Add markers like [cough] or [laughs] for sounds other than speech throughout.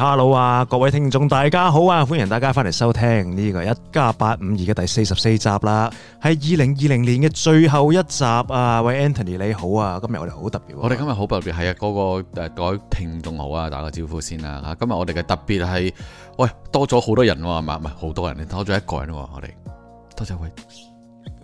Hello 啊，各位聽眾大家好啊，歡迎大家翻嚟收聽呢個一家八五二嘅第四十四集啦，喺二零二零年嘅最後一集啊。喂，Anthony 你好啊，今日我哋好特別。我哋今日好特別，係啊，嗰個誒，各位聽眾好啊，打個招呼先啦。吓，今日我哋嘅特別係，喂，多咗好多人喎，啊，唔係好多人，你多咗一個人喎，啊，我哋多謝喂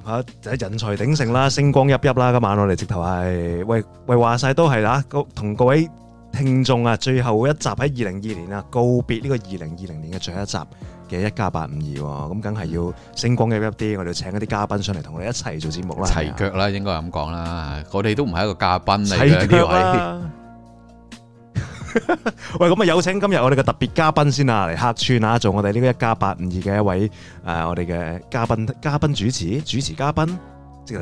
吓，即係人才鼎盛啦，星光熠熠啦，今晚我哋直頭係，喂喂話晒都係啦，啊，同各位。聽眾啊，最後一集喺二零二年啊，告別呢個二零二零年嘅最後一集嘅、哦、一加八五二，咁梗係要星光熠熠啲，我哋請一啲嘉賓上嚟同我哋一齊做節目啦，齊腳啦，應該咁講啦，我哋都唔係一個嘉賓嚟係呢位， [laughs] 喂，咁啊有請今日我哋嘅特別嘉賓先啊，嚟客串啊，做我哋呢個一加八五二嘅一位誒、呃，我哋嘅嘉賓嘉賓主持主持嘉賓。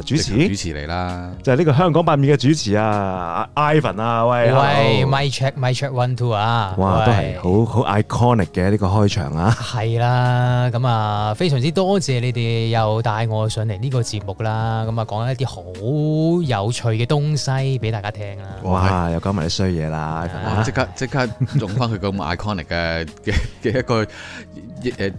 主持主持嚟啦，就係呢個香港版面嘅主持啊，Ivan 啊，喂，喂，mic check mic check one two 啊，哇，都係好好 iconic 嘅呢個開場啊，係啦，咁啊，非常之多謝你哋又帶我上嚟呢個節目啦，咁啊，講一啲好有趣嘅東西俾大家聽啊，哇，又講埋啲衰嘢啦，即刻即刻，刻用翻佢咁 iconic 嘅嘅 [laughs] 一個誒，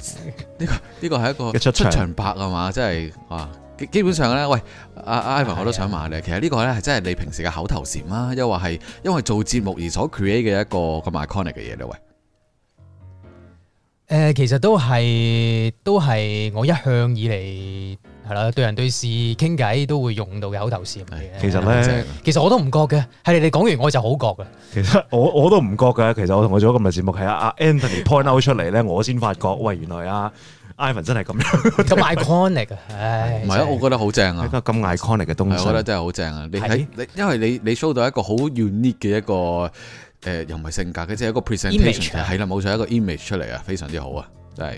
呢個呢個係一個一出場白啊嘛，真係哇。基本上咧，喂，阿、啊、Ivan、啊啊啊、我都想問下你、啊，其實呢個呢個咧係真係你平時嘅口頭禪啦，又或係因為做節目而所 create 嘅一個咁 iconic 嘅嘢咧，喂。誒，其實都係都係我一向以嚟係啦，對人對事傾偈都會用到嘅口頭禪。其實咧，其實我都唔覺嘅，係你哋講完我就好覺嘅。其實我我都唔覺嘅，其實我同佢做咗咁嘅節目係 [laughs] 啊阿 Anthony point out 出嚟咧， [laughs] 我先發覺，喂，原來啊。Ivan 真係咁樣咁 iconic 啊、哎！唉，唔係啊，我覺得好正啊！咁 iconic 嘅東西，我覺得真係好正啊！你睇，你看因為你你 show 到一個好 unique 嘅一個誒、呃，又唔係性格嘅，即係一個 presentation 係啦，冇錯，一個 image 出嚟啊，非常之好啊，真係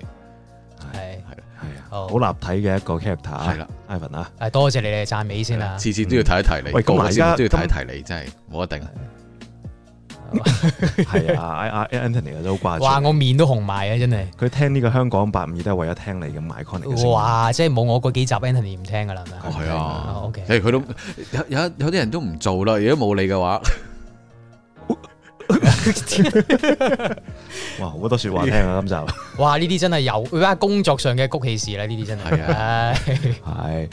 係係啊，好立體嘅一個 character 啊，係啦，Ivan 啊，多謝你哋讚美先啦，次次都要睇一睇你、嗯，喂，而家中意睇一睇你，真係冇一定。係 [laughs] [laughs] 啊，阿 Anthony 都好掛住。話我面都紅埋啊，真係。佢聽呢、這個香講852都係為咗聽你嘅 My Connection 哇，即係冇我嗰幾集 Anthony 唔聽噶啦，係咪？係啊。O K，其實佢都有有有啲人都唔做啦，如果冇你嘅話，哇， [laughs] [laughs] [laughs] 好多說話聽啊 [laughs] 今集。哇，呢啲真係有，搵工作上嘅谷氣事啦，呢啲真係。係。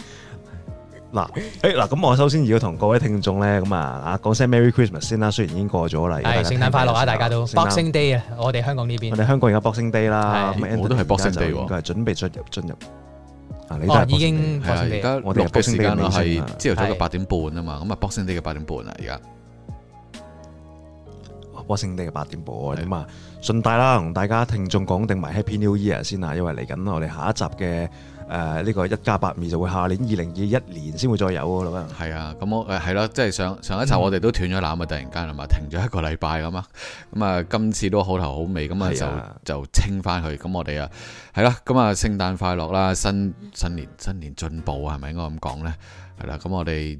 嗱、 [laughs] 哎，誒嗱，咁我首先要同各位聽眾咧，咁啊，啊講聲 Merry Christmas 先啦，雖然已經過咗啦，係聖誕快樂啊，大家都 Boxing Day 啊，我哋香港呢邊，我哋香港而家 Boxing Day 啦，我都係 Boxing Day 喎，佢係準備進入進入，啊，你都、哦、已經係我哋錄嘅時間啦，係朝頭早嘅八點半啊嘛，咁啊 Boxing Day 嘅八點半啦，而家、啊、Boxing Day 嘅八點半啊嘛，順帶啦，同大，大家聽眾講定埋 Happy New Year 先啊，因為嚟緊我哋下一集嘅。誒、uh，呢個一家852咪就會下年二零二一年先會再有咯，咁樣。係啊，咁我誒係咯，即係上上一集我哋都斷咗纜啊，嗯、突然間係咪停咗一個禮拜咁啊？咁啊，今次都好頭好尾，咁啊就就清翻去。咁我哋啊，係咯，咁啊聖誕快樂啦，新新年新年進步係咪應該咁講呢？係啦、啊，咁我哋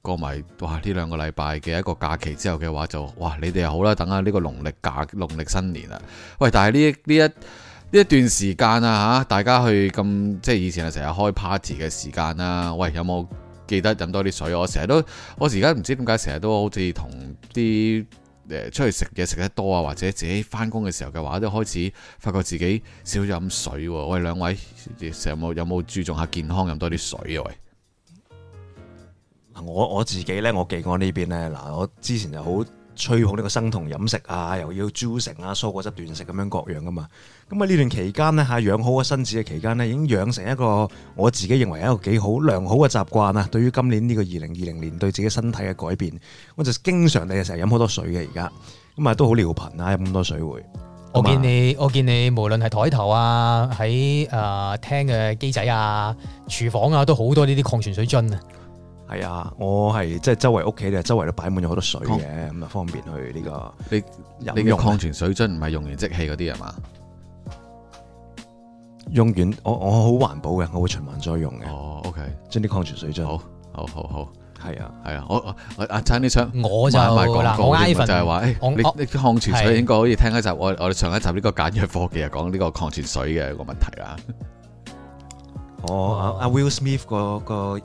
過埋哇呢兩個禮拜嘅一個假期之後嘅話就，就哇你哋又好啦，等下呢個農曆假農曆新年啦。喂，但係呢呢一呢一段時間啊嚇，大家去咁即係以前係成日開 party 嘅時間啦，喂，有冇記得飲多啲水？我成日都我而家唔知點解成日都好似同啲誒出去食嘢食得多啊，或者自己翻工嘅時候嘅話都開始發覺自己少飲水喎。喂，兩位成日有冇有冇注重下健康飲多啲水啊？喂，我我自己呢，我記過呢邊呢。嗱我之前就好。吹好呢個生酮飲食啊，又要蕉成啊、蔬果汁斷食咁樣各樣噶嘛。咁啊呢段期間呢，嚇養好個身子嘅期間呢，已經養成一個我自己認為一個幾好良好嘅習慣啊。對於今年呢個二零二零年對自己身體嘅改變，我就經常第成日飲好多水嘅而家。咁啊都好尿頻啊，飲咁多水會。我見你，啊、我見你無論係台頭啊，喺誒廳嘅機仔啊、廚房啊，都好多呢啲礦泉水樽啊。係啊，我係即係周圍屋企咧，周圍都擺滿咗好多水嘅，咁啊方便去呢、這個。你有有用你用礦泉水樽唔係用完即棄嗰啲係嘛？用完我我好環保嘅，我會循環再用嘅。哦，OK，將啲礦泉水樽。好，好好好，係啊，係啊，啊，我阿陳你想我就我啱呢份就係話，誒、欸，你你礦泉水應該可以聽一集，我我哋上一集呢個簡約科技啊，講呢個礦泉水嘅一個問題啊。我、oh, 阿 Will Smith 個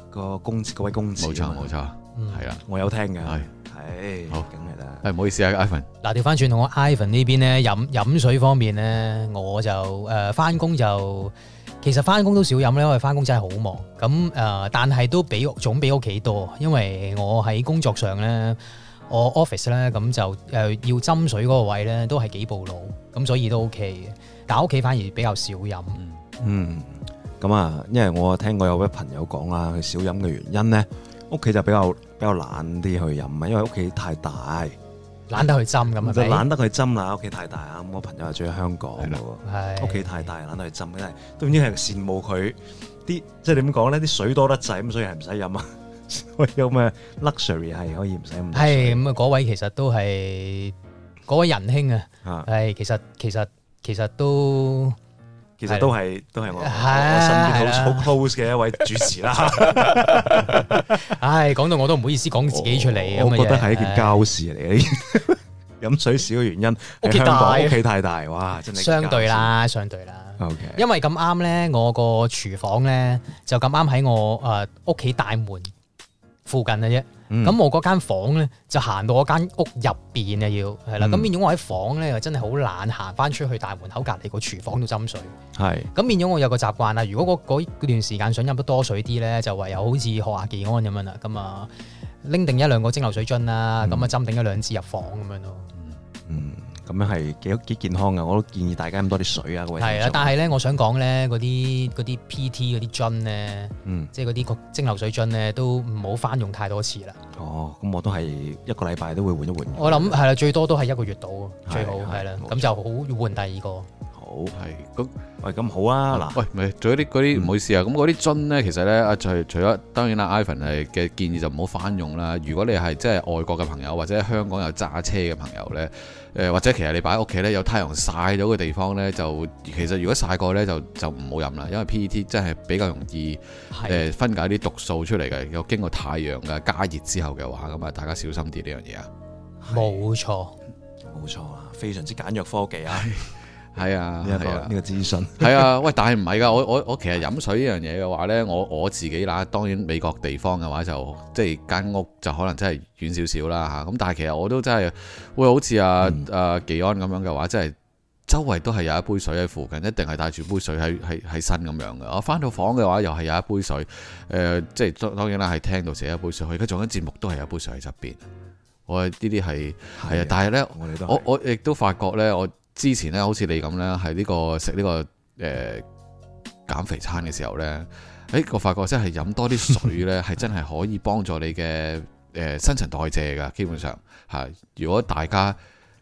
個公子嗰、哦、位公子，冇錯冇錯，係啊，我有聽嘅，係、哎，好梗係啦。係唔、哎、好意思啊，Ivan。嗱、啊，調翻轉，同我 Ivan 邊呢邊咧飲，飲水方面咧，我就誒翻工就其實翻工都少飲咧，因為翻工真係好忙。咁誒、呃，但係都比總比屋企多，因為我喺工作上咧，我 office 咧咁就誒、呃、要斟水嗰個位咧都係幾步路，咁所以都 OK 嘅。但屋企反而比較少飲，嗯。嗯咁啊，因為我聽過有位朋友講啦，佢少飲嘅原因咧，屋企就比較比較懶啲去飲啊，因為屋企太大，懶得去斟咁啊，就懶得去斟啦，屋企太大啊。咁我朋友係住喺香港嘅，屋企太大，懶得去斟，真係都唔知係羨慕佢啲，即係點講咧，啲水多得滯，咁所以係唔使飲啊，有咩 luxury 係可以唔使咁。係咁啊，嗰位其實都係嗰位仁兄啊，係其實其實其實都。其實都係、啊、都係我身邊好 close 嘅一位主持啦。啊、 [laughs] 唉，講到我都唔好意思講自己出嚟。我覺得係一件膠事嚟。飲水少嘅原因，屋企大，屋企太大。哇，真係相對啦，相對啦。OK，因為咁啱咧，我個廚房咧就咁啱喺我誒屋企大門附近嘅啫，咁、嗯、我嗰間房咧，就行到嗰間屋入邊啊，要係啦。咁變咗我喺房咧，就真係好懶行翻出去大門口隔離個廚房度斟水。係、嗯，咁變咗我有個習慣啦。如果嗰嗰段時間想飲得多水啲咧，就唯有好似學下健安咁樣啦。咁啊，拎定一兩個蒸餾水樽啦，咁啊斟定一兩支入房咁樣咯。咁樣係幾幾健康㗎，我都建議大家飲多啲水啊！各位，係啊，但係咧，我想講咧，嗰啲嗰啲 PT 嗰啲樽咧，嗯，即係嗰啲個蒸餾水樽咧，都唔好翻用太多次啦。哦，咁我都係一個禮拜都會換一換。我諗係啦，最多都係一個月到，最好係啦，咁就好換第二個。好係咁，喂咁好啊嗱，喂，咪仲有啲嗰啲唔好意思啊，咁嗰啲樽咧，其實咧，阿除除咗當然啦，Ivan 係嘅建議就唔好翻用啦。如果你係即係外國嘅朋友或者香港有揸車嘅朋友咧，誒，或者其實你擺喺屋企咧，有太陽晒咗嘅地方咧，就其實如果晒過咧，就就唔好飲啦，因為 PET 真係比較容易誒、呃、分解啲毒素出嚟嘅，又經過太陽嘅加熱之後嘅話，咁啊大家小心啲呢樣嘢啊。冇錯，冇錯啊，非常之簡約科技啊。係啊，呢個呢、啊這個資訊係 [laughs] 啊，喂，但係唔係噶，我我我其實飲水呢樣嘢嘅話呢，我我自己啦，當然美國地方嘅話就即係間屋就可能真係遠少少啦吓，咁但係其實我都真係，喂，好似阿阿紀安咁樣嘅話，真係周圍都係有一杯水喺附近，一定係帶住杯水喺喺身咁樣嘅。我翻到房嘅話又係有一杯水，誒、呃，即係當當然啦，係廳度成一杯水，佢而家做緊節目都係有一杯水喺側邊。我呢啲係係啊，但係呢，我也我亦都發覺呢。我。之前咧，好似你咁咧，喺呢、呢個食呢個誒減肥餐嘅時候呢，誒、欸、我發覺真係飲多啲水呢，係真係可以幫助你嘅誒新陳代謝噶。基本上吓，如果大家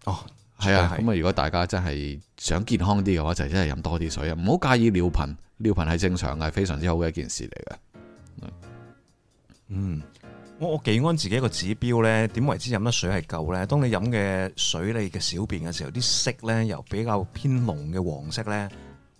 哦係啊，咁啊，如果大家真係想健康啲嘅話，就真係飲多啲水啊，唔好介意尿頻，尿頻係正常嘅，係非常之好嘅一件事嚟嘅。嗯。我我幾安自己一個指標咧？點為之飲得水係夠咧？當你飲嘅水，你嘅小便嘅時候，啲色咧由比較偏濃嘅黃色咧，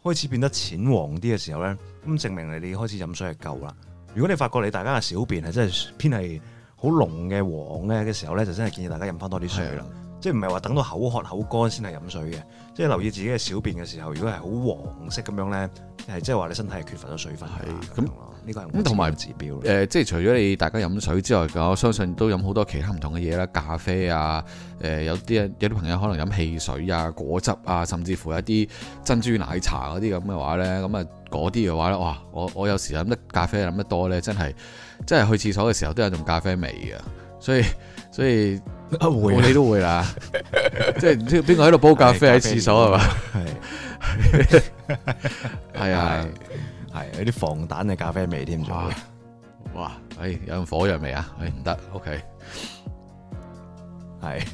開始變得淺黃啲嘅時候咧，咁證明你你開始飲水係夠啦。如果你發覺你大家嘅小便係真係偏係好濃嘅黃咧嘅時候咧，就真係建議大家飲翻多啲水啦。即係唔係話等到口渴口乾先係飲水嘅？即係留意自己嘅小便嘅時候，如果係好黃色咁樣咧，係即係話你身體係缺乏咗水分的。係咁，呢、呢個咁同埋指標。誒、呃，即係除咗你大家飲水之外，我相信都飲好多其他唔同嘅嘢啦，咖啡啊，誒、呃、有啲有啲朋友可能飲汽水啊、果汁啊，甚至乎一啲珍珠奶茶嗰啲咁嘅話咧，咁啊嗰啲嘅話咧，哇！我我有時飲得咖啡飲得多咧，真係真係去廁所嘅時候都有種咖啡味嘅，所以所以。我、哦、你都會啦， [laughs] 即係唔知邊個喺度煲咖啡喺廁所係嘛？係係啊係有啲防彈嘅咖啡味添、啊，哇哇、哎，有火藥味啊？哎唔得，OK，係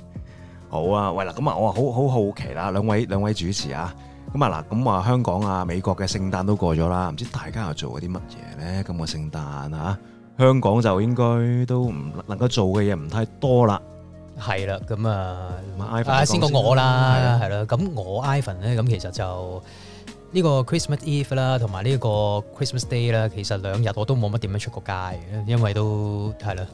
好啊，喂啦，咁啊，我好好好奇啦，兩位兩位主持啊，咁啊嗱，咁啊香港啊美國嘅聖誕都過咗啦，唔知大家又做咗啲乜嘢咧？咁個聖誕啊，香港就應該都唔能夠做嘅嘢唔太多啦。係啦，咁啊、嗯，先講我啦，係、嗯、啦，咁我 Ivan 咧，咁其實就呢、這個 Christmas Eve 啦，同埋呢個 Christmas Day 啦，其實兩日我都冇乜點樣出過街，因為都係啦，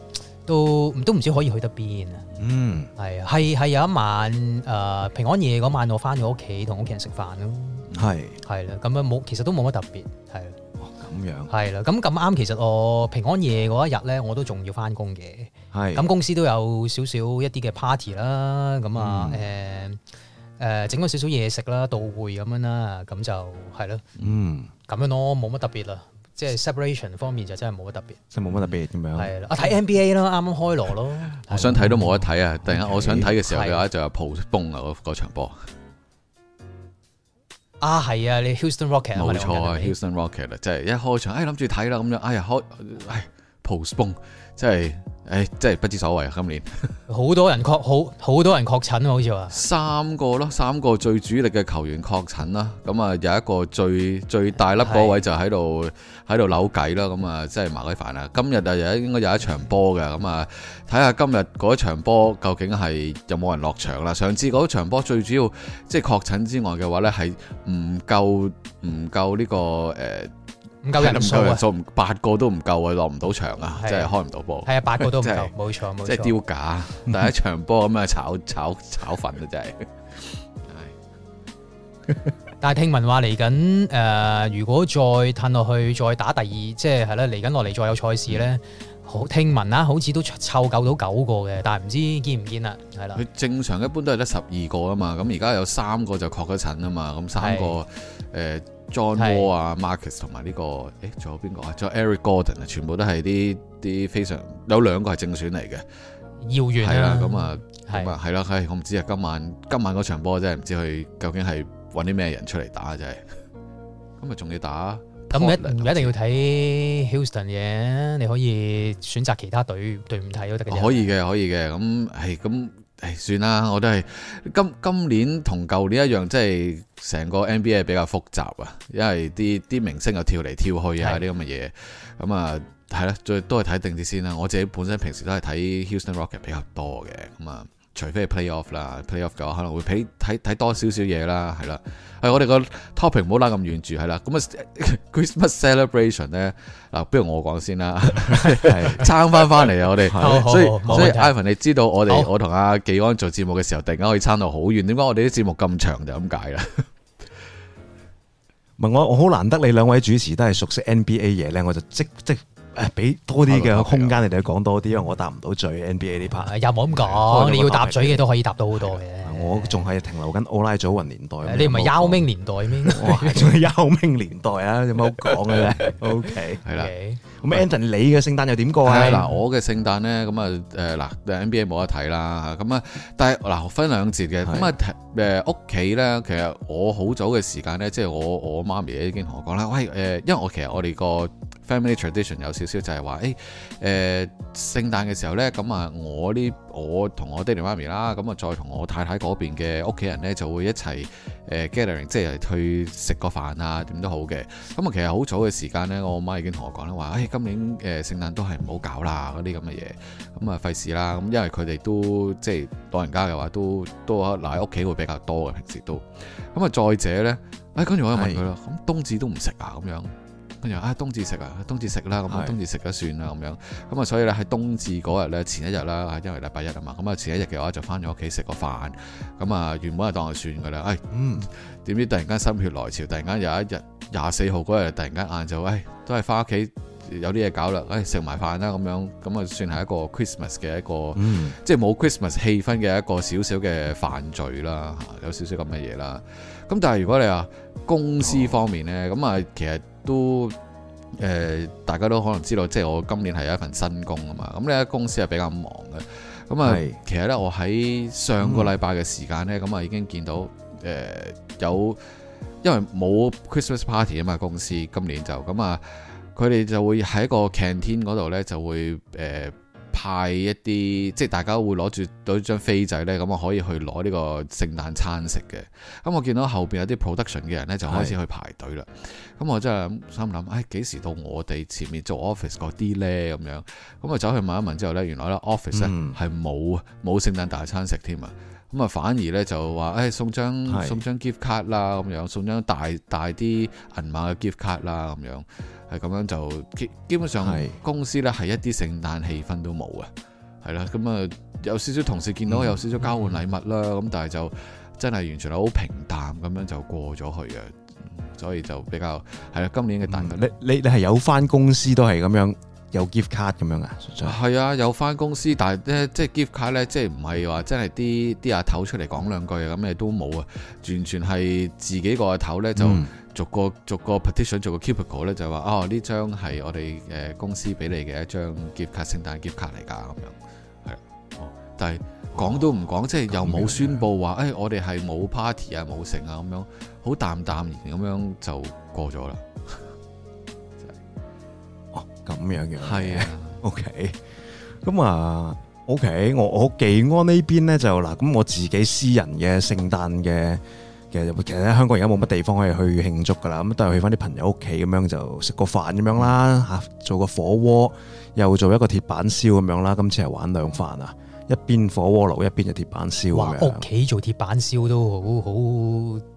都唔都唔知可以去得邊啊。嗯，係係係有一晚誒、呃、平安夜嗰晚我翻咗屋企同屋企人食飯咯，係係啦，咁樣冇，其實都冇乜特別係啦。咁、哦、樣係啦，咁咁啱，其實我平安夜嗰一日咧，我都仲要翻工嘅。係咁公司都有少少一啲嘅 party 啦，咁、嗯、啊，誒、呃，誒，整咗少少嘢食啦，到會咁樣啦，咁就係咯，嗯，咁樣咯，冇乜特別啦，即係 separation 方面就真係冇乜特別，即冇乜特別咁樣。係啦，啊睇 NBA 啦，啱啱開鑼咯 [laughs] 、哦，我想睇都冇得睇，哦 okay，okay, 啊！突然間我想睇嘅時候嘅話就係泡崩啊嗰嗰場波。啊係啊，你 Houston Rocket 冇錯 Houston Rocket 啊，Rocket，即係一開場，哎諗住睇啦咁樣，哎呀開，係泡崩，Post-Bong，真係。誒、哎、真係不知所為啊！今年好多人確好好多人確診，好似話三個咯，三個最主力嘅球員確診啦。咁啊，有一個最最大粒嗰位置就喺度喺度扭計啦。咁啊，真係麻鬼煩啊！今日又又應該有一場波嘅。咁啊，睇下今日嗰場波究竟係有冇人落場啦。上次嗰場波最主要即係、就是、確診之外嘅話呢，係唔夠唔夠呢、這個誒。呃唔夠人數啊，八個都唔夠啊，落唔到場啊，真係開唔到波。係啊，八個都唔夠，冇錯冇錯。即係丟架， [laughs] 第一場波咁啊，炒炒炒粉啊，真係。 [laughs] 但係聽聞話嚟緊誒，如果再褪落去，再打第二，即係係啦，嚟緊落嚟再有賽事咧，嗯、好聽聞啊，好似都湊夠到九個嘅，但係唔知見唔見啦，係啦。佢正常一般都係得十二個啊嘛，咁而家有三個就確診啊嘛，咁三個誒。John Wall 啊，Marcus 同埋呢個，誒仲有邊個啊？仲有 Eric Gordon 啊，全部都係啲啲非常有兩個係正選嚟嘅，遙遠係啦。咁啊，咁啊，係啦，係我唔知啊。今晚今晚嗰場波真係唔知佢究竟係搵啲咩人出嚟打啊！真係，今日仲要打，咁唔一唔一定要睇 Houston 嘅，你可以選擇其他隊隊伍睇都得嘅。可以嘅，可以嘅。咁係咁。唉，算啦，我都係今今年同舊年一樣，即係成個 NBA 比較複雜啊，因為啲啲明星又跳嚟跳去啊啲咁嘅嘢，咁啊係啦，最都係睇定啲先啦。我自己本身平時都係睇 Houston Rocket 比較多嘅，咁啊。除非係 playoff 啦，playoff 嘅話可能會睇睇睇多少少嘢啦，係啦。係我哋個 topic 唔好拉咁遠住，係啦。咁啊，Christmas celebration 咧，嗱，不如我講先啦， [laughs] 撐翻翻嚟啊！我 [laughs] 哋所以， [laughs] 所以所以，Ivan 你知道我哋我同阿紀安做節目嘅時候，突然間可以撐到好遠，點解我哋啲節目咁長就咁解啦？問我，我好難得你兩位主持都係熟悉 NBA 嘢咧，我就即即。誒，俾多啲嘅空間你哋講多啲，因為我答唔到嘴 NBA 呢 part。又冇咁講，你要答嘴嘅都可以答到好多嘅。我仲係停留緊奧拉祖雲年代，你唔係幽冥年代咩？哇，仲係幽冥年代啊！有冇好講嘅咧？OK，係、okay. okay. 嗯呃、啦。咁 Anton 你嘅聖誕又點過啊？嗱，我嘅聖誕咧，咁啊，誒嗱 NBA 冇得睇啦嚇，咁啊，但係嗱、呃、分兩節嘅，咁啊誒屋企咧，其實我好早嘅時間咧，即係我我媽咪已經同我講啦，喂誒、呃、因為我其實我哋個 family tradition 有少少就係話誒誒聖誕嘅時候咧，咁啊我啲我同我爹哋媽咪啦，咁啊再同我太太。嗰邊嘅屋企人咧就會一齊誒 gathering，即係去食個飯啊點都好嘅。咁啊，其實好早嘅時間咧，我媽已經同我講咧話：誒、哎、今年誒聖誕都係唔好搞啦，嗰啲咁嘅嘢。咁啊，費事啦。咁因為佢哋都即係老人家嘅話，都都留喺屋企會比較多嘅，平時都。咁啊，再者咧，誒跟住我又問佢啦，咁冬至都唔食啊？咁樣。跟住啊，冬至食啊，冬至食啦，咁冬至食咗算啦，咁樣，咁啊，所以咧喺冬至嗰日咧前一日啦，因為禮拜一啊嘛，咁啊前一日嘅話就返咗屋企食個飯，咁啊原本係當係算噶啦，唉、哎，嗯麼，點知突然間心血來潮，突然間有一日廿四號嗰日，突然間晏晝，唉、哎，都係返屋企有啲嘢搞啦，唉、哎，食埋飯啦，咁樣，咁啊算係一個 Christmas 嘅一個，嗯、即係冇 Christmas 氣氛嘅一個少少嘅犯罪啦，有少少咁嘅嘢啦，咁但係如果你話公司方面咧，咁、哦、啊其實。都誒、呃，大家都可能知道，即係我今年係有一份新工啊嘛。咁呢間公司係比較忙嘅，咁啊，其實呢，我喺上個禮拜嘅時間呢，咁、嗯、啊已經見到誒、呃、有，因為冇 Christmas party 啊嘛，公司今年就咁啊，佢哋就會喺個 canteen 嗰度呢，就會誒、呃派一啲即係大家會攞住對張飛仔呢，咁我可以去攞呢個聖誕餐食嘅。咁我見到後面有啲 production 嘅人呢，就開始去排隊啦。咁我真係心諗，唉，幾時到我哋前面做 office 嗰啲呢？咁樣咁我走去問一問之後呢，原來呢 office 咧係冇冇聖誕大餐食添啊。咁啊反而呢，就話誒送張送張 gift card 啦，咁樣送張大大啲銀碼嘅 gift card 啦，咁樣。係咁樣就基本上公司咧係一啲聖誕氣氛都冇啊。係啦，咁啊有少少同事見到有少少交換禮物啦，咁、嗯嗯、但係就真係完全係好平淡咁樣就過咗去啊。所以就比較係啦。今年嘅誕，你你你係有翻公司都係咁樣有 gift card 咁樣啊？係啊，有翻公司，但係咧即係 gift card 咧，即係唔係話真係啲啲阿頭出嚟講兩句咁嘅都冇啊，完全係自己個阿頭咧就。嗯逐個逐個 partition，逐個 cubicle 咧，就話哦，呢張係我哋誒公司俾你嘅一張 gift card，聖誕 gift card 嚟㗎，咁樣係。但係講都唔講，即係又冇宣佈話，誒、哎、我哋係冇 party 啊，冇成啊，咁樣好淡淡然咁樣就過咗啦。咁、就是哦、樣嘅係、 [laughs] okay. 啊，OK。咁啊，OK。我我記安邊呢邊咧就嗱，咁我自己私人嘅聖誕嘅。其實香港而家冇乜地方可以去慶祝噶啦，咁都係去翻啲朋友屋企咁樣就食個飯咁樣啦嚇，做個火鍋又做一個鐵板燒咁樣啦。今次係玩兩飯啊，一邊火鍋爐一邊就鐵板燒咁樣。喎，屋企做鐵板燒都好好。好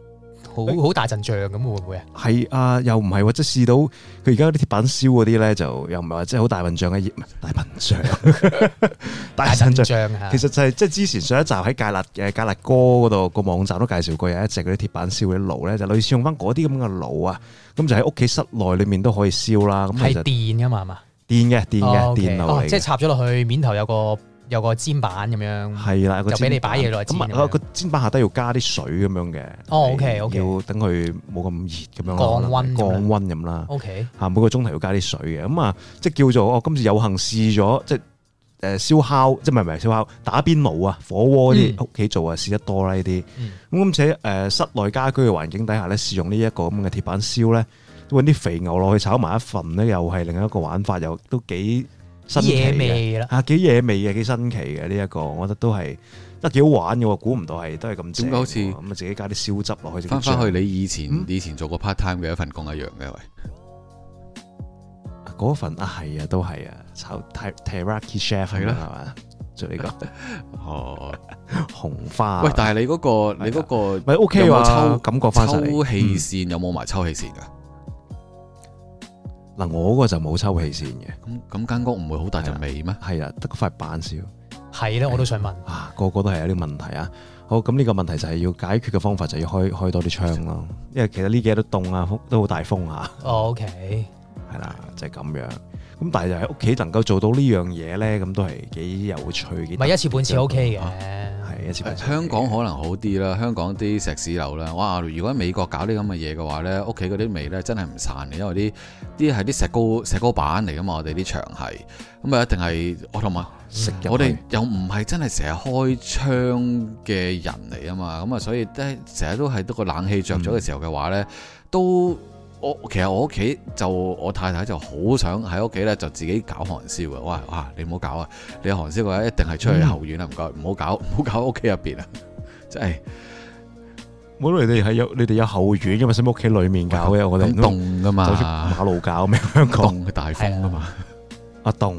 好好大陣仗咁會唔會啊？係啊，又唔係、啊、即係試到佢而家啲鐵板燒嗰啲咧，就又唔係話即係好大，大， [laughs] 大陣仗嘅大笨象，大陣仗、啊。其實就係即係之前上一集喺芥辣嘅芥辣哥嗰度、嗰個網站都介紹過有一隻嗰啲鐵板燒嗰啲爐咧，就類似用翻嗰啲咁嘅爐啊，咁就喺屋企室內裡面都可以燒啦。咁係電噶嘛係嘛？電嘅電嘅、哦 okay. 電爐、哦、即係插咗落去面頭有個。有個煎板咁樣，係啦，就俾你擺嘢落去。咁啊，個煎板下底要加啲水咁樣嘅。哦，OK，OK，要等佢冇咁熱咁樣。降溫，降溫咁啦。OK，嚇每個鐘頭要加啲水嘅。咁啊，即係叫做我今次有幸試咗，即係誒燒烤，即係唔係唔係燒烤打邊爐啊，火鍋啲屋企做啊，試得多啦呢啲。咁且誒室內家居嘅環境底下咧，試用呢一個咁嘅鐵板燒咧，揾啲肥牛落去炒埋一份咧，又係另一個玩法，又都幾～野味啦，啊，幾野味嘅，幾新奇嘅呢一個，我覺得都係，啊，都幾好玩嘅喎，估唔到係都係咁好似咁啊自己加啲燒汁落去，翻翻去你以前以前做過 part time 嘅一份工一樣嘅喂，嗰份啊係啊都係啊，炒 teriyaki chef 係咯，係嘛，做呢個，哦，紅花，喂，但係你嗰個你嗰個咪 OK 啊，抽感覺翻抽氣扇有冇埋抽氣扇㗎？嗱、嗯嗯啊啊啊，我嗰個就冇抽氣扇嘅，咁咁間屋唔會好大陣味咩？係啊，得塊板少，係啦，我都想問啊，個個都係有啲問題啊。好，咁呢個問題就係要解決嘅方法就要開，開多啲窗咯，因為其實呢幾日都凍啊，都好大風啊。哦、oh，OK，係啦、啊，就係、是、咁樣。咁但係就喺屋企能夠做到呢樣嘢咧，咁都係幾有趣嘅。唔係一次半次 O K 嘅，係、啊、一次半次、OK。香港可能好啲啦，香港啲石屎樓啦，哇！如果喺美國搞啲咁嘅嘢嘅話咧，屋企嗰啲味咧真係唔散嘅，因為啲啲係啲石膏石膏板嚟噶嘛，我哋啲牆係，咁啊一定係我同埋食我哋又唔係真係成日開窗嘅人嚟啊嘛，咁、嗯、啊所以都係成日都係得個冷氣着咗嘅時候嘅話咧，都。我其實我屋企就我太太就好想喺屋企咧就自己搞韓燒嘅，哇！嚇你唔好搞啊！你韓燒嘅話一定係出去後院啊。唔該，唔好搞，唔好搞屋企入邊啊！即係，冇你哋係有你哋有後院嘅嘛，使乜屋企裏面搞嘅，我哋咁凍噶嘛，好似馬路搞咩？香港大風啊嘛，阿凍。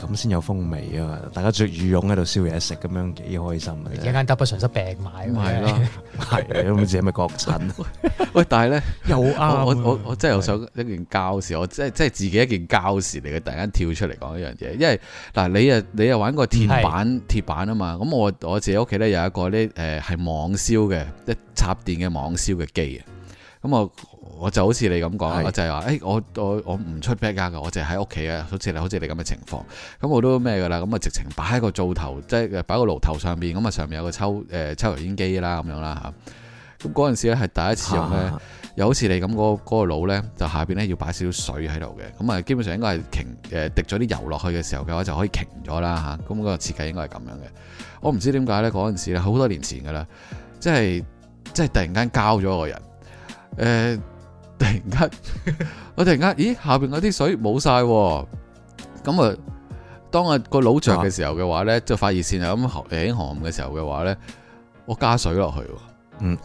咁先有風味啊嘛，大家着羽絨喺度燒嘢食，咁樣幾開心的的啊！一間得不償失病埋啊嘛，係啊，係、啊，咁自己咪國診？ [laughs] 喂！但係咧又啱、啊，我我我真係有想一件膠事，我真係真係自己一件膠事嚟嘅，突然間跳出嚟講一樣嘢，因為嗱，你啊你啊玩過鐵板鐵板啊嘛？咁我我自己屋企咧有一個咧誒係網燒嘅，一插電嘅網燒嘅機啊，咁我。我就好似你咁講、就是欸，我就係話，誒，我我唔出 pad 噶，我淨係喺屋企嘅，好似你，好似你咁嘅情況，咁我都咩噶啦，咁啊直情擺喺個灶頭，即係擺個爐頭上邊，咁啊上面有個抽誒、呃、抽油煙機啦，咁樣啦吓。咁嗰陣時咧係第一次用咧、啊，又好似你咁、嗰個爐咧、嗰個，就下邊咧要擺少少水喺度嘅，咁啊基本上應該係瓊誒滴咗啲油落去嘅時候嘅話就可以瓊咗啦吓，咁個設計應該係咁樣嘅。我唔知點解咧，嗰陣時咧好多年前噶啦，即係即係突然間交咗個人，誒、呃。突然間，我突然間，咦，下邊嗰啲水冇晒，咁啊，當啊個爐着嘅時候嘅話咧，就發熱線啊咁樣寒嘅時候嘅話咧，我加水落去。嗯，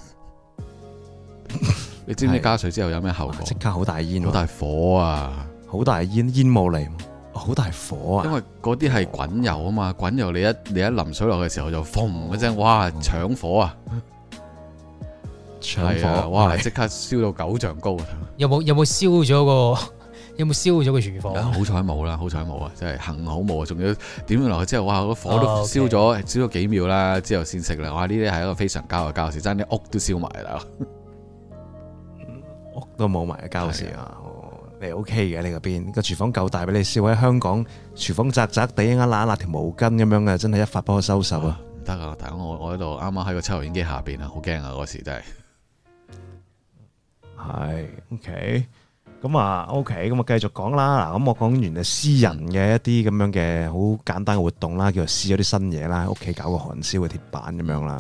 你知唔知加水之後有咩後果？即刻好大煙，啊，好大火啊，好大煙，煙霧嚟，好大火啊。因為嗰啲係滾油啊嘛，滾油你一你一淋水落嘅時候就嘭一聲，哇，搶火啊！係啊！哇，即刻燒到九丈高啊！有冇有冇燒咗個？有冇燒咗個廚房？好彩冇啦，好彩冇啊！真係幸好冇，啊！仲要點完落去之後，哇！個火都燒咗，啊 okay. 燒咗幾秒啦，之後先熄啦。哇，呢啲係一個非常交嘅郊事，真係屋都燒埋啦、嗯，屋都冇埋嘅郊事啊！你 OK 嘅，你嗰邊、這個廚房夠大俾你燒。喺香港廚房窄，窄窄地，啱攬攬條毛巾咁樣嘅，真係一發不可收拾啊！唔得啊！大我我喺度啱啱喺個抽油煙機下邊啊，好驚啊！嗰時真係～係，OK，咁啊，OK，咁啊，繼續講啦。嗱，咁我講完誒，私人嘅一啲咁樣嘅好簡單嘅活動啦，叫做試咗啲新嘢啦，喺屋企搞個韓燒嘅鐵板咁樣啦。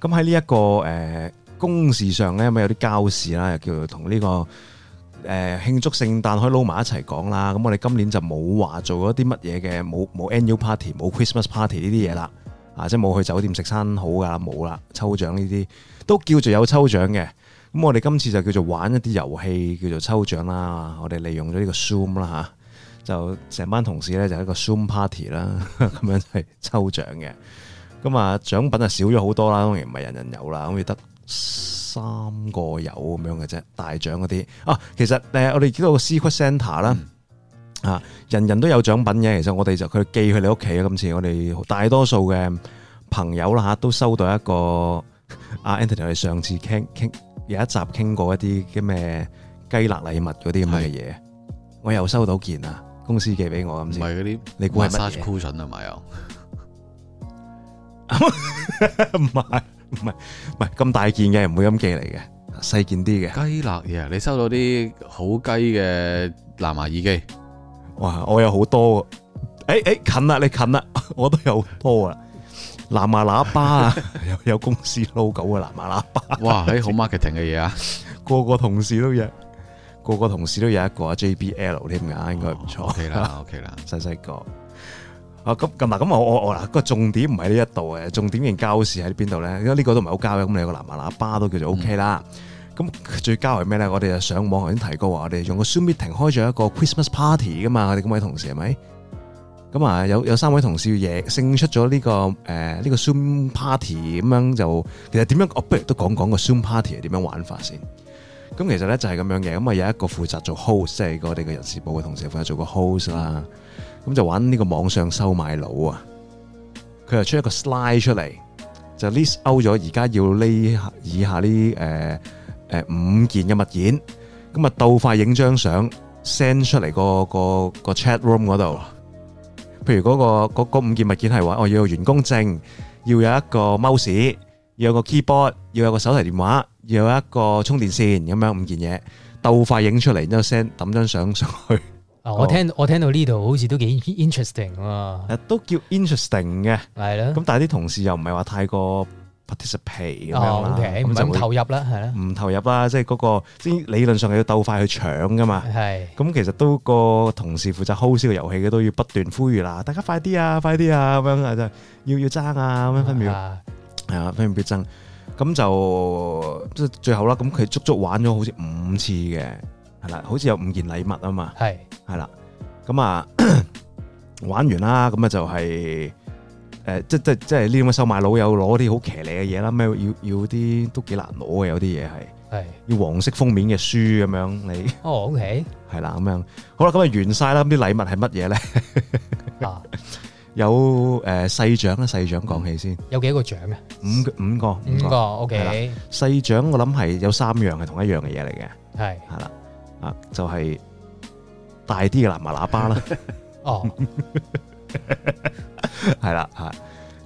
咁喺呢一個誒、呃、公事上咧，咪有啲交事啦，又叫做同呢、這個誒慶祝聖誕可以撈埋一齊講啦。咁我哋今年就冇話做一啲乜嘢嘅，冇冇 Annual Party，冇 Christmas Party 呢啲嘢啦。啊，即係冇去酒店食餐好噶，冇啦，抽獎呢啲都叫做有抽獎嘅。咁我哋今次就叫做玩一啲遊戲，叫做抽獎啦。我哋利用咗呢個 Zoom 啦就成班同事咧就一個 Zoom party 啦，咁樣係抽獎嘅。咁啊，獎品就少咗好多啦，當然唔係人人有啦，咁亦得三個有咁樣嘅啫。大獎嗰啲啊，其實我哋知道個 Secret Center 啦、嗯，人人都有獎品嘅。其實我哋就佢寄去你屋企啊。今次我哋大多數嘅朋友啦都收到一個啊 Anthony 上次傾傾。有一集傾過一啲咁咩雞肋禮物嗰啲咁嘅嘢，我又收到件啊，公司寄俾我咁先。唔係嗰啲，你估係咩嘢？cushion 啊，唔係唔係唔係咁大件嘅，唔會咁寄嚟嘅，細件啲嘅。雞肋嘢，你收到啲好雞嘅藍牙耳機？哇，我有好多喎！哎、欸欸、近啦，你近啦，我都有好多啊！藍牙喇叭啊，有有公司 logo 嘅藍牙喇叭，哇！啲好 marketing 嘅嘢啊，個個同事都有，個個同事都有一個 JBL 添噶，應該唔錯。OK 啦，OK 啦，細細個。啊，咁咁嗱，咁我我我嗱，個重點唔係呢一度嘅，重點型交事喺邊度咧？因為呢個都唔係好交嘅，咁你有個藍牙喇叭都叫做 OK 啦。咁最交係咩咧？我哋就上網頭先提過話，我哋用個 Zoom Meeting 開咗一個 Christmas Party 噶嘛，我哋咁位同事係咪？咁啊，有有三位同事贏勝出咗呢、這個誒呢、呃這個 Zoom Party 咁樣就，其實點樣？不如都講講個 Zoom Party 係點樣玩法先。咁其實咧就係、是、咁樣嘅，咁啊有一個負責做 host，即係我哋嘅人事部嘅同事負責做個 host 啦。咁就揾呢個網上收買佬啊，佢又出一個 slide 出嚟，就 list out 咗而家要呢以下呢誒誒五件嘅物件。咁啊鬥快影張相 send 出嚟個個個 chat room 嗰度。譬如嗰個嗰嗰五件物件係話，我要有員工證，要有一個 mouse，要有個 keyboard，要有個手提電話，要有一個充電線，咁樣五件嘢，鬥快影出嚟，然之後 send 抌張相上去。啊，我聽我聽到呢度好似都幾 interesting 喎。誒，都叫 interesting 嘅。係咯。咁但係啲同事又唔係話太過、p a → participate 唔咁投入啦，係啦，唔投入啦，即係嗰、那個先理論上係要鬥快去搶噶嘛。係，咁其實都個同事負責 host 個遊戲嘅都要不斷呼籲啦，大家快啲啊，快啲啊咁樣啊，就要要爭啊咁樣分秒，係啊，分秒必爭。咁就即係最後啦，咁佢足足玩咗好似五次嘅，係啦，好似有五件禮物啊嘛，係，係啦，咁啊 [coughs] 玩完啦，咁啊就係、是。誒，即即即係呢種嘅收買佬又攞啲好騎呢嘅嘢啦，咩要要啲都幾難攞嘅，有啲嘢係係要黃色封面嘅書咁、oh, okay. 樣你哦，O K 係啦，咁樣好啦，咁啊完晒啦，啲禮物係乜嘢咧？啊、 [laughs] 有誒細獎啦，細獎講起先，有幾個獎嘅？五五個五個,個 O、okay. K 細獎，我諗係有三樣係同一樣嘅嘢嚟嘅，係係啦，啊就係、是、大啲嘅藍牙喇叭啦， [laughs] 哦。 [laughs] 係 [laughs] 啦，吓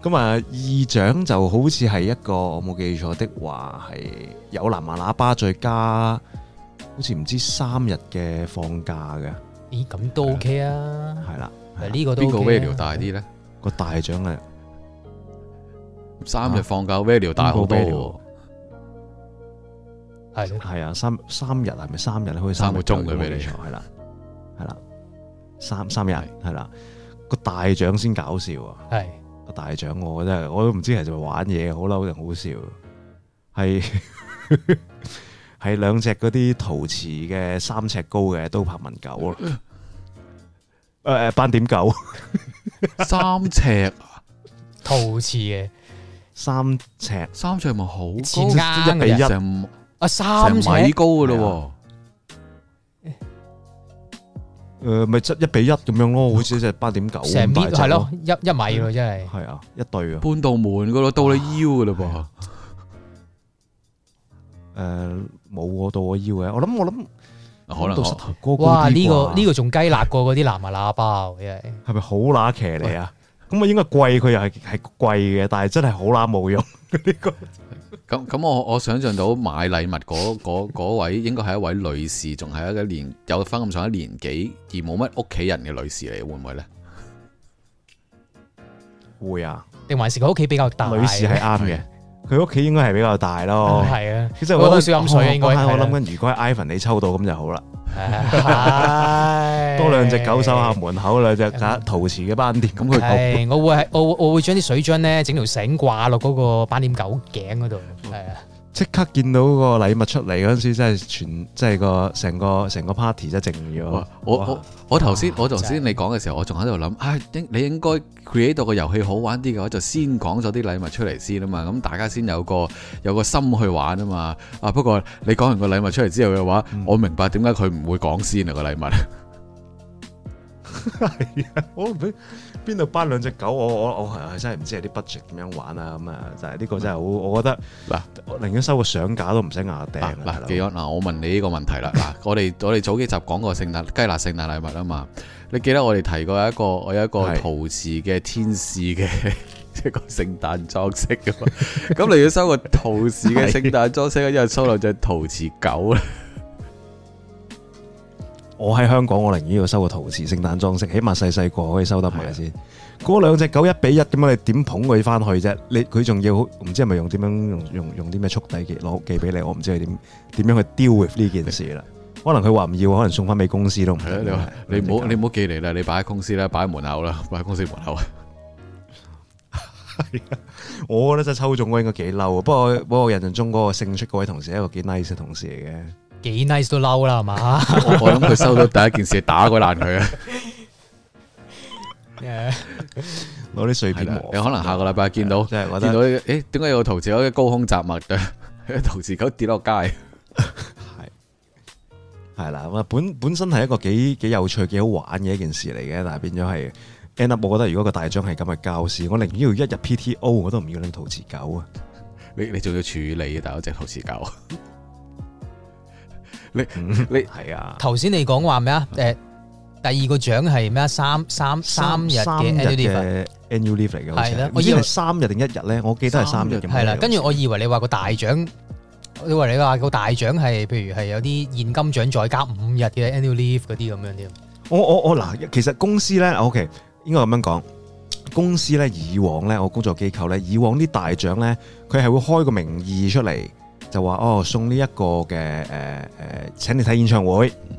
咁啊！二獎就好似係一個，我冇記錯的話係有藍牙喇叭，再加好似唔知三日嘅放假嘅。咦？咁都 OK 啊？係啦，誒，呢個邊個 value 大啲咧？個大獎啊，三日放假 value 大好多。係係啊，三三日係咪三日去三,三個鐘嘅？冇錯，係啦，係啦，三三日係啦。個大獎先搞笑啊！係個大獎，我真係我都唔知係咪玩嘢，好嬲定好笑，係係兩隻嗰啲陶瓷嘅三尺高嘅都拍文狗啊！誒、呃、誒，斑點狗，三尺 [laughs] 陶瓷嘅，三尺三尺咪好啱一比一啊！三米高噶咯喎。誒咪一比一咁樣咯，好似一隻八點九成撇係咯，一一米喎真係。係啊，一對啊。搬到門噶咯，到你腰噶嘞噃。冇、呃、到我腰嘅。我諗我諗，可能哇呢、呢個呢、呢個仲雞肋過嗰啲藍牙喇叭，因為係咪好乸騎嚟啊？咁啊應該係貴，佢又係貴嘅，但係真係好乸冇用呢、呢個咁咁，我我想象到買禮物嗰、嗰、嗰位應該係一位女士，仲係一個年有翻咁上下年紀而冇乜屋企人嘅女士嚟，會唔會咧？會啊，定還是佢屋企比較大？女士係啱嘅，佢屋企應該係比較大咯。係啊，其實我都少飲水。我嗰晚我諗緊，如果係 Ivan 你抽到咁就好啦。係， [laughs] [laughs] 多兩隻狗守下門口，兩隻陶瓷嘅斑點，咁佢。 [laughs] [laughs] 我會係，我我會將啲水樽咧，整條繩掛落嗰個斑點狗頸嗰度，係啊。即刻見到個禮物出嚟嗰陣時，真係全，真係個成個成個 party 都靜咗。我我我頭先我頭先你講嘅時候，我仲喺度諗，啊應你應該 create 到個遊戲好玩啲嘅話，就先講咗啲禮物出嚟先啊嘛，咁大家先有個有個心去玩啊嘛。啊不過你講完個禮物出嚟之後嘅話、嗯，我明白點解佢唔會講先啊個禮物。係 [laughs] 啊，我邊邊度班兩隻狗，我我我係真係唔知有啲 budget 點樣玩啊咁啊！係呢個真係好，我覺得嗱，我寧願收個相架都唔使硬掟。嗱、啊，記、啊、嗱，我問你呢個問題啦。嗱， [laughs] 我哋我哋早幾集講過聖誕雞乸聖誕禮物啊嘛，你記得我哋提過一個我有一個陶瓷嘅天使嘅一個聖誕裝飾噶嘛？咁 [laughs] 你要收個陶瓷嘅聖誕裝飾，一係收兩隻陶瓷狗。我喺香港，我寧願要收個陶瓷聖誕裝飾，起碼細細個可以收得埋先。嗰兩隻狗一比一，點解你點捧佢翻去啫？你佢仲要唔知係咪用點樣用用用啲咩速遞寄攞寄俾你？我唔知佢點點樣去 deal with 呢件事啦。可能佢話唔要，可能送翻俾公司都唔錯。你唔好你唔好寄嚟啦，你擺喺公司啦，擺喺門口啦，擺喺公司門口。我覺得真係抽中我應該幾嬲啊！不過不過印象中嗰個勝出嗰位同事係一個幾 nice 嘅同事嚟嘅。幾 nice 都嬲啦，係嘛？我諗佢收到第一件事， [laughs] 打個爛佢啊！攞啲碎片，你可能下個禮拜見到即係我見到誒，點、欸、解有個陶瓷狗高空雜物嘅 [laughs] 陶瓷狗跌落街？係係啦，本本身係一個幾幾有趣、幾好玩嘅一件事嚟嘅，但係變咗係 end up。我覺得如果個大獎係咁嘅教示，我寧願要一日 P T O，我都唔要拎陶瓷狗啊 [laughs] ！你你仲要處理但隻陶瓷狗？ [laughs] 你你係、嗯、啊？頭先你講話咩啊？誒、欸，第二個獎係咩啊？三三三,三日嘅 annual leave 嚟嘅，我以為三日定一日咧，我記得係三,三日。係啦，跟住我以為你話個大獎，你話你話個大獎係，譬如係有啲現金獎再加五日嘅 annual leave 嗰啲咁樣添。我我我嗱，其實公司咧，OK，應該咁樣講，公司咧以往咧，我工作機構咧，以往啲大獎咧，佢係會開個名義出嚟。就話哦，送呢一個嘅，誒誒，請你睇演唱會、嗯、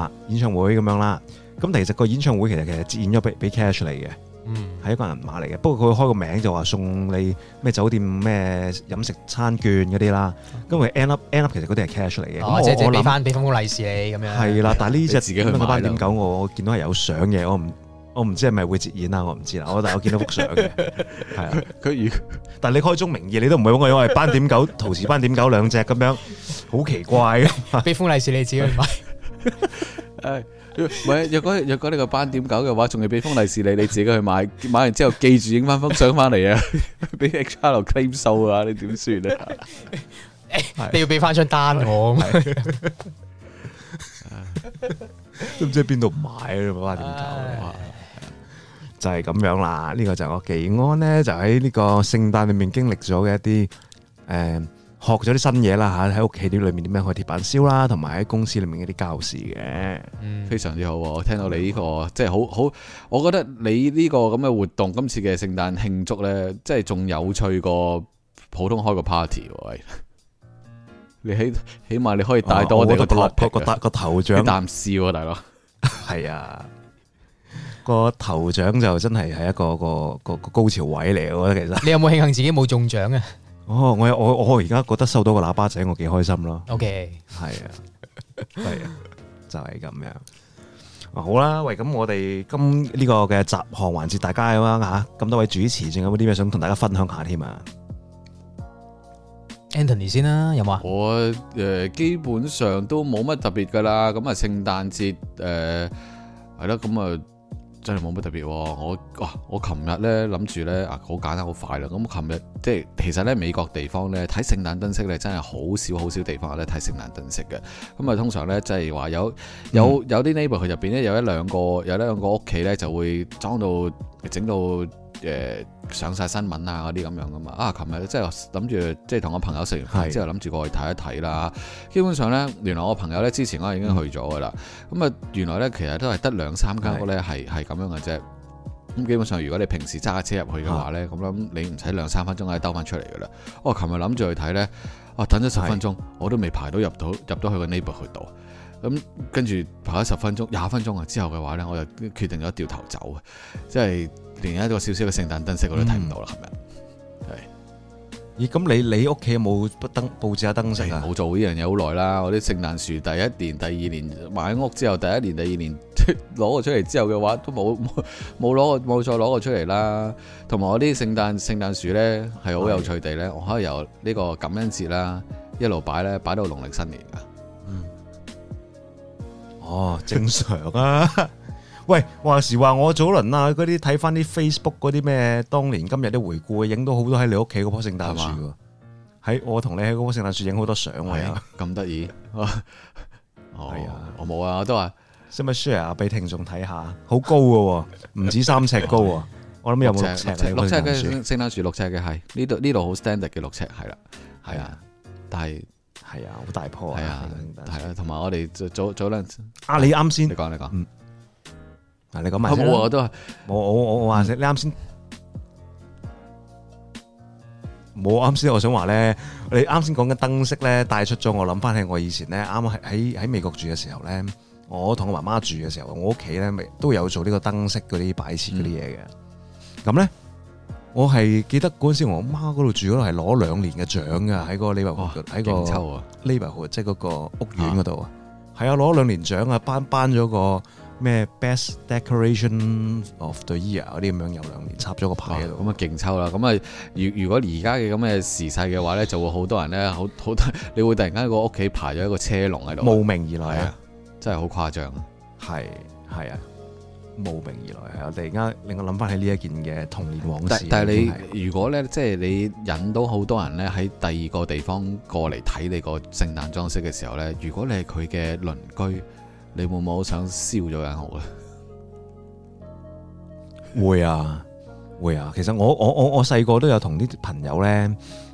啊，演唱會咁樣啦。咁其實個演唱會其實其實演咗俾俾 cash 嚟嘅，嗯，係一個人馬嚟嘅。不過佢開個名就話送你咩酒店咩飲食餐券嗰啲啦。因、嗯、為 end up end up 其實嗰啲係 cash 嚟嘅。哦，我即係即係俾翻俾封利是你咁樣。係啦，但係呢隻五十八點九，我見到係有相嘅，我唔。我唔知係咪會接演啦，我唔知啦。我但係我見到幅相嘅，係啊。佢如但係你開宗明義，你都唔會搵我，因為斑點狗陶瓷斑點狗兩隻咁樣，好奇怪嘅。俾封利是你自己去買。誒，唔係，若果若果你個斑點狗嘅話，仲要俾封利是你，你自己去買。買完之後記住影翻封相翻嚟啊！俾 Halo claim 數啊，你點算啊？誒，你要俾翻張單我。都唔知喺邊度買啊？斑點狗。就係、是、咁樣啦，呢、這個就我祈安呢，就喺呢個聖誕裏面經歷咗嘅一啲誒、嗯，學咗啲新嘢啦吓，喺屋企啲裏面點樣開鐵板燒啦，同埋喺公司裏面一啲教事嘅、嗯，非常之好。聽到你呢、這個即係好好，我覺得你呢個咁嘅活動，今次嘅聖誕慶祝呢，即係仲有趣過普通開個 party。你起起碼你可以帶多、啊、我個頭個頭像啖笑、啊，大佬係 [laughs] 啊。個頭獎就真係係一個一個一個，一個高潮位嚟，我覺得其實你有冇慶幸自己冇中獎啊？哦、我我我而家覺得收到個喇叭仔，我幾開心咯。OK，係啊，係 [laughs] 啊，就係、是、咁樣。好啦，喂，咁我哋今呢個嘅集項環節，大家啊吓，咁多位主持，仲有冇啲咩想同大家分享下添啊？Anthony 先啦，有冇啊？我誒、呃，基本上都冇乜特別噶啦。咁啊，聖誕節誒，係咯，咁啊。真係冇乜特別喎，我哇！我琴日呢諗住呢，啊，好簡單好快啦。咁我琴日即係其實呢，美國地方呢，睇聖誕燈飾呢，真係好少好少地方呢，睇聖誕燈飾嘅。咁啊通常呢，即係話有有有啲 neighbor 佢入邊呢，有一兩個有一兩個屋企呢，就會裝到整到誒。呃上晒新聞啊嗰啲咁樣噶嘛啊，琴日即係諗住即係同我朋友食完飯之後諗住過去睇一睇啦。基本上呢，原來我朋友呢，之前我已經去咗噶啦。咁、嗯、啊，原來呢，其實都係得兩三間屋呢，係係咁樣嘅啫。咁基本上如果你平時揸車入去嘅話呢，咁、啊、你唔使兩三分鐘可以兜翻出嚟噶啦。哦、啊，琴日諗住去睇呢，啊等咗十分鐘，我都未排到入到入到去個內部去度。咁跟住排咗十分鐘廿分鐘啊之後嘅話呢，我就決定咗掉頭走啊，即係。連一個小小嘅聖誕燈飾我都睇唔到啦，係咪？係，咦？咁你你屋企有冇燈布置下燈飾啊？冇做呢樣嘢好耐啦，我啲聖誕樹第一年、第二年買屋之後，第一年、第二年攞個出嚟之後嘅話，都冇冇冇攞個冇再攞個出嚟啦。同埋我啲聖誕聖誕樹咧，係好有趣地咧，我可以由呢個感恩節啦，一路擺咧擺到農曆新年噶。嗯。哦，正常啊。 [laughs] 喂，話時話我早輪啊，嗰啲睇翻啲 Facebook 嗰啲咩，當年今日啲回顧，影到好多喺你屋企嗰棵聖誕樹嘅，喺我同你喺嗰棵聖誕樹影好多相喎，咁得意，係啊， [laughs] 哎、我冇啊，我都話 share 俾聽眾睇下，好高嘅，啊，唔止三尺高啊，我諗有冇六尺嘅聖誕樹，六尺嘅係呢度呢度好 standard 嘅六尺係啦，係啊，但係係啊，好大棵啊，係啊，係啊，同埋我哋早早輪啊，你啱先，你講你講。嗯嗱，你講埋好我都，我我我我話先，你啱先，冇啱先，我，我，、嗯、我，我，我想話咧，你啱先講嘅燈飾咧，帶出咗我諗翻起我以前咧，啱喺喺美國住嘅時候咧，我同我媽媽住嘅時候，我屋企咧，都有做燈飾、嗯、呢個燈飾嗰啲擺設嗰啲嘢嘅。咁咧，我係記得嗰陣時我媽嗰度住嗰度係攞兩年嘅獎嘅，喺個李伯喺個李伯湖，即係嗰個屋苑嗰度啊。係啊，攞兩年獎啊，頒頒咗個。咩 best decoration of the year 嗰啲咁樣，有兩年插咗個牌喺度，咁啊勁抽啦！咁啊，如如果而家嘅咁嘅時勢嘅話咧，就會好多人咧，好好多你會突然間個屋企排咗一個車龍喺度，慕名而來啊！真係好誇張，係係啊，慕名而來係啊！突然間令我諗翻起呢一件嘅童年往事。但係你、啊、如果咧，即係你引到好多人咧喺第二個地方過嚟睇你個聖誕裝飾嘅時候咧，如果你係佢嘅鄰居。你會唔會好想燒咗間屋啊？會啊，會啊！其實我我我我細個都有同啲朋友咧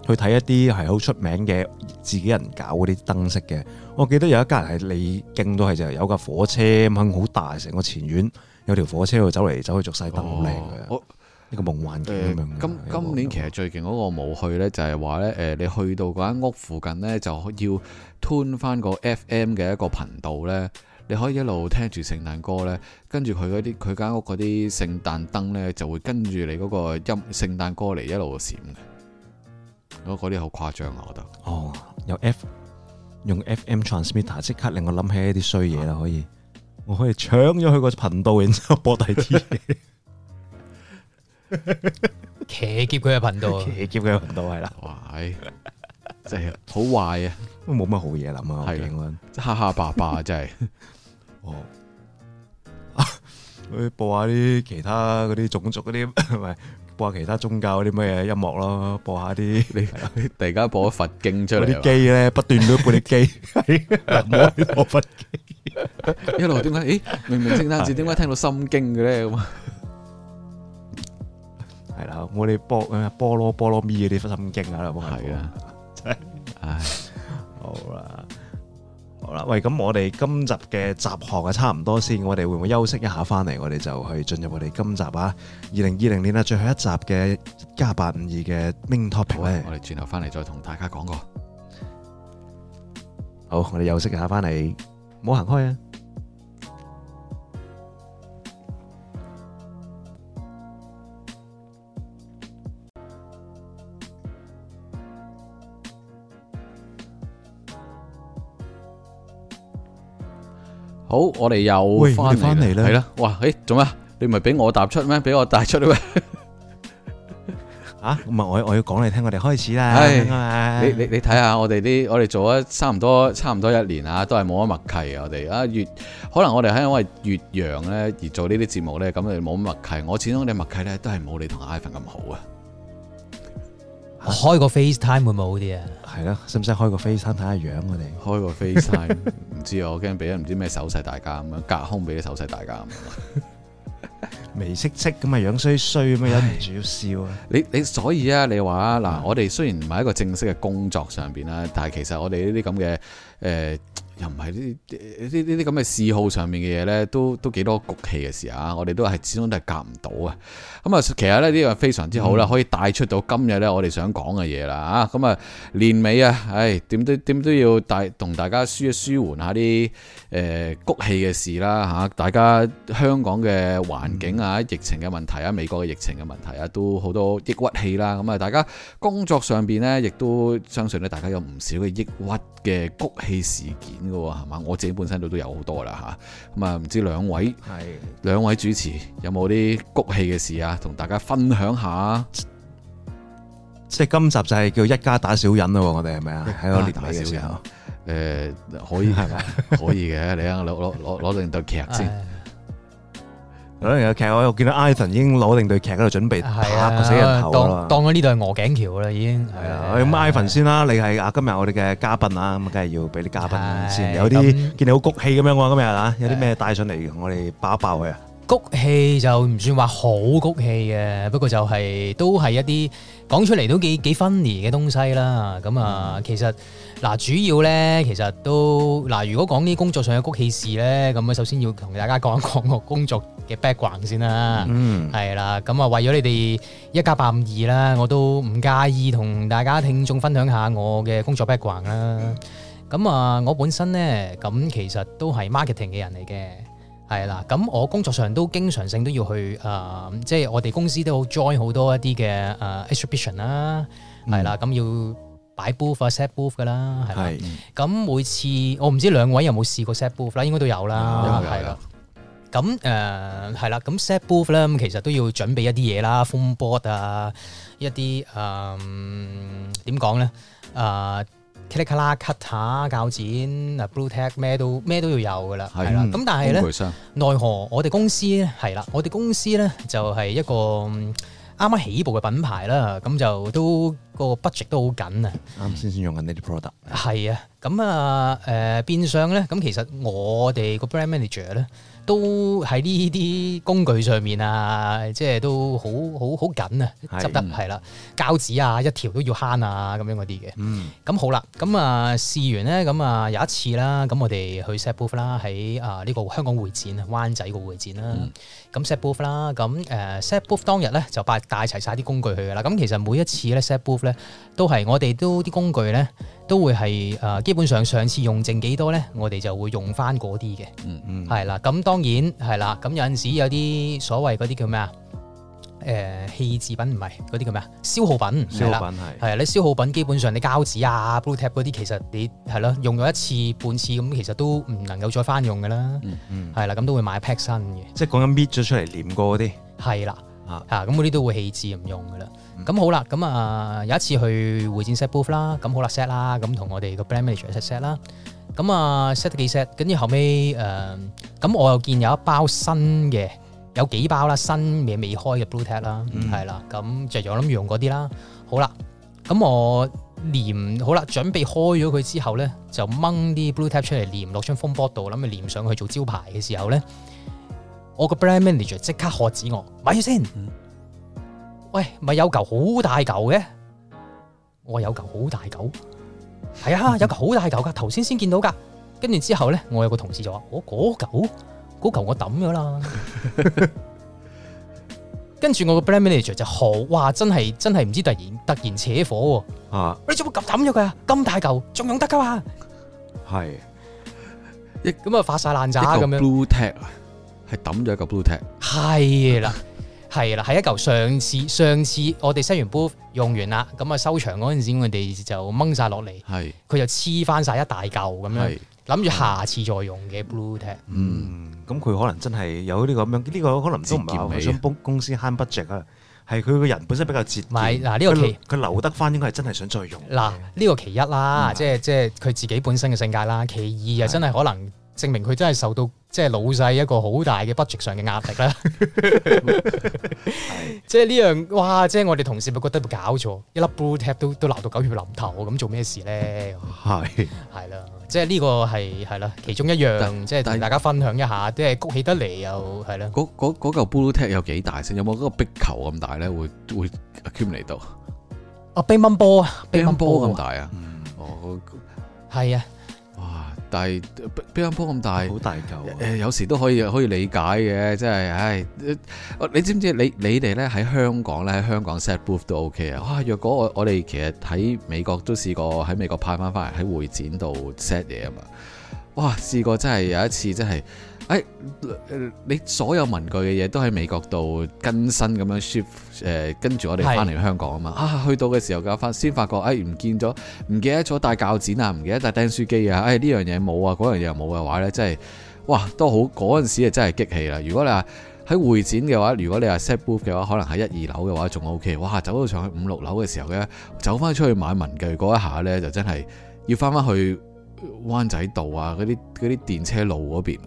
去睇一啲係好出名嘅自己人搞嗰啲燈飾嘅。我記得有一間係你經都係就有架火車咁好大，成個前院有條火車去走嚟走去著曬燈，好靚嘅。我、哦、一個夢幻境咁、呃、樣今、呃、今年其實最近嗰個冇去咧，就係話咧誒，你去到嗰間屋附近咧，就要 tune 翻個 FM 嘅一個頻道咧。你可以一路聽住聖誕歌咧，跟住佢嗰啲佢間屋嗰啲聖誕燈咧，就會跟住你嗰個音聖誕歌嚟，一路閃嘅。我嗰啲好誇張啊，我覺得。哦，有 F，用 FM transmitter 即刻令我諗起一啲衰嘢啦。可以，我可以搶咗佢個頻道，然之後播第二啲嘢。騎劫佢嘅頻道，騎劫佢嘅頻道係啦。哇，係。真係好壞啊，都冇乜好嘢諗啊，係我哈哈霸霸 [laughs] 真係哦。去、啊、播下啲其他嗰啲種族嗰啲，唔係播下其他宗教嗰啲咩音樂咯，播下啲你突然間播咗佛經出嚟，啲機咧不斷都 [laughs] 是的 [laughs] 播啲機，一路點解誒明明聖誕節點解聽到心經嘅咧，咁係啦，我哋播、呃、波羅波羅蜜啲心經啊係啊。唉，好啦，好啦，喂，咁我哋今集嘅集學啊，差唔多先，我哋會唔會休息一下翻嚟？我哋就去進入我哋今集啊，二零二零年啊最後一集嘅一家八五二嘅 main topic 咧，我哋轉頭翻嚟再同大家講過。好，我哋休息一下翻嚟，唔好行開啊！.好，我哋又翻翻嚟啦，係啦，哇，誒、欸，做咩？你唔係俾我踏出咩？俾我答出咩？啊？唔係我我要講你聽我你你你看看我，我哋開始啦，係你你你睇下我哋啲，我哋做咗差唔多差唔多一年啊，都係冇乜默契啊，我哋啊，越可能我哋係因為越洋咧而做節呢啲節目咧，咁啊冇乜默契。我始終嘅默契咧都係冇你同 Ivan 咁好啊。開個 FaceTime 會唔會好啲啊？係咯，使唔使開個 FaceTime 睇下樣我哋？開個 FaceTime 唔 [laughs] 知啊，我驚俾啲唔知咩手勢大家咁樣隔空俾啲手勢大家咁。 [laughs] [laughs] 眉色色咁啊，樣衰衰咁啊，忍唔住要笑啊！你你所以啊，你話嗱，我哋雖然唔係一個正式嘅工作上邊啦，但係其實我哋呢啲咁嘅誒。呃又唔係呢啲呢啲咁嘅嗜好上面嘅嘢呢，都都幾多谷氣嘅事啊！我哋都係始終都係夾唔到啊。咁啊，其實呢呢個非常之好啦，嗯、可以帶出到今日呢我哋想講嘅嘢啦，咁啊、嗯，年尾啊，唉，點都點都要帶同大家舒一舒緩一下啲。誒、呃，谷氣嘅事啦，吓，大家香港嘅環境啊，疫情嘅問題啊、嗯，美國嘅疫情嘅問題啊，都好多抑鬱氣啦。咁啊，大家工作上邊呢，亦都相信咧，大家有唔少嘅抑鬱嘅谷氣事件噶，係嘛？我自己本身都都有好多啦，吓。咁啊，唔知兩位，係兩位主持有有，有冇啲谷氣嘅事啊，同大家分享下？即係今集就係叫一家打小人咯，我哋係咪啊？喺度打小人。誒、呃，可以係嘛？可以嘅， [laughs] 你啊，攞攞攞攞定對劇先，攞另一對劇。我見到 Ivan 已經攞定一對劇喺度準備拍死人頭當當咗呢對係鵝頸橋啦，已經係啊。咁 Ivan 先啦，你係啊今日我哋嘅嘉賓啊，咁梗係要俾啲嘉賓先。有啲見你好谷氣咁樣，我今日啊，有啲咩帶上嚟，我哋爆一爆佢啊。谷氣就唔算話好谷氣嘅，不過就係、是、都係一啲講出嚟都幾幾分裂嘅東西啦。咁啊、嗯，其實。嗱，主要咧，其實都嗱，如果講啲工作上嘅谷氣事咧，咁啊，首先要同大家講一講我工作嘅 background 先啦，嗯，係啦，咁啊，為咗你哋一家八五二啦，我都唔介意同大家聽眾分享下我嘅工作 background 啦。咁、嗯、啊，我本身咧，咁其實都係 marketing 嘅人嚟嘅，係啦。咁我工作上都經常性都要去啊，即、呃、係、就是、我哋公司都好 join 好多一啲嘅誒 exhibition 啦，係、呃、啦，咁、嗯、要。擺 booth 啊 set booth 嘅啦，係咪？咁每次我唔知兩位有冇試過 set booth 啦，應該都有啦，係啦。咁誒係啦，咁 set、呃、booth 咧其實都要準備一啲嘢啦 foam board 啊，一啲誒點講咧，啊 clicker 啦 cutter、膠剪啊 blue tag 咩都咩都要有嘅啦，係啦、嗯。咁但係咧，嗯、奈何我哋公司係啦，我哋公司咧就係一個啱啱起步嘅品牌啦，咁就都、個 budget 都好緊啊！啱先先用緊呢啲 product。係啊，咁啊誒、呃，變相咧，咁其實我哋個 brand manager 咧，都喺呢啲工具上面啊，即係都好好好緊啊，執得係啦、嗯啊，膠紙啊一條都要慳啊咁樣嗰啲嘅。嗯好。咁好啦，咁啊試完咧，咁啊有一次啦，咁我哋去 set booth 啦，喺啊呢個香港會展啊，灣仔個會展啦。嗯。咁 set booth 啦，咁呃，set booth 當日咧就帶帶齊曬啲工具去㗎啦。咁其實每一次咧 set booth 咧都係我哋都啲工具咧都會係、呃、基本上上次用剩幾多咧，我哋就會用翻嗰啲嘅。嗯嗯，係啦，咁當然係啦，咁有陣時有啲所謂嗰啲叫咩啊？誒棄置品唔係嗰啲叫咩啊？消耗品，消耗品係啦，係啊！你消耗品基本上你膠紙啊、blue tape 嗰啲，其實你係咯用咗一次半次咁，其實都唔能夠再翻用嘅啦。嗯係啦，咁、嗯、都會買一 pack 新嘅。即係講緊搣咗出嚟黏過嗰啲係啦，咁嗰啲都會棄置唔用嘅啦。咁、嗯、好啦，咁啊、呃、有一次去會展 set booth 啦，咁好啦 set 啦，咁同我哋個 brand manager 一 set set 啦，咁啊 set 幾 set，跟住後尾，誒、呃、咁我又見有一包新嘅。有幾包啦，新嘢未開嘅 Blue Tab 啦、嗯，係啦，咁就是我諗用嗰啲啦。好啦，咁我粘好啦，準備開咗佢之後咧，就掹啲 Blue Tab 出嚟粘落張風波度，諗住粘上去做招牌嘅時候咧，我個 brand manager 即刻喝止我，買咗先。喂，咪有嚿好大嚿嘅？我有嚿好大嚿，係、嗯、啊，有嚿好大嚿㗎，頭先先見到㗎。跟住之後咧，我有個同事就話：我嗰嚿。嗰球我抌咗啦，跟住我個 brand manager 就好，哇！真係真係唔知突然突然扯火喎、啊，啊！你做乜咁抌咗佢啊？咁大嚿仲用得噶嘛、啊？係，咁啊發晒爛渣咁樣，blue tag 係抌咗一嚿 blue tag，係啦，係啦，係 [laughs] 一嚿上次上次我哋 set 完 booth 用完啦，咁啊收場嗰陣時我哋就掹晒落嚟，係佢就黐翻晒一大嚿咁樣。諗住下次再用嘅 blue tag，嗯，咁佢可能真係有呢、這個咁樣，呢、這個可能都唔係，佢想幫公司慳 budget 啊。係佢個人本身比較節，唔咪嗱呢個其，佢留得翻應該係真係想再用、啊。嗱，呢個其一啦，嗯、即係即係佢自己本身嘅性格啦。其二就真係可能證明佢真係受到即係老細一個好大嘅 budget 上嘅壓力啦。即係呢樣，哇！即、就、係、是、我哋同事咪覺得搞錯，一粒 blue tag 都都鬧到狗血淋頭，咁做咩事咧？係係啦。即係呢個係係咯，其中一樣，即係大家分享一下，即係谷起得嚟又係咯。嗰嗰嗰嚿 ballote 有幾大先？有冇嗰個壁球咁大咧？會會 accumulate 到？啊，乒乓波啊，乒乓波咁大啊！哦，係、嗯、啊。但係，乒乓波咁大，好大嚿。誒、啊啊，有時都可以可以理解嘅，即係，唉，你知唔知？你你哋咧喺香港咧，喺香港 set booth 都 OK 啊。哇，若果我我哋其實喺美國都試過喺美國派翻翻嚟喺會展度 set 嘢啊嘛。哇，試過真係有一次真係。誒、哎、誒，你所有文具嘅嘢都喺美國度更新咁樣 shift 誒、呃，跟住我哋翻嚟香港啊嘛啊，去到嘅時候嘅先發覺誒唔見咗，唔記得咗帶鉸剪帶帶啊，唔記得帶釘書機啊，誒呢樣嘢冇啊，嗰樣嘢又冇嘅話呢，真係哇都好嗰陣時啊，真係激氣啦。如果你話喺會展嘅話，如果你話 set booth 嘅話，可能喺一二樓嘅話仲 O K。哇，走到上去五六樓嘅時候呢，走翻出去買文具嗰一下呢，就真係要翻翻去灣仔道啊，嗰啲嗰啲電車路嗰邊。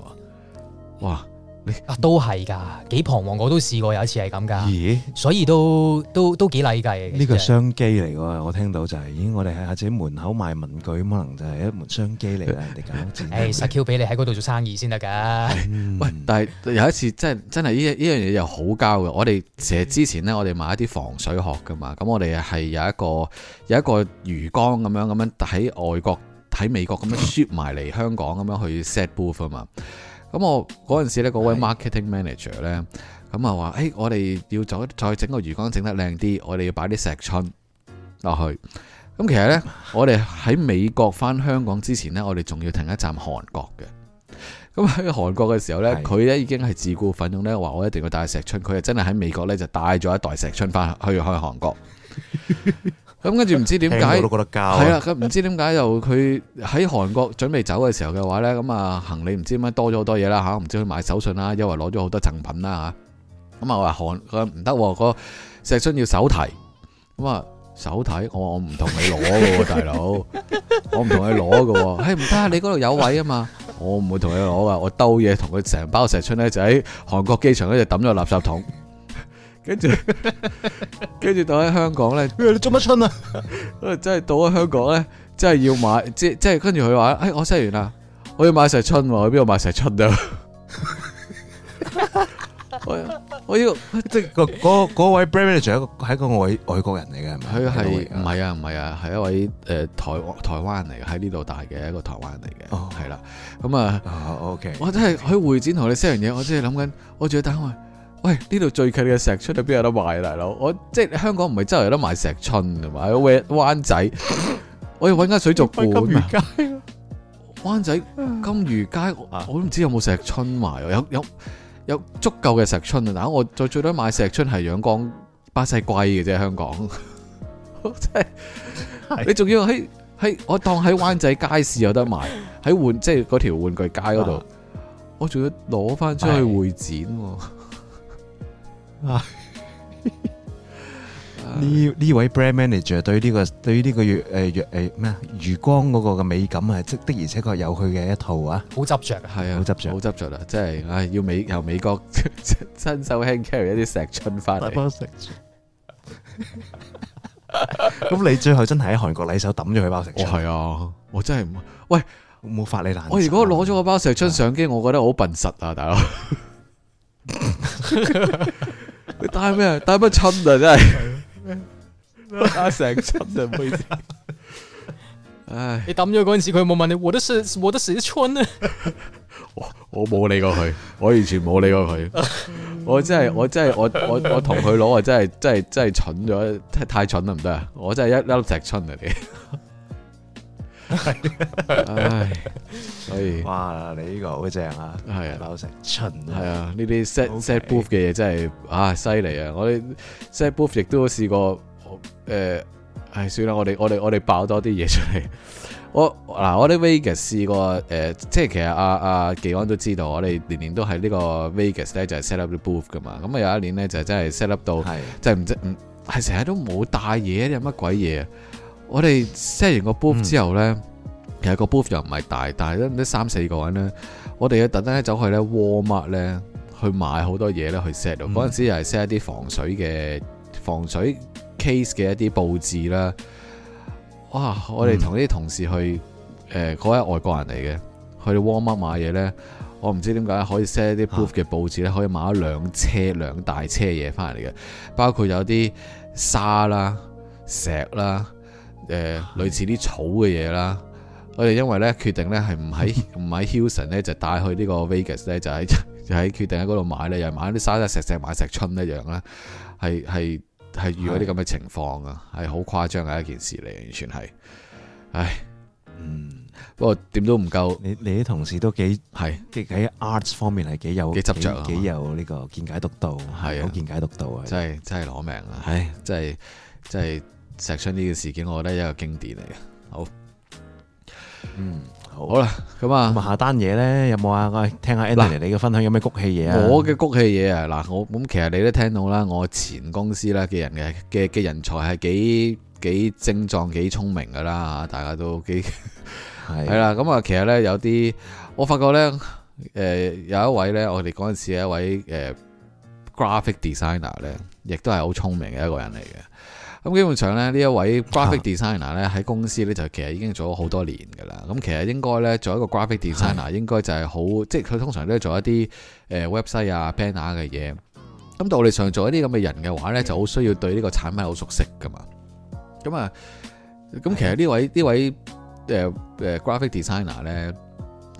哇！你啊都係噶，幾彷徨，我都試過有一次係咁噶。咦？所以都都都幾禮計。呢個商機嚟噶，我聽到就係、是，咦？我哋喺阿姐門口賣文具，可能就係一門商機嚟嘅。 [laughs] 你搞？secure 俾你喺嗰度做生意先得噶。喂，但係有一次真係真係呢呢樣嘢又好交嘅。我哋其實之前呢，我哋買一啲防水殼噶嘛。咁我哋係有一個有一個魚缸咁樣咁樣喺外國喺美國咁樣 ship 埋嚟香港咁樣去 set booth 啊嘛。咁我嗰陣時嗰位 marketing manager 咧，咁啊話，誒、哎，我哋要再整個魚缸整得靚啲，我哋要擺啲石春落去。咁其實呢，我哋喺美國翻香港之前呢，我哋仲要停一站韓國嘅。咁喺韓國嘅時候呢，佢已經係自告奮勇呢：「話我一定要帶石春。佢係真係喺美國呢，就帶咗一袋石春翻去去韓國。 [laughs] 咁跟住唔知點解，係啊，佢唔知點解又佢喺韓國準備走嘅時候嘅話咧，咁啊行李唔知點解多咗好多嘢啦吓，我唔知去買手信啦，因為攞咗好多贈品啦吓。咁啊我話韓佢唔得，喎，那個，石春要手提。咁啊手提，我我唔同你攞喎大佬，我唔同你攞喎。嘿唔得你嗰度、 [laughs] 欸、有位啊嘛。 [laughs] 我唔會同你攞噶，我兜嘢同佢成包石春咧就喺韓國機場咧就抌咗垃圾桶。跟住，跟住到喺香港咧、欸，你做乜春啊？真係到喺香港咧，真係要買，即即係跟住佢話，誒、哎，我 set 完啦，我要買成春喎，去邊度買成春啊？我呢 [laughs] 我要、這個、即係嗰嗰嗰位 manager 係一個係一個外外國人嚟嘅，係咪？佢係唔係啊？唔係啊？係一位誒、呃、台灣台灣嚟嘅，喺呢度大嘅一個台灣嚟嘅，哦，係啦，咁啊、哦、OK，我真係喺會展同你 set 完嘢，我真係諗緊，我仲要等佢。喂，呢度最近嘅石春喺邊有得賣，大佬！我即係香港唔係真係有得賣石春啊嘛？灣仔， [laughs] 我要揾間水族館、啊。金魚街，灣仔金魚街，我都唔知有冇石春賣。有有有足夠嘅石春啊！但我再最多買的石春係陽光巴西龜嘅啫，香港。 [laughs] 我真係，你仲要喺喺我當喺灣仔街市有得賣，喺換即係嗰條玩具街嗰度、啊，我仲要攞翻出去會展。 [laughs] [laughs] 啊！呢呢位 brand manager 對呢、這個對呢個月誒月誒咩啊餘光嗰個嘅美感係的而且確有佢嘅一套執啊，好執着係啊，好執着，好執着啦，真係、哎、要美由美國親 [laughs] 手輕 carry 一啲石春翻嚟，石春咁 [laughs] [laughs] 你最後真係喺韓國禮手抌咗佢包石春，係啊，我真係，喂，冇發你難。我如果攞咗個包石春上機，我覺得我好笨實啊，大佬。 [laughs] [laughs] 你帶咩？帶乜春啊？真係帶 [laughs] 成春啊！唔好意思 [laughs] 唉，你抌咗嗰陣時，佢冇問你，我都舍，我都春啊！我冇理過佢，我完全冇理過佢， [laughs] 我真係我，我，我，我真係我我我同佢攞啊！真係真係真係蠢咗，太蠢啦，唔得啊！我真係一粒石春啊你。 [laughs] 係， [laughs] 唉，所以哇，你呢個好正啊，係啊，好成巡，係啊，呢啲 set、okay. set booth 嘅嘢真係啊犀利啊！我哋 set booth 亦都試過，誒、呃，唉，算啦，我哋我哋我哋爆多啲嘢出嚟。我嗱，我啲 Vegas 試過，誒、呃，即係其實阿阿技安都知道，我哋年年都喺呢個 Vegas 咧就係、是、set up booth 噶嘛。咁啊有一年咧就是、真係 set up 到，就唔知唔係成日都冇帶嘢有乜鬼嘢？我哋 set 完個 booth 之後咧、嗯，其實個 booth 又唔係大，但係都唔得三四個人咧。我哋要特登咧走去咧，Walmart 咧去買好多嘢咧去 set。嗰、嗯、陣時又係 set 一啲防水嘅防水 case 嘅一啲佈置啦。哇！我哋同啲同事去誒嗰一外國人嚟嘅去 Walmart 買嘢咧，我唔知點解可以 set 一啲 booth 嘅佈置咧，可以買咗兩車兩、啊、大車嘢翻嚟嘅，包括有啲沙啦石啦。誒類似啲草嘅嘢啦，我哋因為咧決定咧係唔喺唔喺 Hilson 咧就帶去呢個 Vegas 咧就喺就喺決定喺嗰度買咧，又買啲沙石石買石春一樣啦，係係係遇到啲咁嘅情況啊，係好誇張嘅一件事嚟，完全係，唉，嗯，不過點都唔夠你你啲同事都幾係即喺 arts 方面係幾有幾執著，幾，幾有呢個見解獨到，係好見解獨到啊，真係真係攞命啊，係真係真係。 [laughs] 真石春呢個事件，我覺得一個經典嚟嘅。好，嗯，好，好啦，咁、嗯、啊，咁下單嘢咧，有冇啊？我聽下 Anthony 你嘅分享，有咩谷氣嘢啊？我嘅谷氣嘢啊，嗱，我咁其實你都聽到啦，我前公司啦嘅人嘅嘅嘅人才係幾幾精壯、幾聰明噶啦，大家都幾係係啦。咁 [laughs] 啊，其實咧有啲，我發覺咧，誒有一位咧，我哋嗰陣時一位誒、呃、graphic designer 咧，亦都係好聰明嘅一個人嚟嘅。咁基本上咧，呢一位 graphic designer 咧喺、啊、公司咧就其實已經做咗好多年噶啦。咁其實應該咧做一個 graphic designer 應該就係好，即係佢通常都係做一啲誒 website 啊 banner 嘅嘢。咁道理上做一啲咁嘅人嘅話咧，就好需要對呢個產品好熟悉噶嘛。咁啊，咁其實呢位呢位誒誒、呃呃、graphic designer 咧，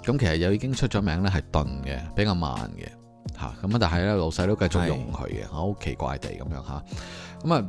咁其實又已經出咗名咧，係鈍嘅，比較慢嘅，吓咁啊。但係咧老細都繼續用佢嘅，好奇怪地咁樣吓。咁啊。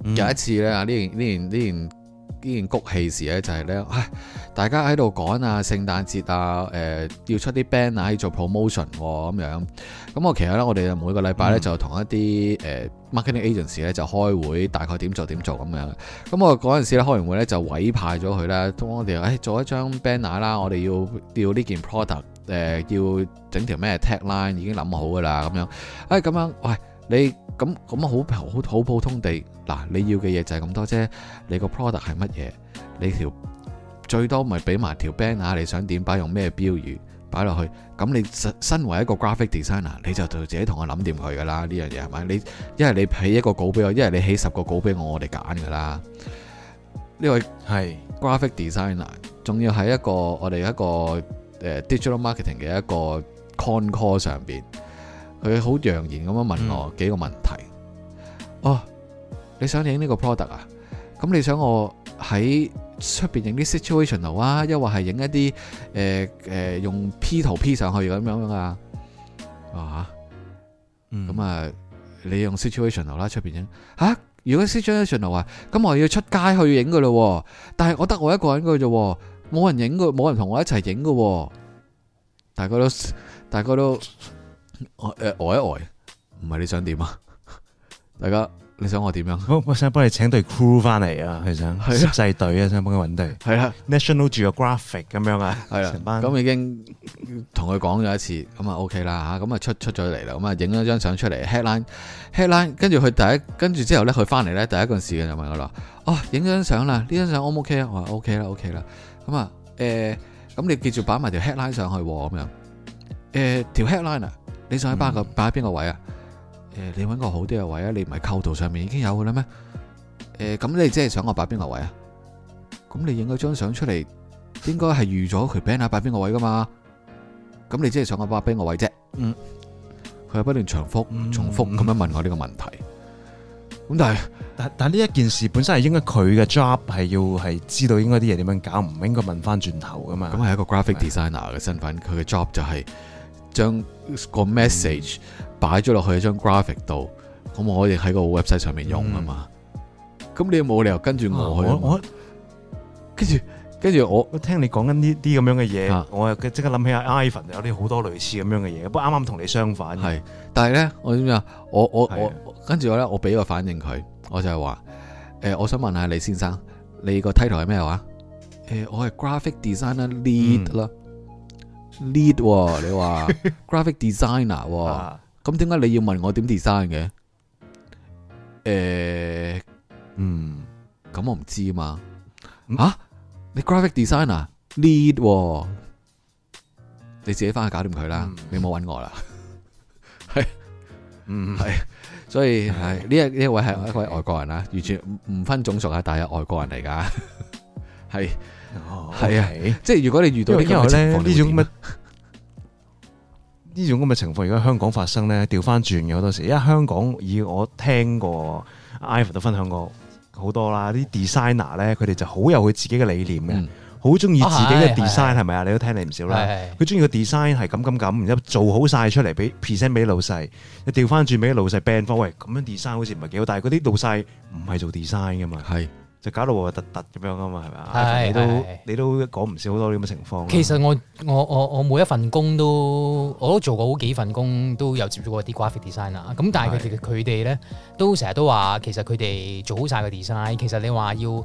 [noise] 有一次咧，件件件件菊呢呢件呢件呢件谷氣事咧，就係咧，唉，大家喺度講啊，聖誕節啊，呃、要出啲 banner 要做 promotion 咁、啊、樣。咁我其實咧，我哋每個禮拜咧就同一啲、呃、marketing agency 咧就開會，大概點做點做咁樣。咁我嗰陣時咧開完會咧就委派咗佢啦，通我哋誒做一張 banner 啦，我哋要調呢件 product、呃、要整條咩 tagline 已經諗好㗎啦，咁樣誒咁樣，喂，你咁咁好好好普通地。嗱，你要嘅嘢就係咁多啫。你個 product 係乜嘢？你條最多咪俾埋條 band 啊？你想點擺？用咩標語擺落去？咁你身身為一個 graphic designer，你就自己同我諗掂佢㗎啦。呢樣嘢係咪？你一係你起一個稿俾我，一係你起十個稿俾我，我哋揀㗎啦。呢位係 graphic designer，仲要喺一個我哋一個誒 digital marketing 嘅一個 con call 上邊，佢好揚言咁樣問我幾個問題。哦。你想影呢個 product 啊？咁你想我喺出邊影啲 situational 啊？抑或係影一啲誒誒用 P 圖 P 上去咁樣樣啊？啊、嗯、咁啊，你用 situational 啦、啊，出邊影吓？如果 situational 啊，咁我要出街去影噶咯，但係我得我一個人㗎啫，冇人影㗎，冇人同我一齊影㗎。大家都，大家都，誒、呃、誒，呆一呆，唔、呃、係、呃呃呃呃、你想點啊？ [laughs] 大家。你想我點樣？我想幫你請隊 crew 翻嚟啊，係想去制隊啊，想幫佢揾隊。係啊，National Geographic 咁樣啊，係啊，咁已經同佢講咗一次，咁、OK、啊 OK 啦嚇，咁啊出出咗嚟啦，咁啊影咗張相出嚟 headline headline，跟住佢第一跟住之後咧，佢翻嚟咧第一個時間就問我話：哦，影咗張相啦，呢張相 O 唔 OK 啊？Okay，我話 OK 啦 OK 啦，咁啊誒，咁、啊、你繼續擺埋條 headline 上去喎，咁樣誒條 headline 啊，你想擺個擺喺邊個位啊？嗯誒，你搵個好啲嘅位啊！你唔係構圖上面已經有嘅啦咩？誒、呃，咁你即係想我擺邊個位啊？咁你影咗張相出嚟，應該係預咗佢 plan 啊，擺邊個位噶嘛？咁你即係想我擺邊個位啫？嗯，佢係不斷重複、嗯、重複咁樣問我呢個問題。咁但係，但但係呢一件事本身係應該佢嘅 job 係要係知道應該啲嘢點樣搞，唔應該問翻轉頭噶嘛？咁係一個 graphic designer 嘅身份，佢嘅 job 就係、是。將個 message 擺咗落去一張 graphic 度，咁、嗯、我可以喺個 website 上面用啊嘛。咁你冇理由跟住我，、啊、我，去。跟住跟住我，我聽你講緊呢啲咁樣嘅嘢，我即刻諗起阿 Ivan 有啲好多類似咁樣嘅嘢，不過啱啱同你相反。係，但係咧，我點啊？我我我跟住咧，我俾個反應佢，我就係話，誒、呃，我想問下李先生，你個 title 係咩話？誒、呃，我係 graphic designer lead 啦、嗯。Lead，、哦、你話 graphic designer 喎，咁點解你要問我點 design 嘅？誒、欸，嗯，咁我唔知啊嘛。吓、啊，你 graphic designer lead，、哦、你自己翻去搞掂佢啦， [laughs] 你冇揾我啦。係 [laughs] 是，嗯，係，所以係呢一呢一位係一位外國人啦，完全唔分種族啊，但係外國人嚟噶，係。 [laughs] 哦、啊，係啊，即係如果你遇到這種因為因為呢你這種咁嘅呢種咁嘅情況，如果香港發生咧，調翻轉嘅好多時。因為香港以我聽過 Ivan 都分享過好多啦，啲 designer 咧，佢哋就好有佢自己嘅理念嘅，好中意自己嘅 design 係咪啊？你都聽你唔少啦。佢中意個 design 係咁咁咁，然之後做好晒出嚟俾 present 俾老細，你調翻轉俾老細 band 喂，咁樣 design 好似唔係幾好，但係嗰啲老細唔係做 design 噶嘛，係。就搞到話突突咁樣啊嘛，係嘛？你都你都講唔少好多呢啲情況。其實我我我我每一份工都我都做過好幾份工，都有接觸過啲 graphic design 啊。咁但係佢哋佢哋咧都成日都話，其實佢哋做好晒個 design。其實你話要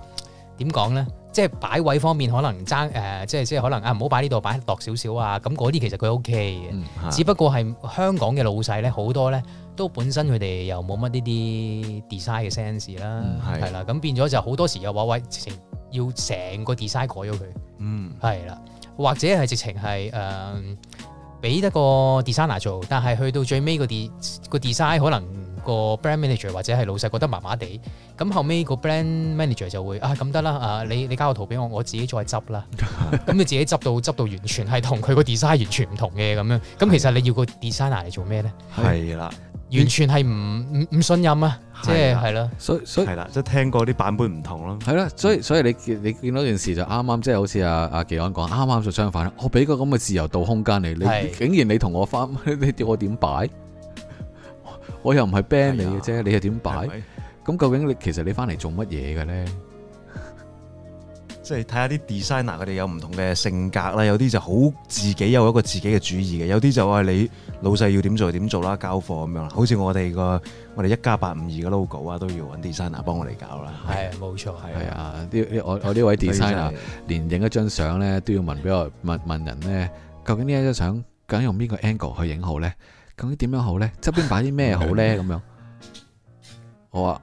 點講咧？即係擺位方面可能爭誒、呃，即係即係可能啊，唔好擺呢度，擺落少少啊。咁嗰啲其實佢 OK 嘅，嗯、只不過係香港嘅老細咧，好多咧。都本身佢哋又冇乜呢啲 design 嘅 sense 啦，係啦，咁變咗就好多時又話喂，直情要成個 design 改咗佢，嗯，係啦，或者係直情係誒俾一個 designer 做，但係去到最尾個 design 個 design 可能個 brand manager 或者係老細覺得麻麻地，咁後尾個 brand manager 就會啊咁得啦啊，你你交個圖俾我，我自己再執啦，咁 [laughs] 你、嗯、自己執到執到完全係同佢個 design 完全唔同嘅咁樣，咁其實你要個 designer 嚟做咩咧？係啦。完全係唔唔唔信任啊！即係係咯，所以係啦，即係、啊就是、聽過啲版本唔同咯。係啦、啊，所以所以你你見到件事就啱啱，即、就、係、是、好似阿阿紀安講，啱啱就相反。我俾個咁嘅自由度空間你，啊、你竟然你同我翻，你叫我點擺？我又唔係 ban 你嘅啫，哎、呀你又點擺？咁、啊、究竟你其實你翻嚟做乜嘢嘅咧？即係睇下啲 designer 佢哋有唔同嘅性格啦，有啲就好自己有一個自己嘅主意嘅，有啲就話你老細要點做就點做啦，交貨咁樣啦。好似我哋個我哋一家八五二嘅 logo 啊，都要搵 designer 幫我哋搞啦。係啊，冇錯，係啊。我我呢位 designer 連影一張相咧都要問畀我問問人咧，究竟呢一張相究竟用邊個 angle 去影好咧？究竟點樣好咧？側邊擺啲咩好咧？咁樣。我話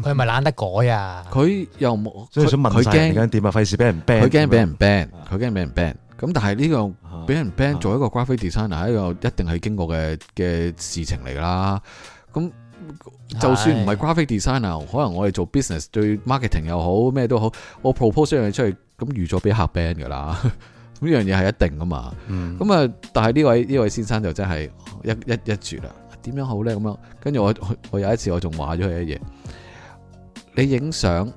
佢咪懶得改啊，佢又冇，所以想問佢驚點啊？費事俾人 ban，佢驚俾人 ban，佢驚俾人 ban。咁但係呢個俾人 ban 做一個 graphic designer 係一個一定係經過嘅嘅事情嚟噶啦。咁就算唔係 graphic designer，可能我哋做 business 對 marketing 又好咩都好，我 proposal 樣嘢出去咁預咗俾客 ban 噶啦。咁 [laughs] 呢樣嘢係一定噶嘛。咁、嗯、啊，但係呢位呢位先生就真係一一一絕啦。點樣好咧？咁樣，跟住我，我有一次我仲話咗佢啲嘢。你影相，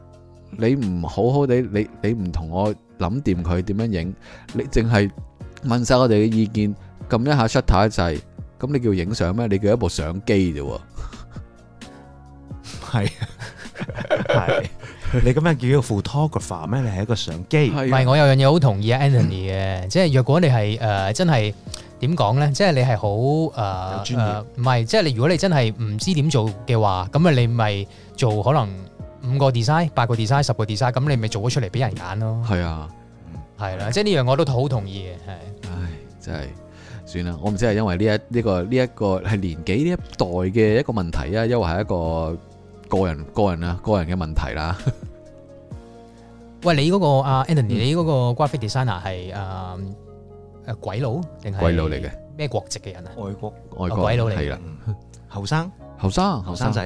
你唔好好地，你你唔同我諗掂佢點樣影，你淨係問晒我哋嘅意見，撳一下 shutter 掣就係，咁你叫影相咩？你叫一部相機啫。係，係，你咁樣叫 photographer 咩？你係一個相機。唔係，我有樣嘢好同意啊，Anthony 嘅，即係若果你係誒真係。點講咧？即係你係好誒，專業，唔係、呃，即係你如果你真係唔知點做嘅話，咁啊你咪做可能五個 design、八個 design、十個 design，咁你咪做咗出嚟俾人揀咯。係啊，係啦，即係呢樣我都好同意嘅，係。唉，真係算啦，我唔知係因為呢一呢、這個呢一、這個係年紀呢一代嘅一個問題啊，抑或係一個個人個人啊個人嘅問題啦、啊。 [laughs] 喂，你嗰、那個阿 Anthony、嗯、你嗰個 graphic designer 係誒，呃誒，鬼佬定係鬼佬嚟嘅？咩國籍嘅人啊？外國外國鬼佬嚟，係啦，後生後生後生仔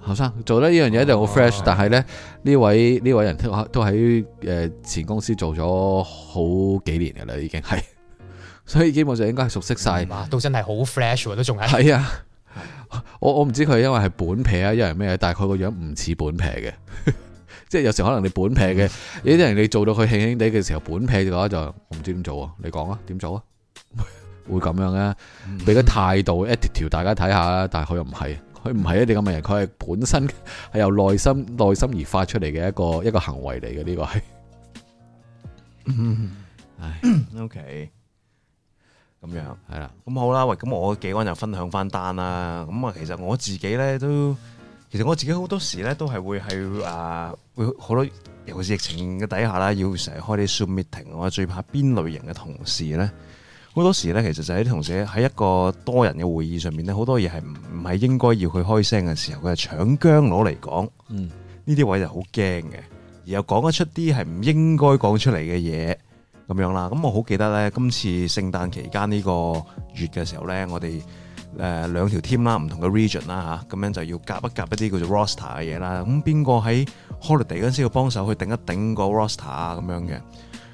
後生，生，生，生，做得呢樣嘢就好 fresh，哦。但係咧呢位呢位人，都都喺誒前公司做咗好幾年噶啦，已經係，所以基本上應該係熟悉晒。哇，到真係好 fresh 都仲係。係 [laughs] 啊，我我唔知佢因為係本皮啊，因為咩？但係佢個樣唔似本皮嘅。 [laughs] 即係有時可能你本平嘅，有啲人你做到佢輕輕哋嘅時候，本平嘅話就，就我唔知點做啊，你講啊，點做啊，會咁樣嘅？ [laughs] 你嘅態度一條條大家睇下，但係佢又唔係，佢唔係一啲咁嘅人，佢係本身係由內心內心而發出嚟嘅一個一個行為嚟嘅呢個係。 [laughs] 唉，OK，咁 [laughs] 樣係啦，咁好啦，喂，咁我幾個人就分享翻單啦。咁啊，其實我自己咧都。其實我自己好多時咧，都係會係啊，會好多，尤其是疫情嘅底下啦，要成日開啲 zoom meeting，我最怕邊類型嘅同事咧，好多時咧，其實就係啲同事喺一個多人嘅會議上面咧，好多嘢係唔係應該要去開聲嘅時候，佢係搶薑攞嚟講，嗯，呢啲位就好驚嘅，而又講得出啲係唔應該講出嚟嘅嘢咁樣啦。咁我好記得咧，今次聖誕期間呢個月嘅時候咧，我哋。誒、呃、兩條 team 啦，唔同嘅 region 啦嚇，咁、啊、樣就要夾一夾一啲叫做 roster 嘅嘢啦。咁邊個喺 holiday 嗰陣時要幫手去頂一頂個 roster 啊？咁樣嘅。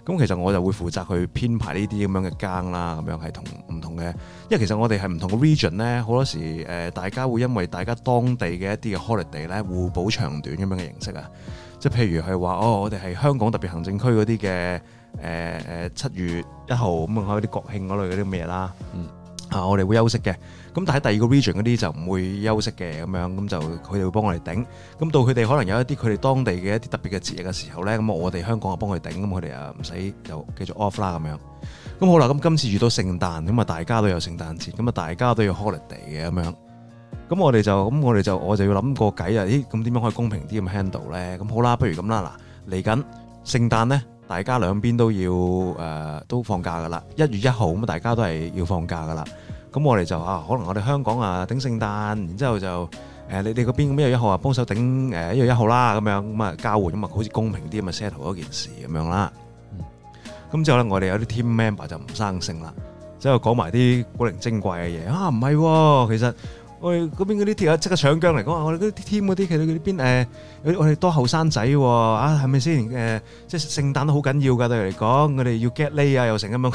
咁、嗯、其實我就會負責去編排呢啲咁樣嘅更啦，咁樣係同唔同嘅，因為其實我哋係唔同嘅 region 咧，好多時誒、呃、大家會因為大家當地嘅一啲嘅 holiday 咧互補長短咁樣嘅形式啊。即係譬如係話哦，我哋係香港特別行政區嗰啲嘅誒誒七月一號咁啊，嗰啲國慶嗰類嗰啲咩啦。嗯啊，我哋會休息嘅，咁但係第二個 region 嗰啲就唔會休息嘅，咁樣，咁就佢哋會幫我哋頂。咁到佢哋可能有一啲佢哋當地嘅一啲特別嘅節日嘅時候咧，咁啊我哋香港啊幫佢頂，咁佢哋啊唔使又繼續 off 啦咁樣。咁好啦，咁今次遇到聖誕，咁啊大家都有聖誕節，咁啊大家都要 holiday 嘅咁樣。咁我哋就咁我哋就我就要諗個計啊，咦咁點樣可以公平啲咁 handle 咧？咁好啦，不如咁啦嗱，嚟緊聖誕咧。大家兩邊都要誒、呃、都放假嘅啦，一月一號咁，大家都係要放假嘅啦。咁我哋就啊，可能我哋香港啊頂聖誕，然之後、呃啊呃一日一日嗯、之後就誒你哋嗰邊咁一月一號啊幫手頂誒一月一號啦，咁樣咁啊交換咁啊好似公平啲咁啊 set up 嗰件事咁樣啦。咁之後咧，我哋有啲 team member 就唔生性啦，之後講埋啲古靈精怪嘅嘢啊，唔係喎，其實。我哋嗰邊嗰啲 team 啊，即刻搶姜嚟講啊！我哋嗰啲 team 嗰啲其實嗰啲邊誒？我我哋多後生仔喎，啊係咪先誒？即係聖誕都好緊要㗎對我哋嚟講，我哋要 get lay 啊又成咁樣。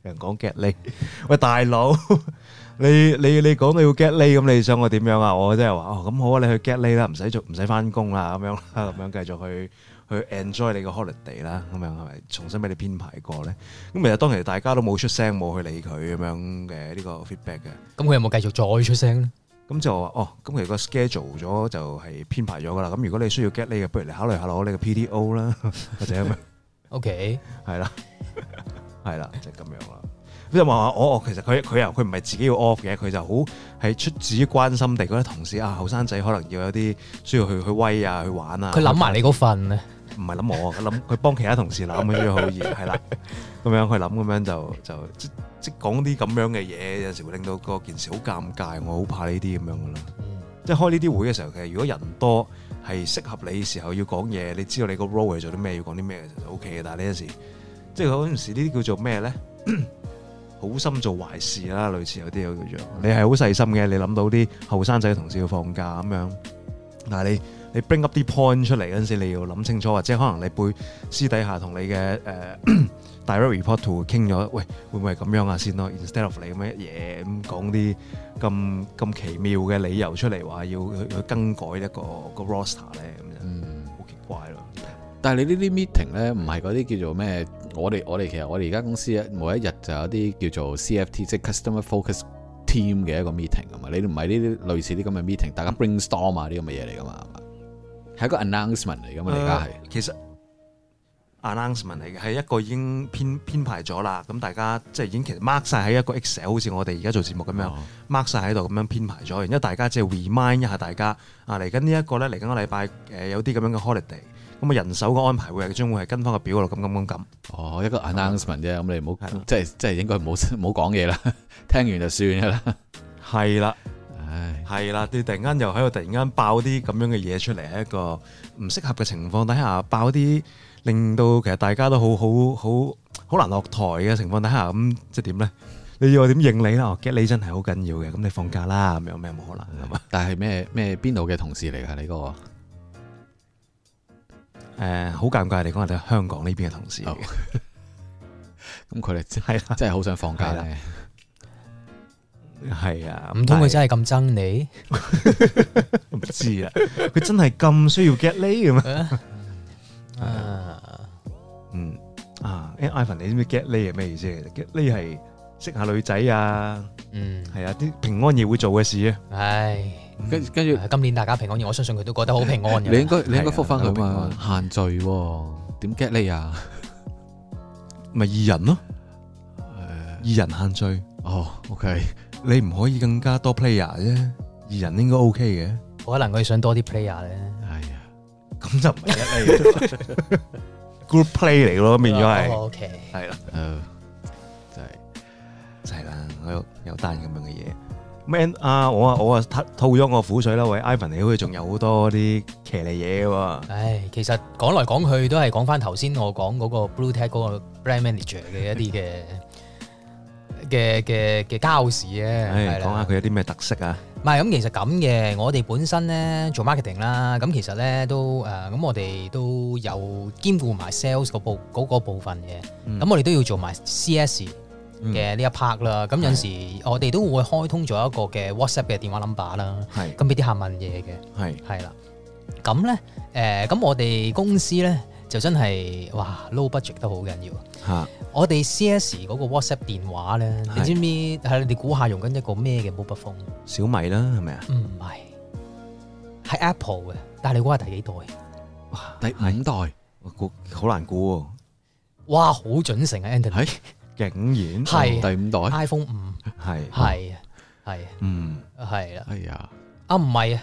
人講 get lay，喂大佬，你你你講到要 get lay 咁，你想我點樣啊？我真係話哦，咁好啊，你去 get lay 啦，唔使做唔使翻工啦，咁樣啦，咁樣繼續去。去 enjoy 你個 holiday 啦，咁樣係咪重新俾你編排過咧？咁其實當其大家都冇出聲，冇去理佢咁樣嘅呢個 feedback 嘅，咁佢有冇繼續再出聲咧？咁就話哦，咁其實個 schedule 咗就係編排咗噶啦。咁如果你需要 get 你嘅，不如你考慮下攞你嘅 PDO 啦，或者咁樣。OK，係啦，係啦，就咁樣啦。咁 [laughs] 就話我，其實佢佢又佢唔係自己要 off 嘅，佢就好喺出至於關心地嗰啲同事啊，後生仔可能要有啲需要去去威啊，去玩啊。佢諗埋你嗰份啊。唔係諗我，佢諗佢幫其他同事諗嘅，所以好熱，係啦。咁樣佢諗，咁樣就就即即講啲咁樣嘅嘢，有時會令到個件事好尷尬。我好怕呢啲咁樣嘅啦。即係開呢啲會嘅時候，其實如果人多係適合你時候要講嘢，你知道你個 role 係做啲咩，要講啲咩，其實 OK 嘅。但係呢陣時，即係嗰陣時呢啲叫做咩咧？好心做壞事啦，類似有啲嘢叫做。你係好細心嘅，你諗到啲後生仔嘅同事要放假咁樣，嗱你。你 bring up 啲 point 出嚟嗰陣時，你要諗清楚，或者係可能你背私底下同你嘅、呃、 [coughs] direct report to 傾咗，喂，會唔會係咁樣啊？先咯，instead of 你咁嘅嘢咁講啲咁咁奇妙嘅理由出嚟，話要去去更改一個一個 roster 咧，咁樣，好奇怪咯、嗯。但係你呢啲 meeting 咧，唔係嗰啲叫做咩？我哋我哋其實我哋而家公司每一日就有一啲叫做 CFT 即 customer focus team 嘅一個 meeting 啊嘛。你唔係呢啲類似啲咁嘅 meeting，大家 brainstorm 啊啲咁嘅嘢嚟㗎嘛。係一個 announcement 嚟噶嘛，而家係。其實 announcement 嚟嘅，係一個已經編編排咗啦。咁大家即係已經其實 mark 晒喺一個 excel，好似我哋而家做節目咁樣 mark 晒喺度，咁、哦、樣編排咗。然之後大家即係 remind 一下大家，啊嚟緊呢、呃、一個咧，嚟緊個禮拜誒有啲咁樣嘅 holiday。咁啊人手嘅安排會係將會係跟翻個表嗰度咁咁咁咁。哦，一個 announcement 啫，咁、嗯、你唔好即係即係應該唔好唔好講嘢啦。聽完就算噶啦。係啦。係，係 [noise] 啦樂！你突然間又喺度，突然間爆啲咁樣嘅嘢出嚟，係一個唔適合嘅情況底下，爆啲令到其實大家都好好好好難落台嘅情況底下，咁、嗯、即係點咧？你要我點應你啦，我覺得你真係好緊要嘅，咁你放假啦，咁樣咩冇可能、嗯、但係咩咩邊度嘅同事嚟㗎？係呢、那個？誒、呃，好尷尬嚟講，我哋香港呢邊嘅同事，咁佢哋真係真係好想放假咧。係啊，唔通佢真係咁憎你？唔知啊，佢真係咁需要 get 你嘅咩？嗯，嗯啊，因為 Ivan 你知唔知 get 你係咩意思？get 你係識下女仔啊，嗯，係啊，啲平安夜會做嘅事啊。唉，跟跟住今年大家平安夜，我相信佢都過得好平安嘅。你應該你應該覆翻佢嘛？限聚點 get 你啊？咪二人咯，二人限聚哦。OK。你唔可以更加多 player 啫，二人應該 OK 嘅。可能佢想多啲 player 咧。係、哎、啊，咁就唔係一例。 [laughs] 果說 [laughs] group play 嚟咯，變咗係。OK，係啦，誒，就係就係啦。我有有單咁樣嘅嘢。Man，啊，我啊我啊吐咗我苦水啦。喂，Ivan，你好似仲有好多啲騎呢嘢嘅喎。唉、哎，其實講來講去都係講翻頭先我講嗰個 Blue Tech 嗰個 Brand Manager 嘅一啲嘅。嘅嘅嘅交事嘅，講、哎、下佢有啲咩特色啊？唔係咁，其實咁嘅，我哋本身咧做 marketing 啦，咁其實咧都誒，咁、呃、我哋都有兼顧埋 sales 嗰部嗰個部分嘅，咁我哋都要做埋 C.S. 嘅呢一 part 啦。咁、嗯、有時我哋都會開通咗一個嘅 WhatsApp 嘅電話 number 啦，咁俾啲客問嘢嘅，係係啦。咁咧誒，咁、呃、我哋公司咧。就真係哇，low budget 都好緊要。嚇、啊，我哋 C S 嗰個 WhatsApp 電話咧，你知唔知？係你哋估下用緊一個咩嘅 mobile phone？小米啦，係咪啊？唔、嗯、係，係 Apple 嘅。但係你估下第幾代？哇，第五代，我估好難估喎、啊。哇，好準成啊 Anthony 竟、欸、然係第五代 iPhone 五，係係係，嗯係啦。哎呀，啊唔係啊。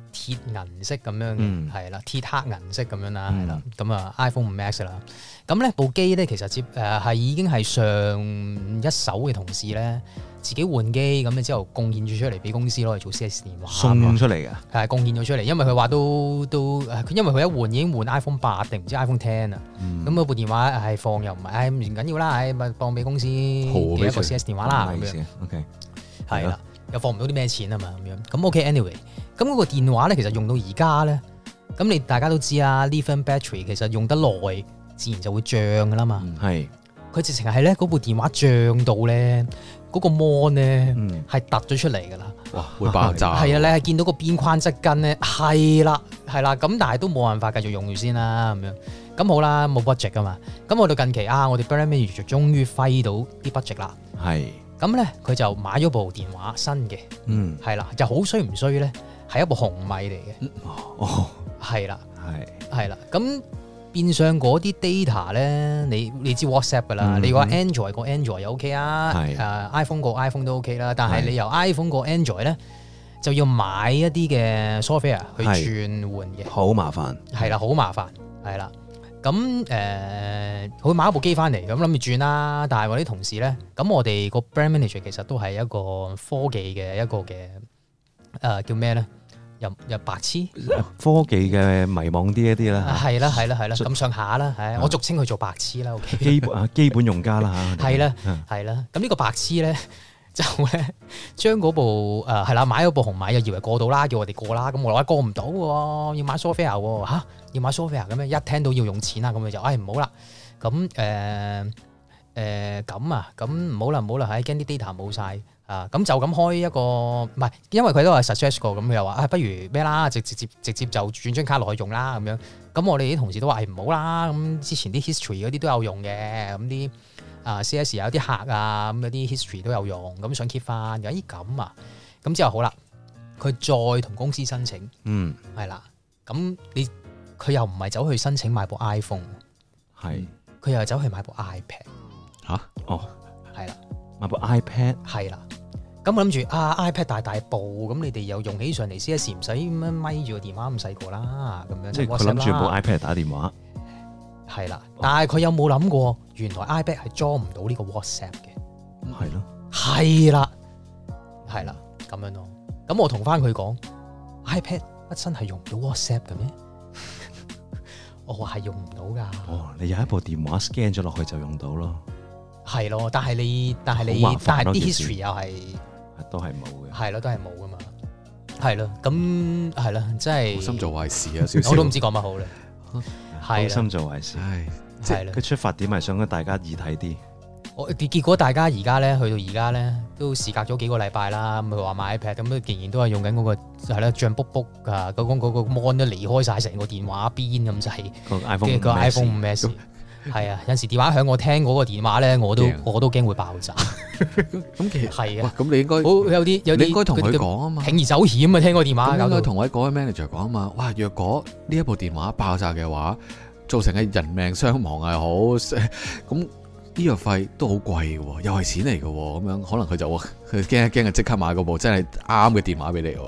鐵銀色咁樣，係、嗯、啦，鐵黑銀色咁樣啦，係、嗯、啦，咁啊 iPhone 五 Max 啦，咁呢部機咧其實接誒係已經係上一手嘅同事咧，自己換機咁啊之後貢獻咗出嚟俾公司攞嚟做 C.S. 電話，送出嚟噶，係貢獻咗出嚟，因為佢話都都，佢因為佢一換已經換 iPhone 八定唔知 iPhone ten 啊，咁、嗯、部電話係放又唔係唔緊要啦，唉咪放俾公司一個 C.S. 電話啦，OK，係啦。又放唔到啲咩錢啊嘛，咁樣咁 OK，anyway，、OK，咁嗰個電話咧，其實用到而家咧，咁你大家都知啊，LiFeN Battery 其實用得耐，自然就會漲噶啦嘛。係、嗯，佢直情係咧嗰部電話漲到咧嗰、那個 mon 咧係凸咗出嚟噶啦。哇！會爆炸。係啊，你係見到個邊框側跟咧係啦係啦，咁、啊啊啊、但係都冇辦法繼續用住先啦，咁樣咁好啦，冇 budget 噶嘛。咁我哋近期啊，我哋 Brand Manager 終於揮到啲 budget 啦。係。咁咧，佢就買咗部電話新嘅，嗯，係啦，就好衰唔衰咧？係一部紅米嚟嘅，哦，係啦，係係啦。咁變相嗰啲 data 咧，你你知 WhatsApp 噶啦、嗯嗯，你話 Android 個 Android 又 OK 啊，、嗯、啊，iPhone 個 iPhone 都 OK 啦。但係你由 iPhone 過 Android 咧，就要買一啲嘅 software 去轉換嘅，好麻煩，係啦，好麻煩，係啦。咁誒，佢買一部機翻嚟，咁諗住轉啦。但係我啲同事咧，咁我哋個 brand manager 其實都係一個科技嘅一個嘅，誒叫咩咧？又又白痴？科技嘅迷惘啲一啲啦。係啦，係啦，係啦。咁上下啦，係啊，我俗稱佢做白痴啦。基本啊，基本用家啦嚇。係啦，係啦。咁呢個白痴咧，就咧將嗰部誒係啦，買嗰部紅米又以為過到啦，叫我哋過啦。咁我話過唔到喎，要買 Surface 喎嚇。要買 software 咁樣？一聽到要用錢啊，咁、哎呃呃、樣就唉唔好啦。咁誒誒咁啊，咁唔好啦唔好啦，係驚啲 data 冇晒。啊。咁就咁開一個唔係，因為佢都話 suggest 過咁，佢又話啊，不如咩啦，直直接直接就轉張卡落去用啦。咁樣咁我哋啲同事都話係唔好啦。咁之前啲 history 嗰啲都有用嘅，咁啲啊 CS 有啲客啊，咁有啲 history 都有用，咁想 keep 翻。咦、哎、咁啊，咁之後好啦，佢再同公司申請，嗯係啦。咁你？佢又唔係走去申請買部 iPhone，係佢、嗯、又係走去買部 iPad、啊。吓哦，係啦，買部 iPad 係啦。咁諗住啊，iPad 大大部，咁你哋又用起上嚟，C S 唔使咁樣咪住個電話咁細個啦，咁樣即係佢諗住部 iPad 打電話係啦、哦。但係佢有冇諗過，原來 iPad 係裝唔到呢個 WhatsApp 嘅？咁係咯，係啦，係啦，咁樣咯。咁我同翻佢講，iPad 本身係用唔到 WhatsApp 嘅咩？我、哦、係用唔到噶。哦，你有一部電話 scan 咗落去就用到咯。係咯，但係你，但係你，但係啲 history 又係都係冇嘅。係咯，都係冇噶嘛。係咯，咁係咯，即係。好、就是、心做壞事啊！小小我都唔知講乜好咧。好 [laughs] 心做壞事，即係佢出發點係想大家易睇啲。我結果大家而家咧，去到而家咧，都時隔咗幾個禮拜啦。佢話買 iPad 咁，都竟然都係用緊、那、嗰個係啦，脹卜卜啊，嗰、那個嗰、那個 mon 都離開晒成個電話邊咁就係、是、個 iPhone 五 S。係啊，有陣時電話響，我聽嗰個電話咧，我都我都驚會爆炸。咁其實係啊。咁你應該有啲有啲，你應該同佢講啊嘛。鋌而走險啊聽那個電話。應該同位講 manager 講啊嘛。哇，若果呢一部電話爆炸嘅話，造成嘅人命傷亡係好咁。 [laughs] 醫藥費都好貴嘅，又係錢嚟嘅，咁樣可能佢就佢驚一驚就即刻買嗰部真係啱嘅電話俾你喎。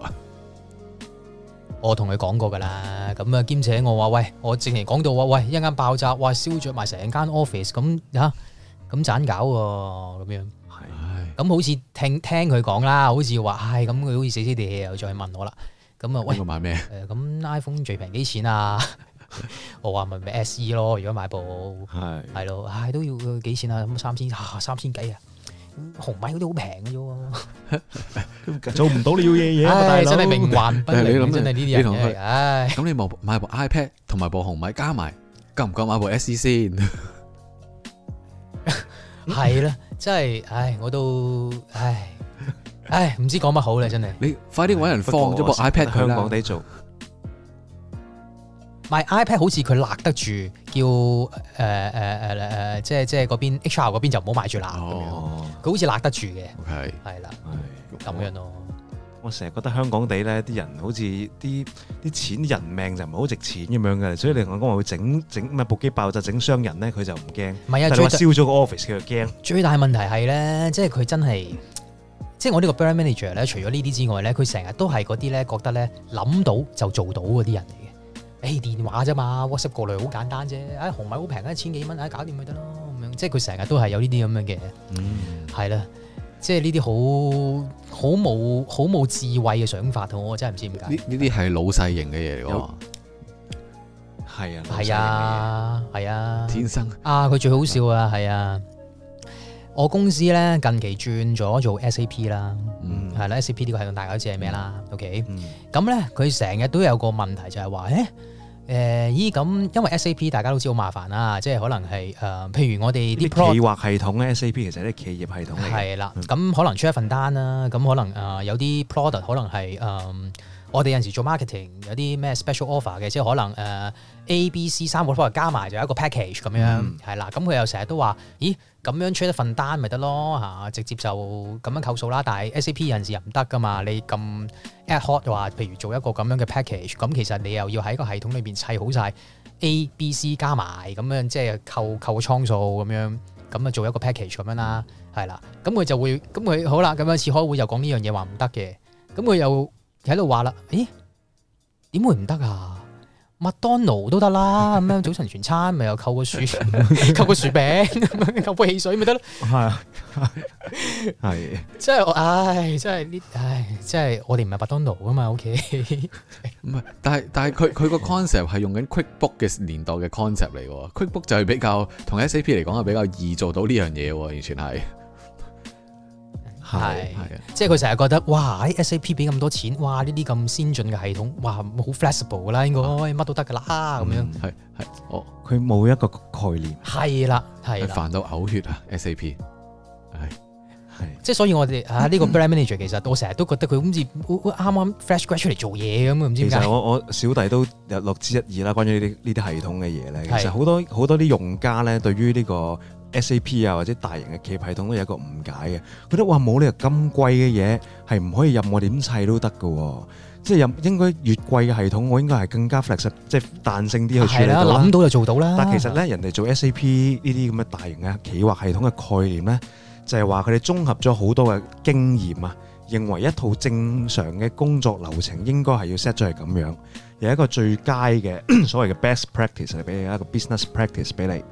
我同佢講過㗎啦，咁啊兼且我話喂，我正嚟講到喂一間爆炸，哇燒著埋成間 office，咁嚇咁盞搞喎，咁樣係。咁、啊、好似聽聽佢講啦，好似話唉，咁、哎，佢好似死死地氣又再問我啦。咁啊喂，要買咩？誒、呃、咁 iPhone 最平幾錢啊？我話咪買 S E 咯。如果買部係係咯，唉、哎、都要幾錢啊？咁三千，啊、三千幾啊？紅米嗰啲好平嘅啫。 [laughs] 做唔到、 [laughs] 哎、你要嘢嘢，真係命環不離。真係呢啲人，唉、哎。咁你買部 iPad 同埋部紅米加埋，夠唔夠買部 S E 先？係 [laughs] 啦， [laughs] 真係，唉、哎，我都唉唉，唔、哎哎、知講乜好咧，真係。你快啲搵人放咗部 iPad 香港地做。買 iPad 好似佢勒得住，叫誒誒誒誒，即係即係嗰邊 HR 嗰邊就唔、哦、好買住啦。佢好似勒得住嘅，係啦咁樣咯。我成日覺得香港地咧，啲人好似啲啲錢、人命就唔係好值錢咁樣嘅，所以你同我講話佢整整部機爆炸整傷人咧，佢就唔驚。唔係啊，最燒咗個 office 佢又驚。最大問題係咧，即係佢真係、嗯，即係我呢個 brand manager 咧，除咗呢啲之外咧，佢成日都係嗰啲咧，覺得咧諗到就做到嗰啲人。誒電話啫嘛，WhatsApp 過嚟好簡單啫。哎，紅米好平一千幾蚊，搞掂咪得咯咁樣。即係佢成日都係有呢啲咁樣嘅，係、嗯、啦。即係呢啲好好冇好冇智慧嘅想法，同我真係唔知點解。呢啲係老細型嘅嘢嚟㗎，係、哦、啊，係啊，係啊，天生啊佢最好笑啊，係、嗯、啊。我公司咧近期轉咗做 SAP 啦、嗯，係啦 SAP 個、okay？嗯、呢個系統大家都知係咩啦？OK，咁咧佢成日都有個問題就係、是、話，誒。誒、嗯，咦？咁因為 SAP 大家都知好麻煩啦，即係可能係誒、呃，譬如我哋啲計劃系統咧，SAP 其實啲企業系統嚟。係啦，咁、嗯、可能出一份單啦，咁可能誒、呃、有啲 product 可能係誒、呃，我哋有陣時做 marketing 有啲咩 special offer 嘅，即係可能誒 A、B、呃、C 三個 product 加埋就有一個 package 咁樣，係、嗯、啦，咁佢又成日都話，咦？咁樣出一份單咪得咯嚇，直接就咁樣扣數啦。但係 SAP 人士又唔得噶嘛，你咁 ad hoc 話，譬如做一個咁樣嘅 package，咁其實你又要喺個系統裏邊砌好晒 A、B、C 加埋咁樣,即係扣扣個倉數咁樣，咁啊做一個 package 咁樣啦，係啦。咁佢就會，咁佢好啦，咁樣次開會又講呢樣嘢話唔得嘅，咁佢又喺度話啦，咦，點會唔得啊？麥當勞都得啦，咁樣早晨全餐咪又扣個薯，扣個薯餅，扣杯汽水咪得咯。係啊，係。即係我，唉，即係呢，唉，即係我哋唔係麥當勞啊嘛。O、okay、K。唔 [laughs] 係，但係但係佢佢個 concept 係用緊 QuickBook 嘅年代嘅 concept 嚟喎。 [laughs] QuickBook 就係比較同 SAP 嚟講係比較易做到呢樣嘢喎，完全係。係，即係佢成日覺得哇，SAP 俾咁多錢，哇呢啲咁先進嘅系統，哇好 flexible 噶啦，應該乜、啊、都得噶啦咁樣。係、嗯、係，哦，佢冇一個概念。係啦係啦。佢煩到嘔血啊 SAP！係係，即係所以我哋啊呢、呢個 brand manager 其實我成日都覺得佢好似啱啱 fresh graduate 出嚟做嘢咁啊，唔知點解。其實我我小弟都有略知一二啦，關於呢啲呢啲系統嘅嘢咧，其實好多好多啲用家咧對於呢、呢個。SAP 啊，或者大型嘅企劃系統都有一個誤解嘅，佢都話冇理由咁貴嘅嘢係唔可以任我點砌都得嘅，即係任應該越貴嘅系統，我應該係更加 flex 即係彈性啲去處理到。係啊，諗到就做到啦。但其實咧，人哋做 SAP 呢啲咁嘅大型嘅企劃系統嘅概念咧，就係話佢哋綜合咗好多嘅經驗啊，認為一套正常嘅工作流程應該係要 set 咗係咁樣，有一個最佳嘅所謂嘅 best practice 嚟俾你一個 business practice 俾你。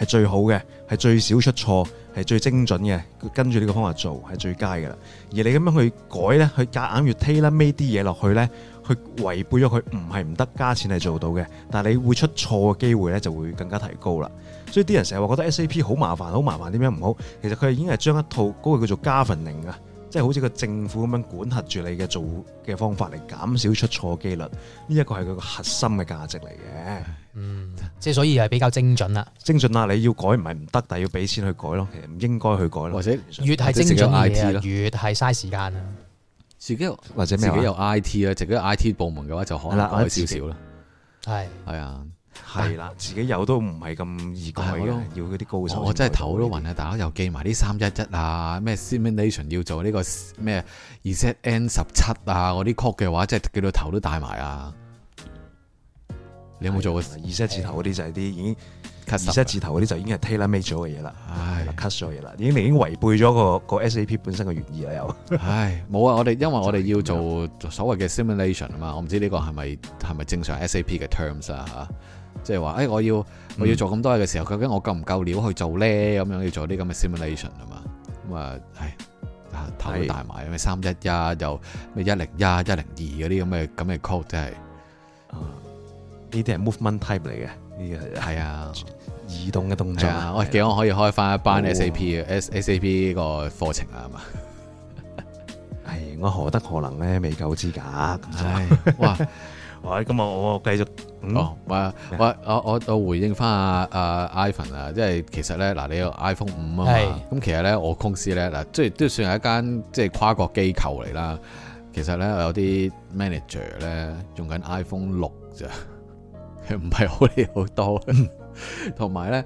係最好嘅，係最少出錯，係最精準嘅。跟住呢個方法做，係最佳嘅啦。而你咁樣去改呢，mean, 東西去夾硬要推 a 呢啲嘢落去呢，去違背咗佢，唔係唔得加錢嚟做到嘅。但係你會出錯嘅機會呢，就會更加提高啦。所以啲人成日話覺得 SAP 好麻煩，好麻煩，點樣唔好？其實佢已經係將一套嗰、嗰個叫做 governing 啊，即係好似個政府咁樣管轄住你嘅做嘅方法嚟減少出錯機率。呢一個係佢個核心嘅價值嚟嘅。嗯，即係所以係比較精準啦。精準啦，你要改唔係唔得，但係要俾錢去改咯。其實唔應該去改啦。或者越係精準嘅越係嘥時間啊。自己有 IT，或者咩？自己有 I T [noise] 啊，自己 I T 部門嘅話就可能改少少啦。係係啊，係啦、啊，自己有都唔係咁易改嘅，要嗰啲高手。我真係頭都暈啊！大家又記埋啲三一一啊，咩 simulation 要做呢、這個咩？二七 N 十七啊，嗰啲 code 嘅話，真係叫到頭都大埋啊！你有冇做過 Z 字頭嗰啲就係啲已經 Z 字頭嗰啲就已經係 tailor made 咗嘅嘢啦，唉，cut 咗嘢啦，你已經已經違背咗個個 SAP 本身嘅原意啦又。唉，冇啊，我哋因為我哋要做所謂嘅 simulation 啊嘛，我唔知呢個係咪係咪正常 SAP 嘅 terms 啊吓，即係話，哎，我要我要做咁多嘢嘅時候，究竟我夠唔夠料去做咧？咁樣要做啲咁嘅 simulation 啊嘛，咁啊，唉，啊，頭都大埋，咩三一呀，又咩一零一、一零二嗰啲咁嘅咁嘅 code 真係。呢啲係 movement type 嚟嘅，呢個係啊，移動嘅動作啊。我見我可以開翻一班 SAP 嘅、哦、S A P 個課程啦，係嘛？係、哎、我何德何能咧？未夠資格。哎、哇！好、哎，咁我我繼續。我我我我回應翻阿阿 Ivan 啊，即係其實咧嗱，你有 iPhone 五啊嘛。咁其實咧，我公司咧嗱，即係都算係一間即係跨國機構嚟啦。其實咧，有啲 manager 咧用緊 iPhone 六咋。唔係好叻好多，同埋咧，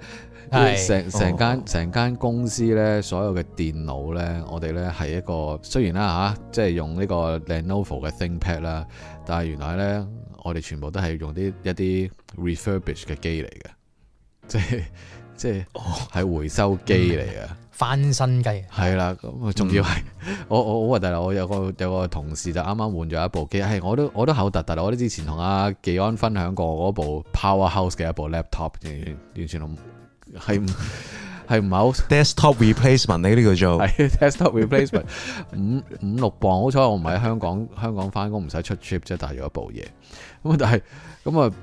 成成間成間公司咧，所有嘅電腦咧，我哋咧係一個雖然啦吓、啊，即係用呢個 Lenovo 嘅 ThinkPad 啦，但係原來咧，我哋全部都係用啲一啲 refurbished 嘅機嚟嘅，即係。即係，係回收機嚟嘅，翻新機。係啦，咁啊，仲要係，我我我話第啦，我有個有個同事就啱啱換咗一部機，係我都我都口突突啦，我都之前同阿紀安分享過嗰部 Powerhouse 嘅一部 Laptop，完全完全係係唔係好 Desktop replacement 呢啲叫做？係 Desktop replacement，五五六磅，好彩我唔係喺香港，香港翻工唔使出 trip 即係，大咗一部嘢。咁但係咁啊。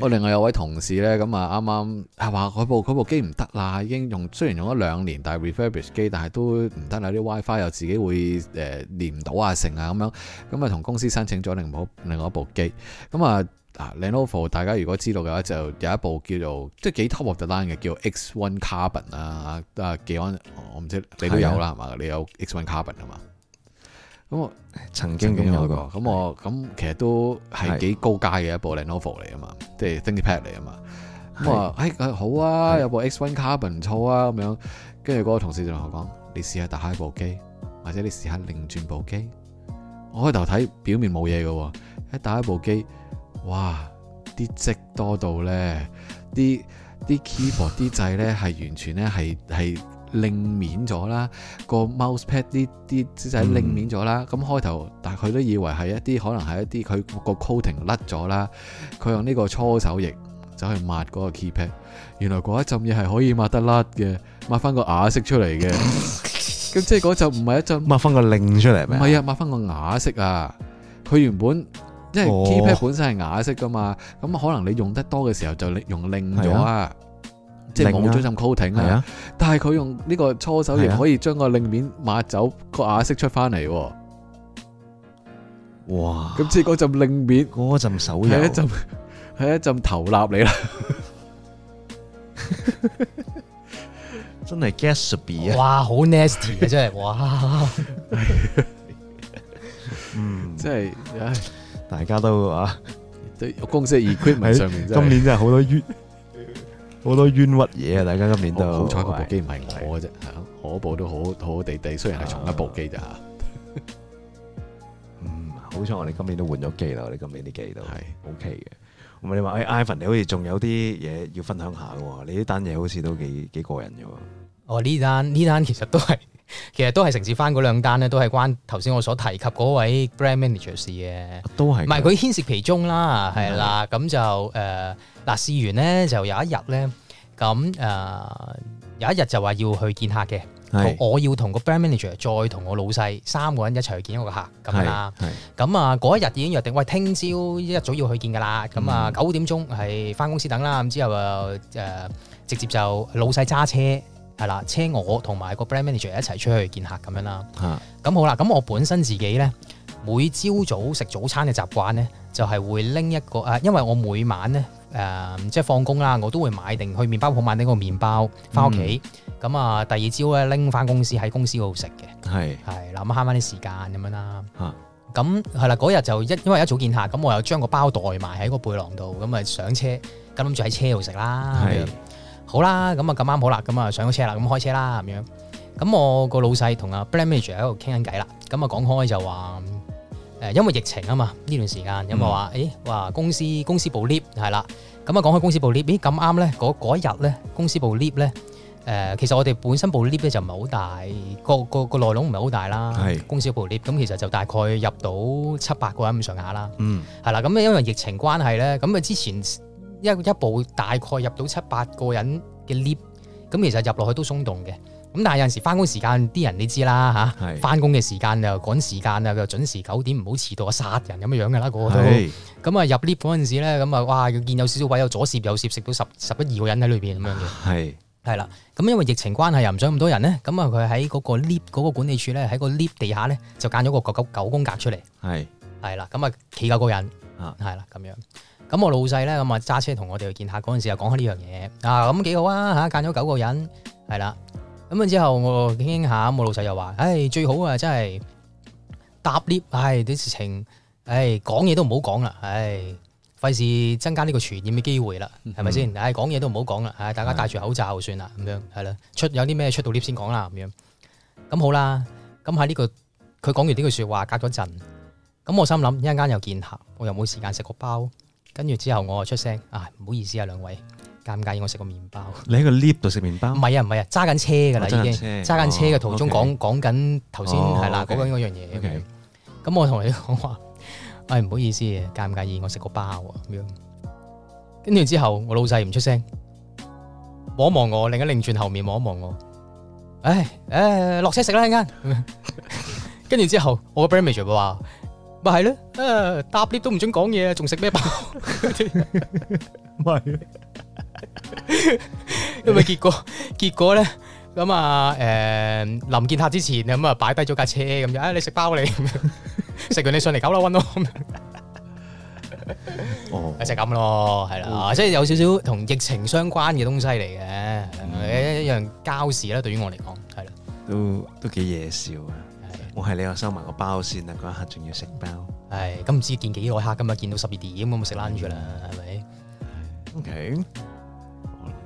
我另外有位同事咧，咁啊啱啱係話嗰部部機唔得啦，已經用雖然用咗兩年，但係 refurbished 機，但係都唔得啦。啲 WiFi 又自己會誒連唔到啊，成啊咁樣咁啊，同公司申請咗另外另外一部機咁啊。Lenovo 大家如果知道嘅話，就有一部叫做即係幾 top of the line 嘅叫 X1 Carbon 啊啊，幾安我唔知你都有啦，係嘛？你有 X1 Carbon 啊嘛？咁我曾經擁有過，咁我咁其實都係幾高階嘅一部 Lenovo 嚟啊嘛，即係 ThinkPad 嚟啊嘛。咁啊，誒、哎、好啊，有部 X1 Carbon 操啊咁樣。跟住嗰個同事就同我講：你試下打開部機，或者你試下擰轉部機。我開頭睇表面冇嘢嘅喎，一打開部機，哇！啲積多到咧，啲啲 keyboard 啲掣咧係完全咧係係。令面咗啦，個 mouse pad 呢啲就係令面咗啦。咁開頭，但係佢都以為係一啲可能係一啲佢個 coating 甩咗啦。佢用呢個搓手液走去抹嗰個 key pad，原來嗰一浸嘢係可以抹得甩嘅，抹翻個瓦色出嚟嘅。咁 [laughs] 即係嗰就唔係一陣抹翻個令出嚟咩？唔係啊，抹翻個瓦色啊。佢原本因為 key pad 本身係瓦色噶嘛，咁、哦、可能你用得多嘅時候就用令咗啊。即係冇咗陣 coating 啊，但係佢用呢個搓手液可以將個令面抹走個顏、啊、色出翻嚟，哇！咁結果就令面嗰陣手油係一浸，係一浸頭蠟嚟啦， [laughs] [laughs] 真係 Gatsby 啊！哇，好 nasty 啊，真係哇， [laughs] [laughs] 嗯，真係大家都啊，對公司啲 equipment 上面，今 [laughs] 年真係好多 [laughs] 好多冤屈嘢啊！大家今年都、哦，好彩，嗰部機唔係我嘅啫，吓我部都好好好地地，雖然係重一部機咋吓。啊、 [laughs] 嗯，好彩我哋今年都換咗機啦，我哋今年啲機都係 OK 嘅。唔係你話，哎，Ivan，你好似仲有啲嘢要分享下嘅，你呢單嘢好似都幾幾過癮嘅。哦，呢單呢單其實都係。其實都係城市翻嗰兩單咧，都係跟頭先我所提及嗰位 brand manager 事嘅，都係，唔係佢牽涉其中啦，係啦，咁就誒嗱試完咧就有一日咧，咁、呃、誒有一日就話要去見客嘅，我要同個 brand manager 再同我老細三個人一齊去見一個客咁啦，咁啊嗰一日已經約定，喂聽朝一早要去見噶啦，咁啊九點鐘係翻公司等啦，咁之後誒、呃、直接就老細揸車。係啦，車我同埋個 brand manager 一齊出去見客咁樣啦。咁、啊、好啦，咁我本身自己咧，每朝早食早餐嘅習慣咧，就係、是、會拎一個誒，因為我每晚咧誒、呃、即係放工啦，我都會買定去麵包鋪買呢個麵包翻屋企。咁啊、嗯嗯，第二朝咧拎翻公司喺公司嗰度食嘅。係，係啦咁慳翻啲時間咁樣啦。咁係啦，嗰日就一因為一早見客，咁我又將個包袋埋喺個背囊度，咁啊上車，咁諗住喺車度食啦。好啦，咁啊咁啱好啦，咁啊上咗車啦，咁開車啦咁樣。咁我個老細同阿 Brian Ma 喺度傾緊偈啦。咁啊講開就話，誒因為疫情啊嘛呢段時間，因為話，誒話、欸、公司公司部 lift 係啦。咁啊講開公司部 lift，咦咁啱咧，嗰一日咧，公司部 lift 咧，誒、呃、其實我哋本身部 lift 咧就唔係好大，個個個內容唔係好大啦。公司部 lift，咁其實就大概入到七八個人咁上下啦。嗯，係啦，咁因為疫情關係咧，咁啊之前。一一部大概入到七八個人嘅 lift，咁其實入落去都鬆動嘅。咁但係有陣時翻工時間啲人你知啦嚇，翻工嘅時間就趕時間啊，又準時九點唔好遲到啊，殺人咁樣樣嘅啦，那個個咁啊入 lift 嗰陣時咧，咁啊哇，見有少少位有左攝右攝，食到十十一二個人喺裏面。咁樣嘅。係係啦，咁因為疫情關係又唔想咁多人咧，咁啊佢喺嗰個 lift 嗰個管理處咧，喺個 lift 地下咧就揀咗個九九九宮格出嚟。係係啦，咁啊企九個人係啦咁樣。咁我老細咧，咁啊揸車同我哋去見客嗰陣時又這，又講開呢樣嘢啊，咁幾好啊吓，揀咗九個人係啦。咁之後我傾下，我老細又話，唉、哎、最好啊，真係搭 lift 啲、哎、事情，唉講嘢都唔好講啦，唉費事增加呢個傳染嘅機會啦，係咪先？唉講嘢都唔好講啦，大家戴住口罩算啦，咁、嗯、樣係啦，出有啲咩出到 lift 先講啦，咁樣咁好啦。咁喺呢個佢講完呢句說話，隔咗一陣咁我心諗，一陣間又見客，我又冇時間食個包。跟住之後我，我就出聲啊，唔好意思啊，兩位介唔介意我食個麵包？你喺個 lift 度食麵包？唔係啊，唔係啊，揸緊車噶啦，已經揸緊車嘅、哦哦、途中講講緊頭先係嗱講緊嗰樣嘢咁我同你講話，唉，唔、哎、好意思、啊，介唔介意我食個包啊咁樣？跟住之後，我老細唔出聲，望一望我，另一擰轉後面望一望我，唉唉，落車食啦，陣間。跟住之後，我個 brand manager 話。咪係咯，啊搭 lift 都唔准講嘢，仲食咩包？唔係，因為結果結果咧咁啊，誒林建塔之前咁啊擺低咗架車咁樣，啊你食包你食完你上嚟九樓搵我。哦，就係咁咯，係啦，即係有少少同疫情相關嘅東西嚟嘅，一一樣交事啦。對於我嚟講，係啦，都都幾夜笑啊！係你又收埋個包先啊！嗰一刻仲要食包，係咁唔知見幾耐客，今日見到十二點咁，我咪食 lunch 啦，係咪？OK，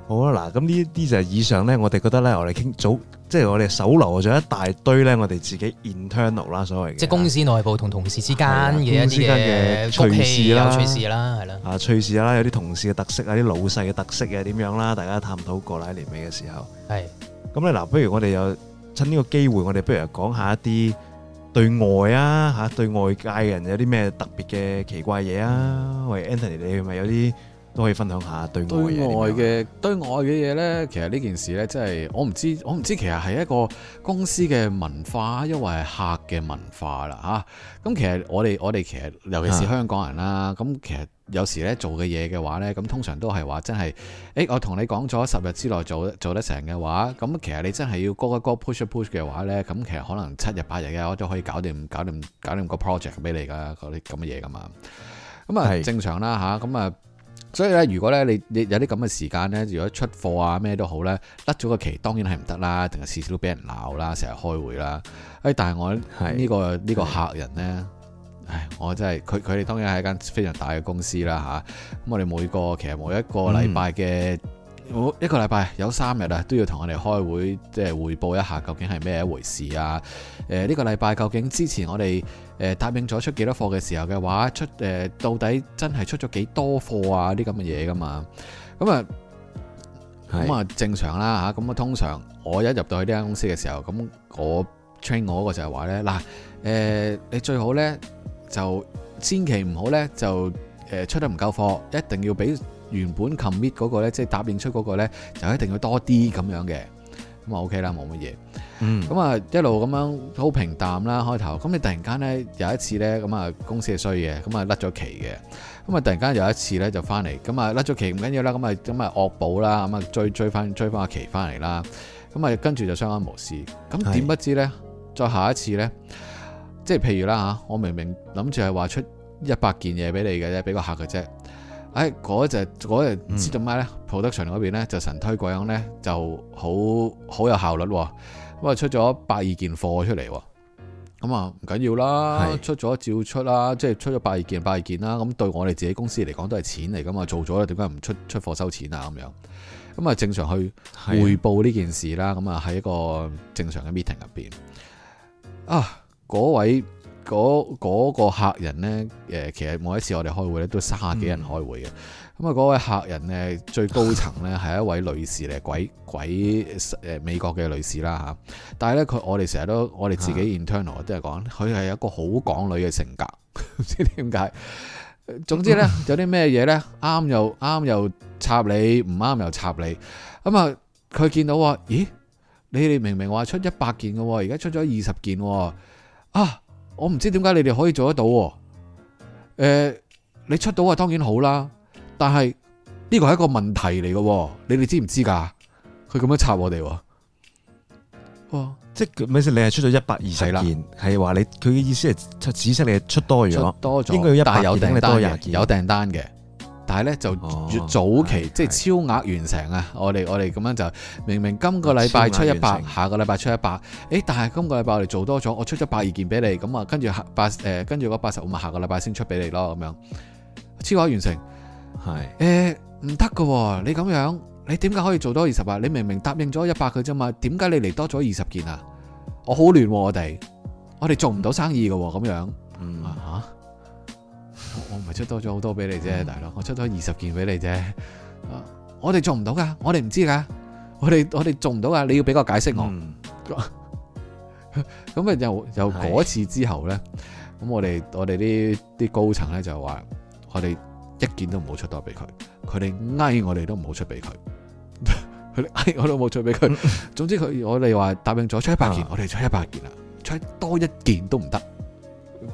好啦，嗱，咁呢啲就係以上咧，我哋覺得咧，我哋傾早，即係我哋手留咗一大堆咧，我哋自己 internal 啦，所謂即係公司內部同同事之間嘅一啲嘅趣事啦，趣事啦，係啦，啊趣事啦，有啲同事嘅特色啊，啲老細嘅特色啊，點樣啦，大家探討過嚟年尾嘅時候，係咁咧，嗱，不如我哋有。趁呢個機會，我哋不如講下一啲對外啊，嚇對外界嘅人有啲咩特別嘅奇怪嘢啊？喂，Anthony，你係咪有啲都可以分享下對外嘅？對外嘅對外嘅嘢咧，其實呢件事咧，真係我唔知，我唔知其實係一個公司嘅文化，因為係客嘅文化啦嚇。咁其實我哋我哋其實尤其是香港人啦，咁其實。有時咧做嘅嘢嘅話呢，咁通常都係話真係，誒、欸、我同你講咗十日之內做做得成嘅話，咁其實你真係要高一高 push 一 push 嘅話呢，咁其實可能七日八日嘅我都可以搞掂，搞掂，搞掂個 project 俾你噶嗰啲咁嘅嘢噶嘛。咁啊正常啦吓，咁啊所以呢，如果咧你你有啲咁嘅時間呢，如果出貨啊咩都好呢，甩咗個期當然係唔得啦，定係次次都俾人鬧啦，成日開會啦。誒、欸，但係我呢、呢個呢、呢個客人呢。唉，我真係佢佢哋，當然係一間非常大嘅公司啦，吓、啊、咁我哋每個其實每一個禮拜嘅，嗯、一個禮拜有三日啊，都要同我哋開會，即係匯報一下究竟係咩一回事啊。誒、呃、呢、這個禮拜究竟之前我哋誒、呃、答應咗出幾多貨嘅時候嘅話，出誒、呃、到底真係出咗幾多貨啊？啲咁嘅嘢㗎嘛，咁啊咁啊正常啦吓，咁啊通常我一入到去呢間公司嘅時候，咁我 train 我嗰個就話咧，嗱、啊、誒、呃、你最好咧。就千祈唔好咧，就誒出得唔夠貨，一定要俾原本 commit 嗰個咧，即係答應出嗰個咧，就一定要多啲咁樣嘅，咁啊 OK 啦，冇乜嘢。嗯，咁啊一路咁樣好平淡啦，開頭咁你突然間咧有一次咧，咁啊公司係衰嘅，咁啊甩咗期嘅，咁啊突然間有一次咧就翻嚟，咁啊甩咗期唔緊要啦，咁啊咁啊惡補啦，咁啊追追翻追翻阿期翻嚟啦，咁啊跟住就相安無事。咁點不知咧，再下一次咧。即係譬如啦嚇，我明明諗住係話出一百件嘢俾你嘅啫，俾、哎那個客嘅啫。誒、那個，嗰隻唔知做咩咧，Production 嗰邊咧就神推鬼樣咧，就好好有效率喎。咁啊，出咗百二件貨出嚟喎。咁啊，唔緊要啦，出咗照出啦，即係出咗百二件百二件啦。咁對我哋自己公司嚟講都係錢嚟㗎嘛，做咗點解唔出出貨收錢啊咁樣？咁啊，正常去匯報呢件事啦。咁啊，喺一個正常嘅 meeting 入邊啊。嗰位嗰嗰、嗰個客人呢，誒，其實每一次我哋開會咧都三十幾人開會嘅，咁啊嗰位客人呢，最高層呢，係一位女士嚟， [laughs] 鬼鬼誒、呃、美國嘅女士啦吓，啊，但係呢，佢我哋成日都我哋自己 internal 都係講，佢、啊、係一個好港女嘅性格，唔知點解。總之呢， [laughs] 有啲咩嘢呢？啱又啱又插你，唔啱又插你，咁啊佢見到話，咦，你哋明明話出一百件嘅，而家出咗二十件。啊！我唔知點解你哋可以做得到、啊，誒、欸，你出到啊，當然好啦。但係呢個係一個問題嚟嘅、啊，你哋知唔知噶？佢咁樣插我哋、啊，喎，即係咪先？你係出咗一百二十件，係話你佢嘅意思係紫色你出多咗，出多咗，但係有訂單嘅，有訂單嘅。但係咧就越早期、哦、即係超額完成啊！我哋我哋咁樣就明明今個禮拜出一百，下個禮拜出一百，誒，但係今個禮拜我哋做多咗，我出咗百二件俾你，咁啊跟住，下百誒跟住八十，我咪、呃嗯、下個禮拜先出俾你咯，咁樣超額完成係誒唔得噶。你咁樣你點解可以做多二十八？你明明答應咗一百㗎啫嘛，點解你嚟多咗二十件啊？我好亂，我哋我哋做唔到生意噶咁樣、嗯、啊吓。我唔係出多咗好多俾你啫，大佬，我出多二十件俾你啫。啊，我哋做唔到噶，我哋唔知噶，我哋我哋做唔到噶。你要俾個解釋我。咁、嗯、啊， [laughs] 又又嗰次之後咧，咁我哋我哋啲啲高層咧就話，我哋一件都唔好出多俾佢，佢哋拉我哋都唔好出俾佢，佢 [laughs] 拉我都冇出俾佢。總之佢我哋話答應咗出一百件，啊、我哋出一百件啦，出多一件都唔得，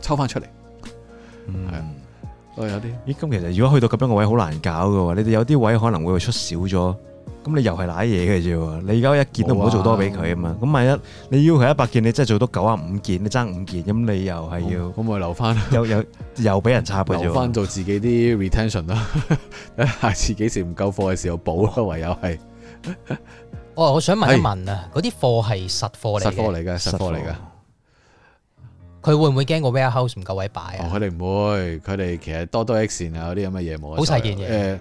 抽翻出嚟。嗯有啲咦，咁其實如果去到咁樣個位好難搞噶，你哋有啲位可能會出少咗，咁你又係瀨嘢嘅啫。你而家一件都唔好做多俾佢啊嘛。咁、哦、萬一你要求一百件，你真係做到九啊五件，你爭五件，咁你又係要，可、哦、唔留翻？又又俾人插嘅啫。留翻做自己啲 retention 啦， [laughs] 下次幾時唔夠貨嘅時候補咯。唯有係，哦，我想問一問啊，嗰啲貨係實貨嚟？實貨嚟嘅，實貨嚟嘅。佢會唔會驚個 warehouse 唔夠位擺啊？佢哋唔會，佢哋其實多多 X 線啊，嗰啲咁嘅嘢冇。好細件嘢。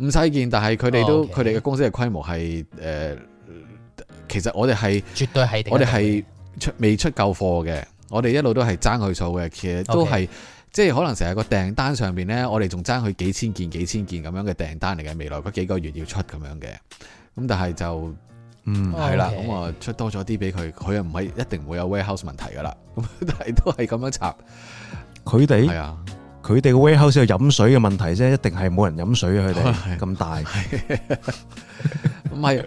誒，唔細件，但係佢哋都佢哋嘅公司嘅規模係誒、呃，其實我哋係絕對係，我哋係出未出夠貨嘅，嗯、我哋一路都係爭佢數嘅，其實都係 Okay. 即係可能成日個訂單上邊咧，我哋仲爭佢幾千件、幾千件咁樣嘅訂單嚟嘅，未來嗰幾個月要出咁樣嘅，咁但係就。嗯，係啦，咁、okay. 啊出多咗啲俾佢，佢又唔係一定會有 warehouse 問題噶啦，咁但係都係咁樣插，佢哋係啊，佢哋個 warehouse 有飲水嘅問題啫，一定係冇人飲水嘅佢哋咁大，唔係、啊、 [laughs] 不是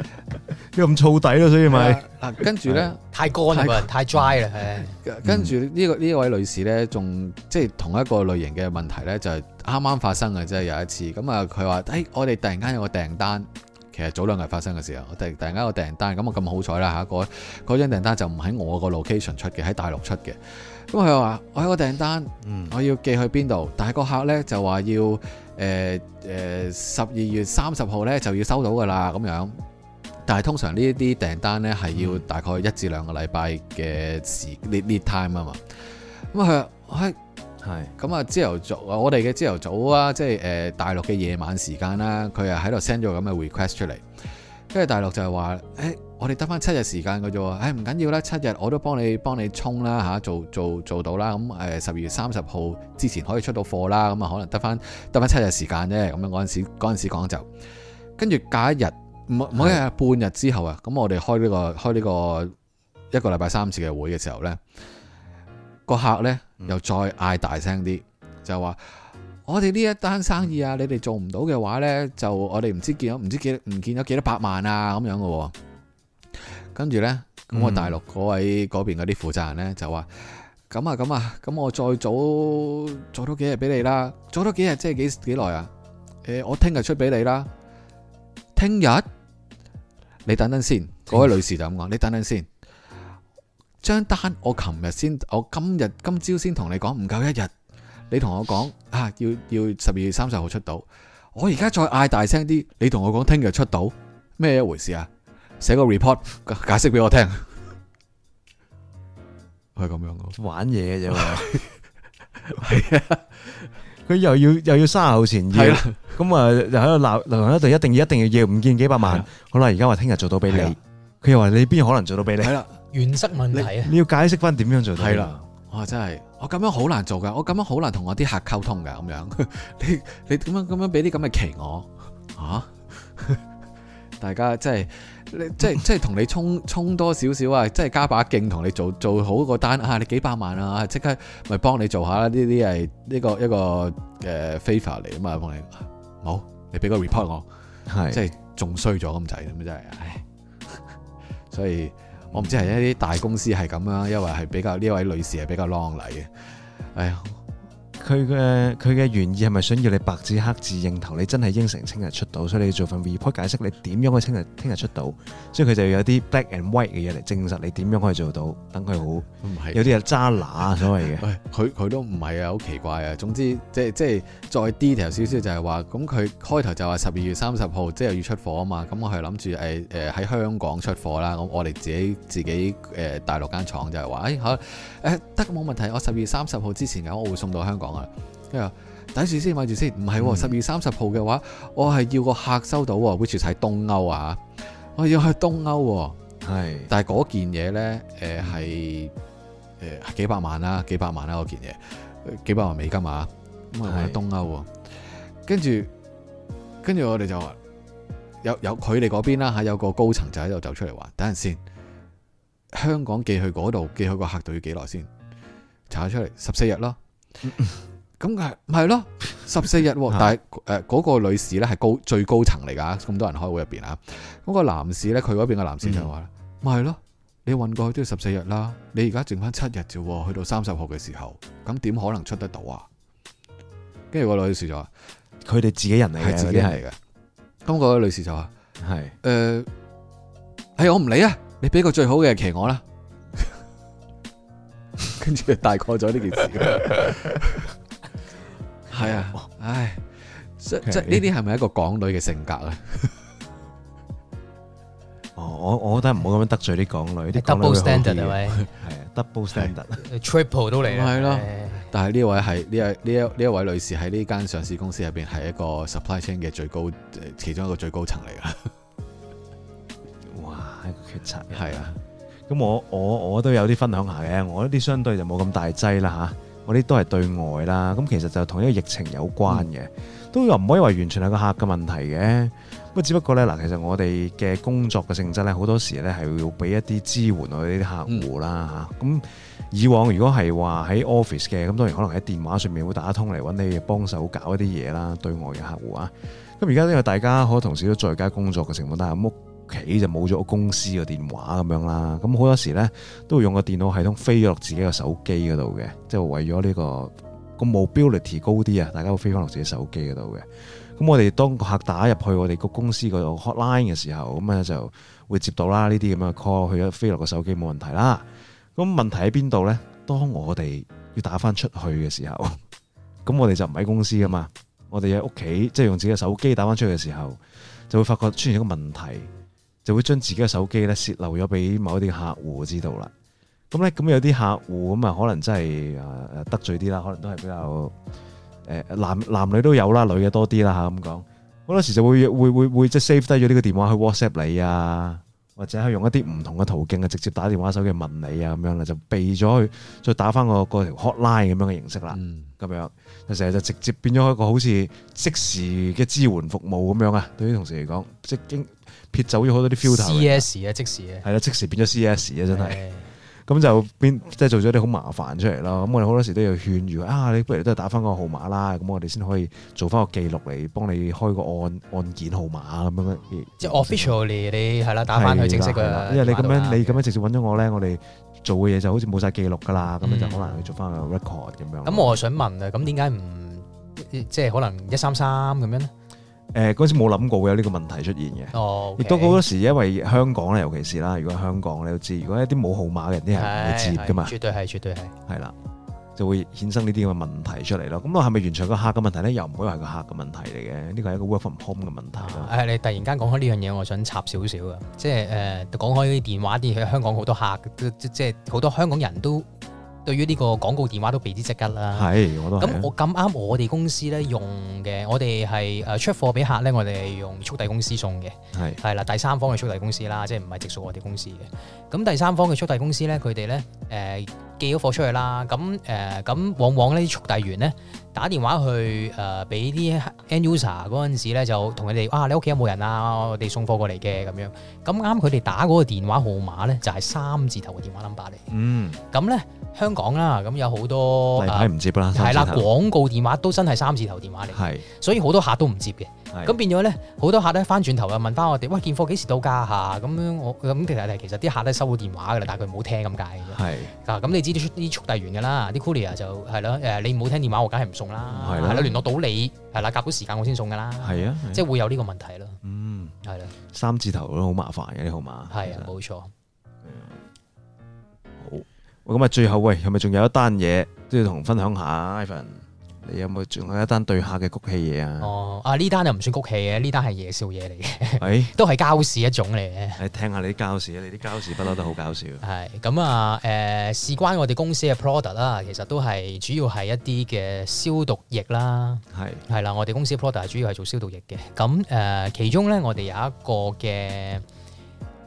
[laughs] 又咁燥底咯、啊，所以咪嗱、啊，跟住咧太乾啊，太 dry 啦、嗯，跟住呢、呢個呢、呢個、位女士咧，仲即係同一個類型嘅問題咧，就係啱啱發生嘅，即係有一次，咁啊佢話誒，我哋突然間有個訂單。其實早兩日發生嘅時候，我突然突然一個訂單，咁我咁好彩啦吓，嗰張訂單就唔喺我個 location 出嘅，喺大陸出嘅。咁佢話我有個訂單，我要寄去邊度？嗯？但係個客咧就話要誒誒十二月三十號咧就要收到噶啦咁樣。但係通常呢一啲訂單咧係要大概一至兩個禮拜嘅時 lead time 啊嘛。咁佢喺。係咁啊！朝頭早啊，我哋嘅朝頭早啊，即係誒，大陸嘅夜晚時間啦，佢啊喺度 send 咗咁嘅 request 出嚟，跟住大陸就係話誒，我哋得翻七日時間嘅啫，誒唔緊要啦，七日我都幫你幫你衝啦吓、啊，做做做到啦，咁誒十二月三十號之前可以出到貨啦，咁、嗯、啊可能得翻得翻七日時間啫，咁樣嗰陣時陣時講就，跟住隔一日唔唔可半日之後啊，咁我哋開呢、個開呢個一個禮拜三次嘅會嘅時候咧，個客咧。又再嗌大聲啲，就話我哋呢一單生意啊，你哋做唔到嘅話呢，就我哋唔知見咗唔知幾唔見咗幾多百萬啊咁樣嘅、啊。跟住呢，咁我大陸嗰位嗰邊嗰啲負責人呢，就話：咁啊，咁啊，咁我再早，做多幾日俾你啦，做多幾日即係幾幾耐啊？誒、欸，我聽日出俾你啦。聽日，你等等先。嗰位女士就咁講，你等等先。張單我琴日先，我今日今朝先同你講唔夠一日，你同我講啊，要要十二月三十號出到，我而家再嗌大聲啲，你同我講聽日出到，咩一回事啊？寫個 report 解釋俾我聽，係咁樣咯，玩嘢嘅啫嘛，係啊，佢又要又要三十號前要，咁啊又喺度鬧，留喺度一定要一定要要唔見幾百萬，好啦，而家話聽日做到俾你，佢又話你邊可能做到俾你？原則問題啊！你，你要解釋翻點樣做？係啦，我真係我咁樣好難做噶，我咁樣好難同我啲客溝通噶咁樣。你你點樣咁樣俾啲咁嘅奇我啊？ [laughs] 大家即係你即係即係同你衝衝多少少啊！即係加把勁同你做做好個單啊！你幾百萬啊！即刻咪幫你做下呢啲係呢個一個嘅 favor 嚟啊嘛，幫你冇、啊、你俾個 report 我係即係仲衰咗咁滯咁真係唉，所以。我唔知係一啲大公司係咁呀，因為係比較呢位女士係比較狼嚟嘅，哎呀～佢嘅佢嘅原意係咪想要你白紙黑字應頭，你真係應承聽日出到，所以你要做份 report 解釋你點樣可以聽日聽日出到，所以佢就要有啲 black and white 嘅嘢嚟證實你點樣可以做到。等佢好，唔係有啲係渣乸所謂嘅。佢、哎、佢都唔係啊，好奇怪啊！總之即係即係再 detail 少少就係話咁佢開頭就話十二月三十號即係要出貨啊嘛。咁我係諗住誒誒喺香港出貨啦。咁我哋自己自己誒大陸間廠就係話誒好誒得冇問題，我十二月三十號之前嘅我會送到香港。啊！跟住，等住先，買住先。唔係十月三十號嘅話，我係要個客收到，Which is 喺東歐啊！我要去東歐，啊，係但係嗰件嘢咧，誒係誒幾百萬啦，幾百萬啦，嗰件嘢幾百萬美金啊！咁啊喺東歐，跟住跟住我哋就話有有佢哋嗰邊啦，嚇，有個高層就喺度走出嚟話，等陣先，香港寄去嗰度寄去個客度要幾耐先？查咗出嚟十四日咯。咁係咪咯？十四日，啊、 [laughs] 但係誒，嗰、呃那個女士咧係高最高層嚟噶，咁多人開會入邊啊，嗰、那個男士咧，佢嗰邊嘅男士就話啦，咪係咯，你運過去都要十四日啦，你而家剩翻七日啫，去到三十號嘅時候，咁點可能出得到啊？跟住個女士就話，佢哋自己人嚟嘅，自己人嚟嘅。咁、那個女士就話，係誒，係、呃欸、我唔理啊，你俾個最好嘅騎我啦。跟 [laughs] 住大蓋咗呢件事，係 [laughs] 啊，唉，即即呢啲係咪一個港女嘅性格啊？ [laughs] 哦，我我覺得唔好咁樣得罪啲港女，啲、嗯、double standard 啊，喂， [laughs] 係啊，double standard，triple 都嚟，係咯。但係呢位係呢位呢一呢一位女士喺呢間上市公司入邊係一個 supply chain 嘅最高其中一個最高層嚟噶。 [laughs] 哇，係個決策係啊。咁我我我都有啲分享下嘅，我啲相對就冇咁大劑啦嚇，我啲都係對外啦，咁其實就同一個疫情有關嘅，嗯、都又唔可以話完全係個客嘅問題嘅，咁啊只不過呢，嗱，其實我哋嘅工作嘅性質呢，好多時呢係要俾一啲支援我哋啲客戶啦嚇，咁以往如果係話喺 office 嘅，咁當然可能喺電話上面會打通嚟揾你幫手搞一啲嘢啦，對外嘅客戶啊，咁而家呢個大家好多同事都在家工作嘅情況底下，企就冇咗公司個電話咁樣啦，咁好多時呢，都會用個電腦系統飛咗落自己個手機嗰度嘅，即係為咗呢個個 mobility 高啲啊，大家會飛翻落自己手機嗰度嘅。咁我哋當個客打入去我哋個公司個 hotline 嘅時候，咁咧就會接到啦。呢啲咁嘅 call 去咗飛落個手機冇問題啦。咁問題喺邊度呢？當我哋要打翻出去嘅時候，咁我哋就唔喺公司噶嘛，我哋喺屋企即係用自己嘅手機打翻出去嘅時候，就會發覺出現一個問題。就會將自己嘅手機咧洩露咗俾某一啲客戶知道啦。咁咧，咁有啲客戶咁啊，可能真係誒誒得罪啲啦，可能都係比較誒男男女都有啦，女嘅多啲啦吓咁講。好多時候就會會會會即 save 低咗呢個電話去 WhatsApp 你啊，或者係用一啲唔同嘅途徑啊，直接打電話手機問你啊，咁樣咧就避咗去再打翻，那個個條 hotline 咁樣嘅形式啦。咁、嗯、樣，就成日就直接變咗一個好似即時嘅支援服務咁樣啊，對於同事嚟講，即經。撇走咗好多啲 filter，CS 啊，即時啊，係啦，即時變咗 CS 啊，真係，咁就變即係做咗啲好麻煩出嚟啦。咁我哋好多時都要勸住啊，你不如都係打翻個號碼啦。咁我哋先可以做翻個記錄嚟幫你開個案案件號碼咁樣，樣。即係 officially 你係啦，打翻去正式佢。因為你咁樣你咁樣直接揾咗我咧，我哋做嘅嘢就好似冇晒記錄㗎啦。咁樣就可能去做翻個 record 咁樣。咁我就想問啊，咁點解唔即係可能一三三咁樣咧？誒，嗰陣時冇諗過會有呢個問題出現嘅，亦都好多時因為香港咧，尤其是啦，如果香港你都知，如果一啲冇號碼嘅人啲人唔會接噶嘛？絕對係，絕對係，係啦，就會衍生呢啲咁嘅問題出嚟咯。咁我係咪完全個客嘅問題咧？又唔可以係個客嘅問題嚟嘅？呢個係一個 work from home 嘅問題，啊。你突然間講開呢樣嘢，我想插少少啊，即係誒講開電話啲，香港好多客即係好多香港人都。對於呢個廣告電話都避之則吉啦。係，我都係、啊、我咁啱，我哋公司咧用嘅，我哋係誒出貨俾客咧，我哋係用速遞公司送嘅。係係啦，第三方嘅速遞公司啦，即係唔係直屬我哋公司嘅。咁第三方嘅速遞公司咧，佢哋咧誒。呃寄咗貨出去啦，咁誒咁往往呢啲速遞員咧打電話去誒俾啲 end user 嗰陣時咧，就同佢哋話，哇、啊，你屋企有冇人啊？我哋送貨過嚟嘅咁樣。咁啱佢哋打嗰個電話號碼咧，就係、是、三字頭嘅電話 number 嚟。嗯，咁咧香港啦，咁有好多唔接啦，係啦，廣告電話都真係三字頭電話嚟，係，所以好多客都唔接嘅。咁變咗咧，好多客都翻轉頭啊，問翻我哋，喂，件貨幾時到家？」嚇？咁樣我咁其實係其實啲客都收過電話噶啦，但係佢冇聽咁解嘅。係咁、啊嗯、你知啲啲速遞員噶啦，啲 Coolia 就係咯，誒、啊、你冇聽電話，我梗係唔送啦，係啦，聯絡到你係啦，夾到時間我先送噶啦。係啊，即係會有呢個問題咯。嗯，係啦。三字頭都好麻煩嘅啲號碼。係啊，冇錯、嗯。好，喂，咁啊，最後喂，係咪仲有一單嘢都要同分享下、Ivern 你有冇仲有，有一單對客嘅谷氣嘢啊？哦，啊呢單又唔算谷氣嘅，呢單係夜宵嘢嚟嘅。誒、欸，都係膠屎一種嚟嘅。誒，聽一下你啲膠屎，你啲膠屎不嬲都好搞笑。係咁啊，誒，事、呃、關我哋公司嘅 product 啦，其實都係主要係一啲嘅消毒液啦。係係啦，我哋公司嘅 product 主要係做消毒液嘅。咁誒、呃，其中咧我哋有一個嘅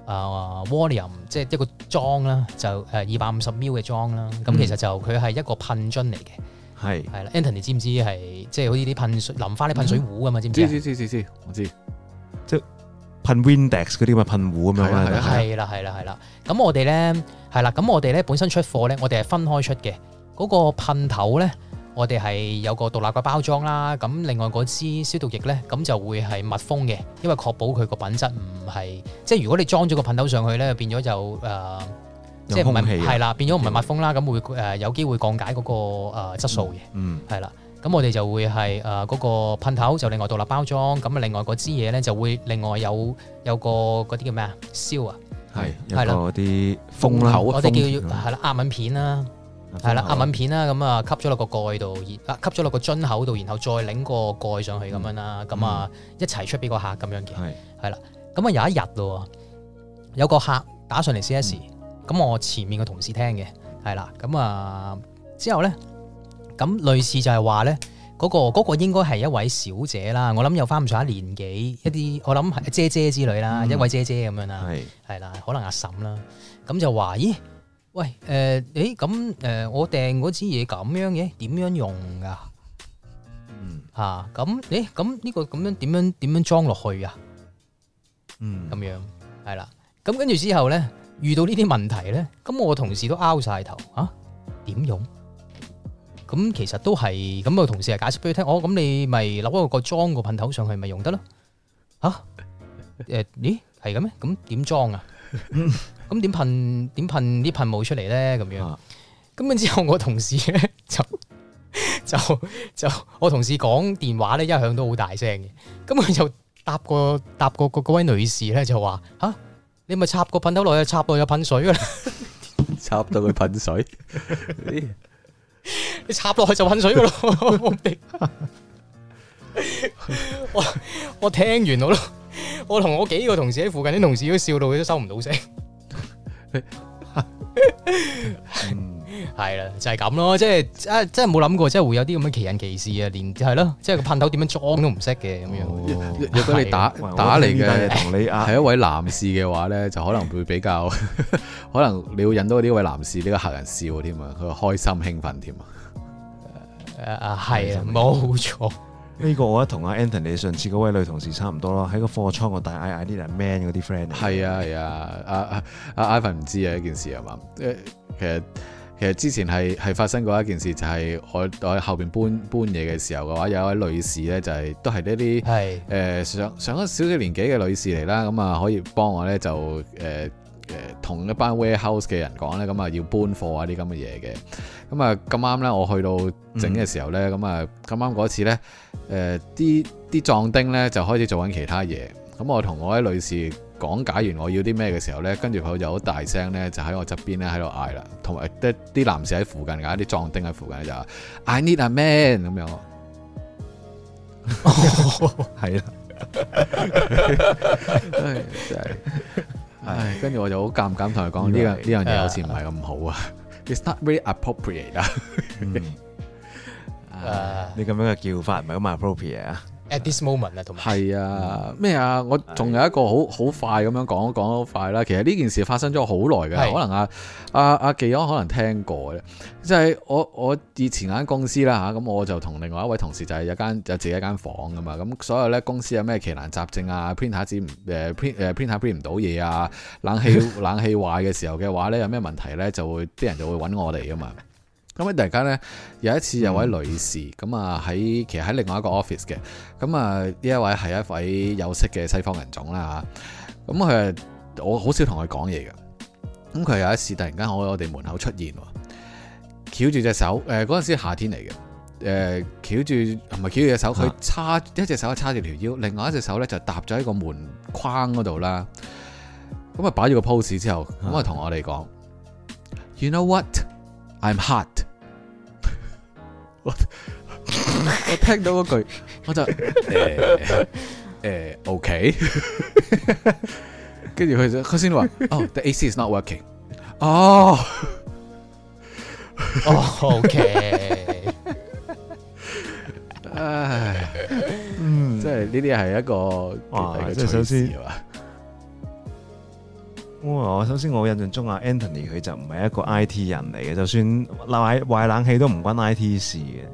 誒 volume 即係一個裝啦，就誒二百五十 ml 嘅裝啦。咁、嗯、其實就佢係一個噴樽嚟嘅。係係啦，Antony，你知唔知係即係好似啲噴淋花啲噴水壺噶嘛？知唔知，嗯？知知知知，我知。即係噴 Windex 嗰啲嘛，噴壺咁樣啦，係啦係啦係啦。咁我哋咧係啦，咁、啊、我哋咧本身出貨咧，我哋係分開出嘅。嗰、那個噴頭咧，我哋係有個獨立嘅包裝啦。咁另外嗰支消毒液咧，咁就會係密封嘅，因為確保佢個品質唔係即係如果你裝咗個噴頭上去咧，變咗就誒。呃即係唔係，係啦，變咗唔係密封啦，咁會誒、呃、有機會降解嗰、那個誒、呃、質素嘅。嗯，係啦，咁我哋就會係誒嗰個噴頭就另外獨立包裝，咁啊另外嗰支嘢咧就會另外有有個嗰啲叫咩啊？燒啊，係係啦嗰啲封口，我哋叫係啦壓敏片啦，係啦壓敏片啦，咁啊吸咗落個蓋度、呃，吸咗落個樽口度，然後再擰個蓋上去咁、嗯、樣啦，咁、嗯、啊一齊出俾個客咁樣嘅。係係啦，咁啊有一日咯，有個客打上嚟 CS。嗯咁我前面嘅同事聽嘅係啦，咁啊之後咧，咁類似就係話咧，嗰、嗰個、嗰個應該係一位小姐啦，我諗有翻咁上下年紀，一啲我諗係姐姐之類啦，嗯、一位姐姐咁樣啦，係係啦，可能阿嬸啦，咁就話，咦喂誒誒，咁誒我訂嗰支嘢咁樣嘅，點樣用噶？嗯吓，咁誒咁呢個咁樣點樣點樣裝落去啊？嗯，咁、呃欸呃欸呃、樣係啦，咁、嗯啊欸嗯、跟住之後咧。遇到呢啲問題咧，咁我同事都拗晒頭，嚇、啊、點用？咁其實都係咁個同事係解釋俾佢聽，哦咁你咪攞一個個裝個噴頭上去咪用得咯，嚇誒？咦係咁咩？咁點裝啊？咁、欸、點 [laughs] 噴點噴啲噴霧出嚟咧？咁樣，咁之後我同事咧就就就我同事講電話咧，一向都好大聲嘅，咁佢就答，過答過個答個嗰位女士咧就話吓？啊」你咪插個噴頭落去，插落去就噴水噶啦！插到佢噴水， [laughs] 你插落去就噴水噶咯！我我，我聽完我咯，我同我幾個同事喺附近啲同事都笑到佢都收唔到聲。 [laughs] 嗯係啦、啊，就係咁咯，即係啊，真係冇諗過，即係會有啲咁嘅奇人奇事啊。連係咯，即係個噴頭點樣裝都唔識嘅咁樣。如果你打、啊、打嚟嘅同你係一位男士嘅話咧， [laughs] 就可能會比較可能你會引到呢位男士呢、這個客人笑添啊，佢開心興奮添啊。誒，係啊，冇錯。呢、這個我同阿 Anthony 上次嗰位女同事差唔多咯，喺個貨倉個大嗌嗌啲人 man 嗰啲 friend。係啊係啊，阿阿阿 Ivan 唔知啊，啊啊呢件事係嘛、嗯啊，其實。其實之前係係發生過一件事就係喺，就係我我後邊搬搬嘢嘅時候嘅話，有一位女士咧，就係、是、都係呢啲誒上上咗少少年紀嘅女士嚟啦，咁、嗯、啊可以幫我咧就誒誒同一班 warehouse 嘅人講咧，咁、嗯、啊要搬貨啊啲咁嘅嘢嘅，咁啊咁啱咧我去到整嘅時候咧，咁啊咁啱嗰次咧，誒啲啲壯丁咧就開始做緊其他嘢，咁、嗯、我同我嗰位女士，講解完我要啲咩嘅時候咧，跟住佢就好大聲咧，就喺我側邊咧喺度嗌啦，同埋啲男士喺附近噶，啲壯丁喺附近就話 I need a man 咁樣。哦，係啦，真係、哎，跟住我就好尷尬同佢講，呢個呢樣嘢好似唔係咁好啊，it's not really appropriate 啊、 [laughs] uh,，你咁樣嘅叫法唔係咁 appropriate 啊。at this moment 啊，同係啊咩啊，我仲有一個好好快咁樣講講講得好快啦。其實呢件事發生咗好耐嘅，可能啊啊啊，技安可能聽過咧。即係我我以前間公司啦嚇，咁我就同另外一位同事就係有間有自己一間房噶嘛。咁、嗯、所有咧公司有咩奇難雜症啊，print 下紙唔 print print 下 print 唔到嘢啊，冷氣 [laughs] 冷氣壞嘅時候嘅話咧，有咩問題咧，就會啲人就會揾我哋㗎嘛。咁咧，突然間咧，有一次有位女士咁啊，喺、嗯、其實喺另外一個 office 嘅，咁啊呢一位係一位有色嘅西方人種啦嚇，咁佢我好少同佢講嘢嘅，咁佢有一次突然間喺我哋門口出現喎，翹住隻手，誒嗰陣時夏天嚟嘅，誒翹住唔係翹住隻手，佢、啊、叉一隻手叉住條腰，另外一隻手咧就搭咗喺個門框嗰度啦，咁啊擺咗個 pose 之後，咁啊同我哋講，You know what？I'm hot。我我聽到嗰句，我就誒誒，OK。跟住佢就佢先話，哦，the AC is not working。哦哦，OK。唉，嗯，即係呢啲係一個哇，即係首先。我、哦、首先我印象中啊 Anthony 佢就唔係一個 IT 人嚟嘅，就算壞，壞冷氣都唔關 IT 事嘅，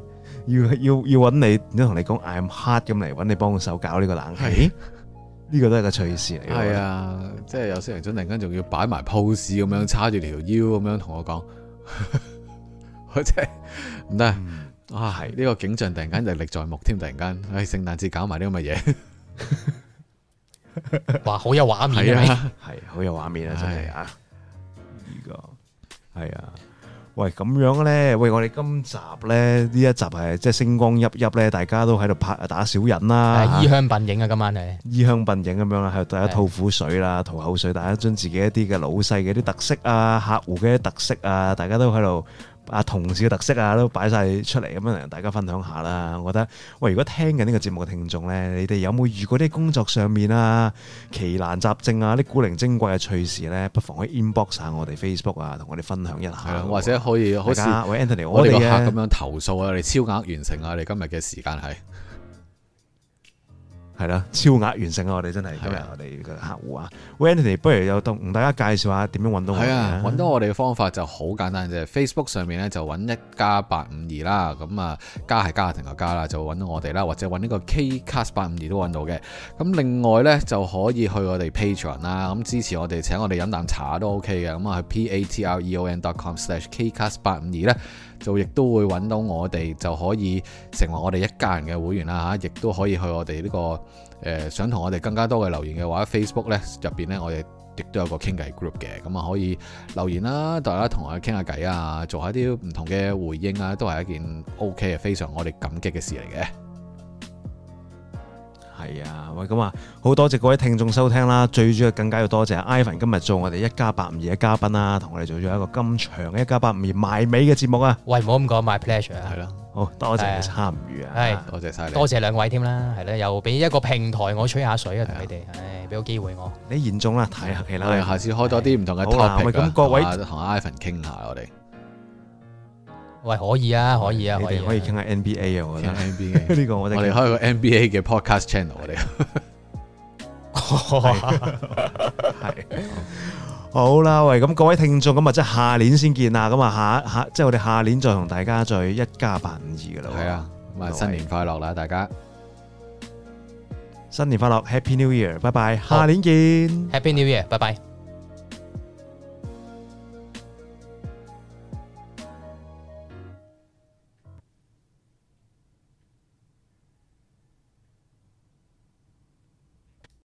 要要要揾你點解同你講 I'm hard 咁嚟揾你幫個手搞呢個冷氣？呢、這個都係個趣事嚟嘅。係啊，即係有啲人真突然間仲要擺埋 pose 咁樣叉住條腰咁樣同我講，我真係唔得啊！係呢、這個景象突然間就歷在目添，突然間係、哎、聖誕節搞埋呢咁嘅嘢。 [laughs] 哇，好有畫面啊！係，好有畫面啊！真係啊，呢個係啊，喂，咁樣咧，喂，我哋今集咧呢一集係即係星光熠熠咧，大家都喺度拍打小人啦，衣香鬢影啊，今晚係衣香鬢影咁樣啦，喺度大家吐苦水啦，吐口水，大家將自己一啲嘅老細嘅啲特色啊，客戶嘅啲特色啊，大家都喺度。啊，同事嘅特色啊，都擺晒出嚟咁樣同大家分享一下啦。我覺得喂，如果聽緊呢個節目嘅聽眾咧，你哋有冇遇過啲工作上面啊奇難雜症啊，啲古靈精怪嘅趣事咧，不妨可以 inbox 下我哋 Facebook 啊，同我哋分享一下。或者可以大家好似喂 Anthony，我哋嘅咁樣投訴啊，我哋超額完成啊，我哋今日嘅時間係。係啦，超額完成啊！我哋真係今日我哋嘅客戶啊，Wendy，不如有同大家介紹下點樣揾到我哋？係啊，揾到我哋嘅方法就好簡單啫，就係，Facebook 上面咧就揾一家八五二啦，咁啊家係家庭嘅家啦，就揾到我哋啦，或者揾呢個 Kcast 八五二都揾到嘅。咁另外咧就可以去我哋 Patreon 啦，咁支持我哋，請我哋飲啖茶都 OK 嘅。咁啊去 Patreon.com/Kcast 八五二咧。就亦都會揾到我哋，就可以成為我哋一家人嘅會員啦嚇，亦都可以去我哋呢、呢個、呃、想同我哋更加多嘅留言嘅話，Facebook 呢入面呢，我哋亦都有個傾偈 group 嘅，咁啊可以留言啦、啊，大家同我哋傾下偈啊，做下啲唔同嘅回應啊，都係一件 OK 嘅，非常我哋感激嘅事嚟嘅。係啊，喂，咁啊，好多謝各位聽眾收聽啦，最主要更加要多謝 Ivan 今日做我哋一家852嘅嘉賓啦，同我哋做咗一個咁長嘅一家852埋尾嘅節目啊，喂，唔好咁講，my pleasure 啊，係咯，好多謝你參與啊，係，多謝晒你，多謝兩位添啦，係啦，又俾一個平台我吹下水啊，同你哋，唉，俾個機會我，你言重啦，係啦，我哋、啊、下次開咗啲唔同嘅 topic 咁各位同 Ivan 傾下我哋。喂，可以啊，可以啊，我哋可以傾下 NBA 啊，我覺得 NBA 呢 [laughs] 個我哋開個 NBA 嘅 podcast channel，我哋好啦，喂，咁各位聽眾，咁啊，即係下年先見啦，咁啊，下下即係我哋下年再同大家再一家852噶咯，係啊，咁啊，新年快樂啦，大家新年快樂，Happy New Year，拜拜，下年見，Happy New Year，拜拜。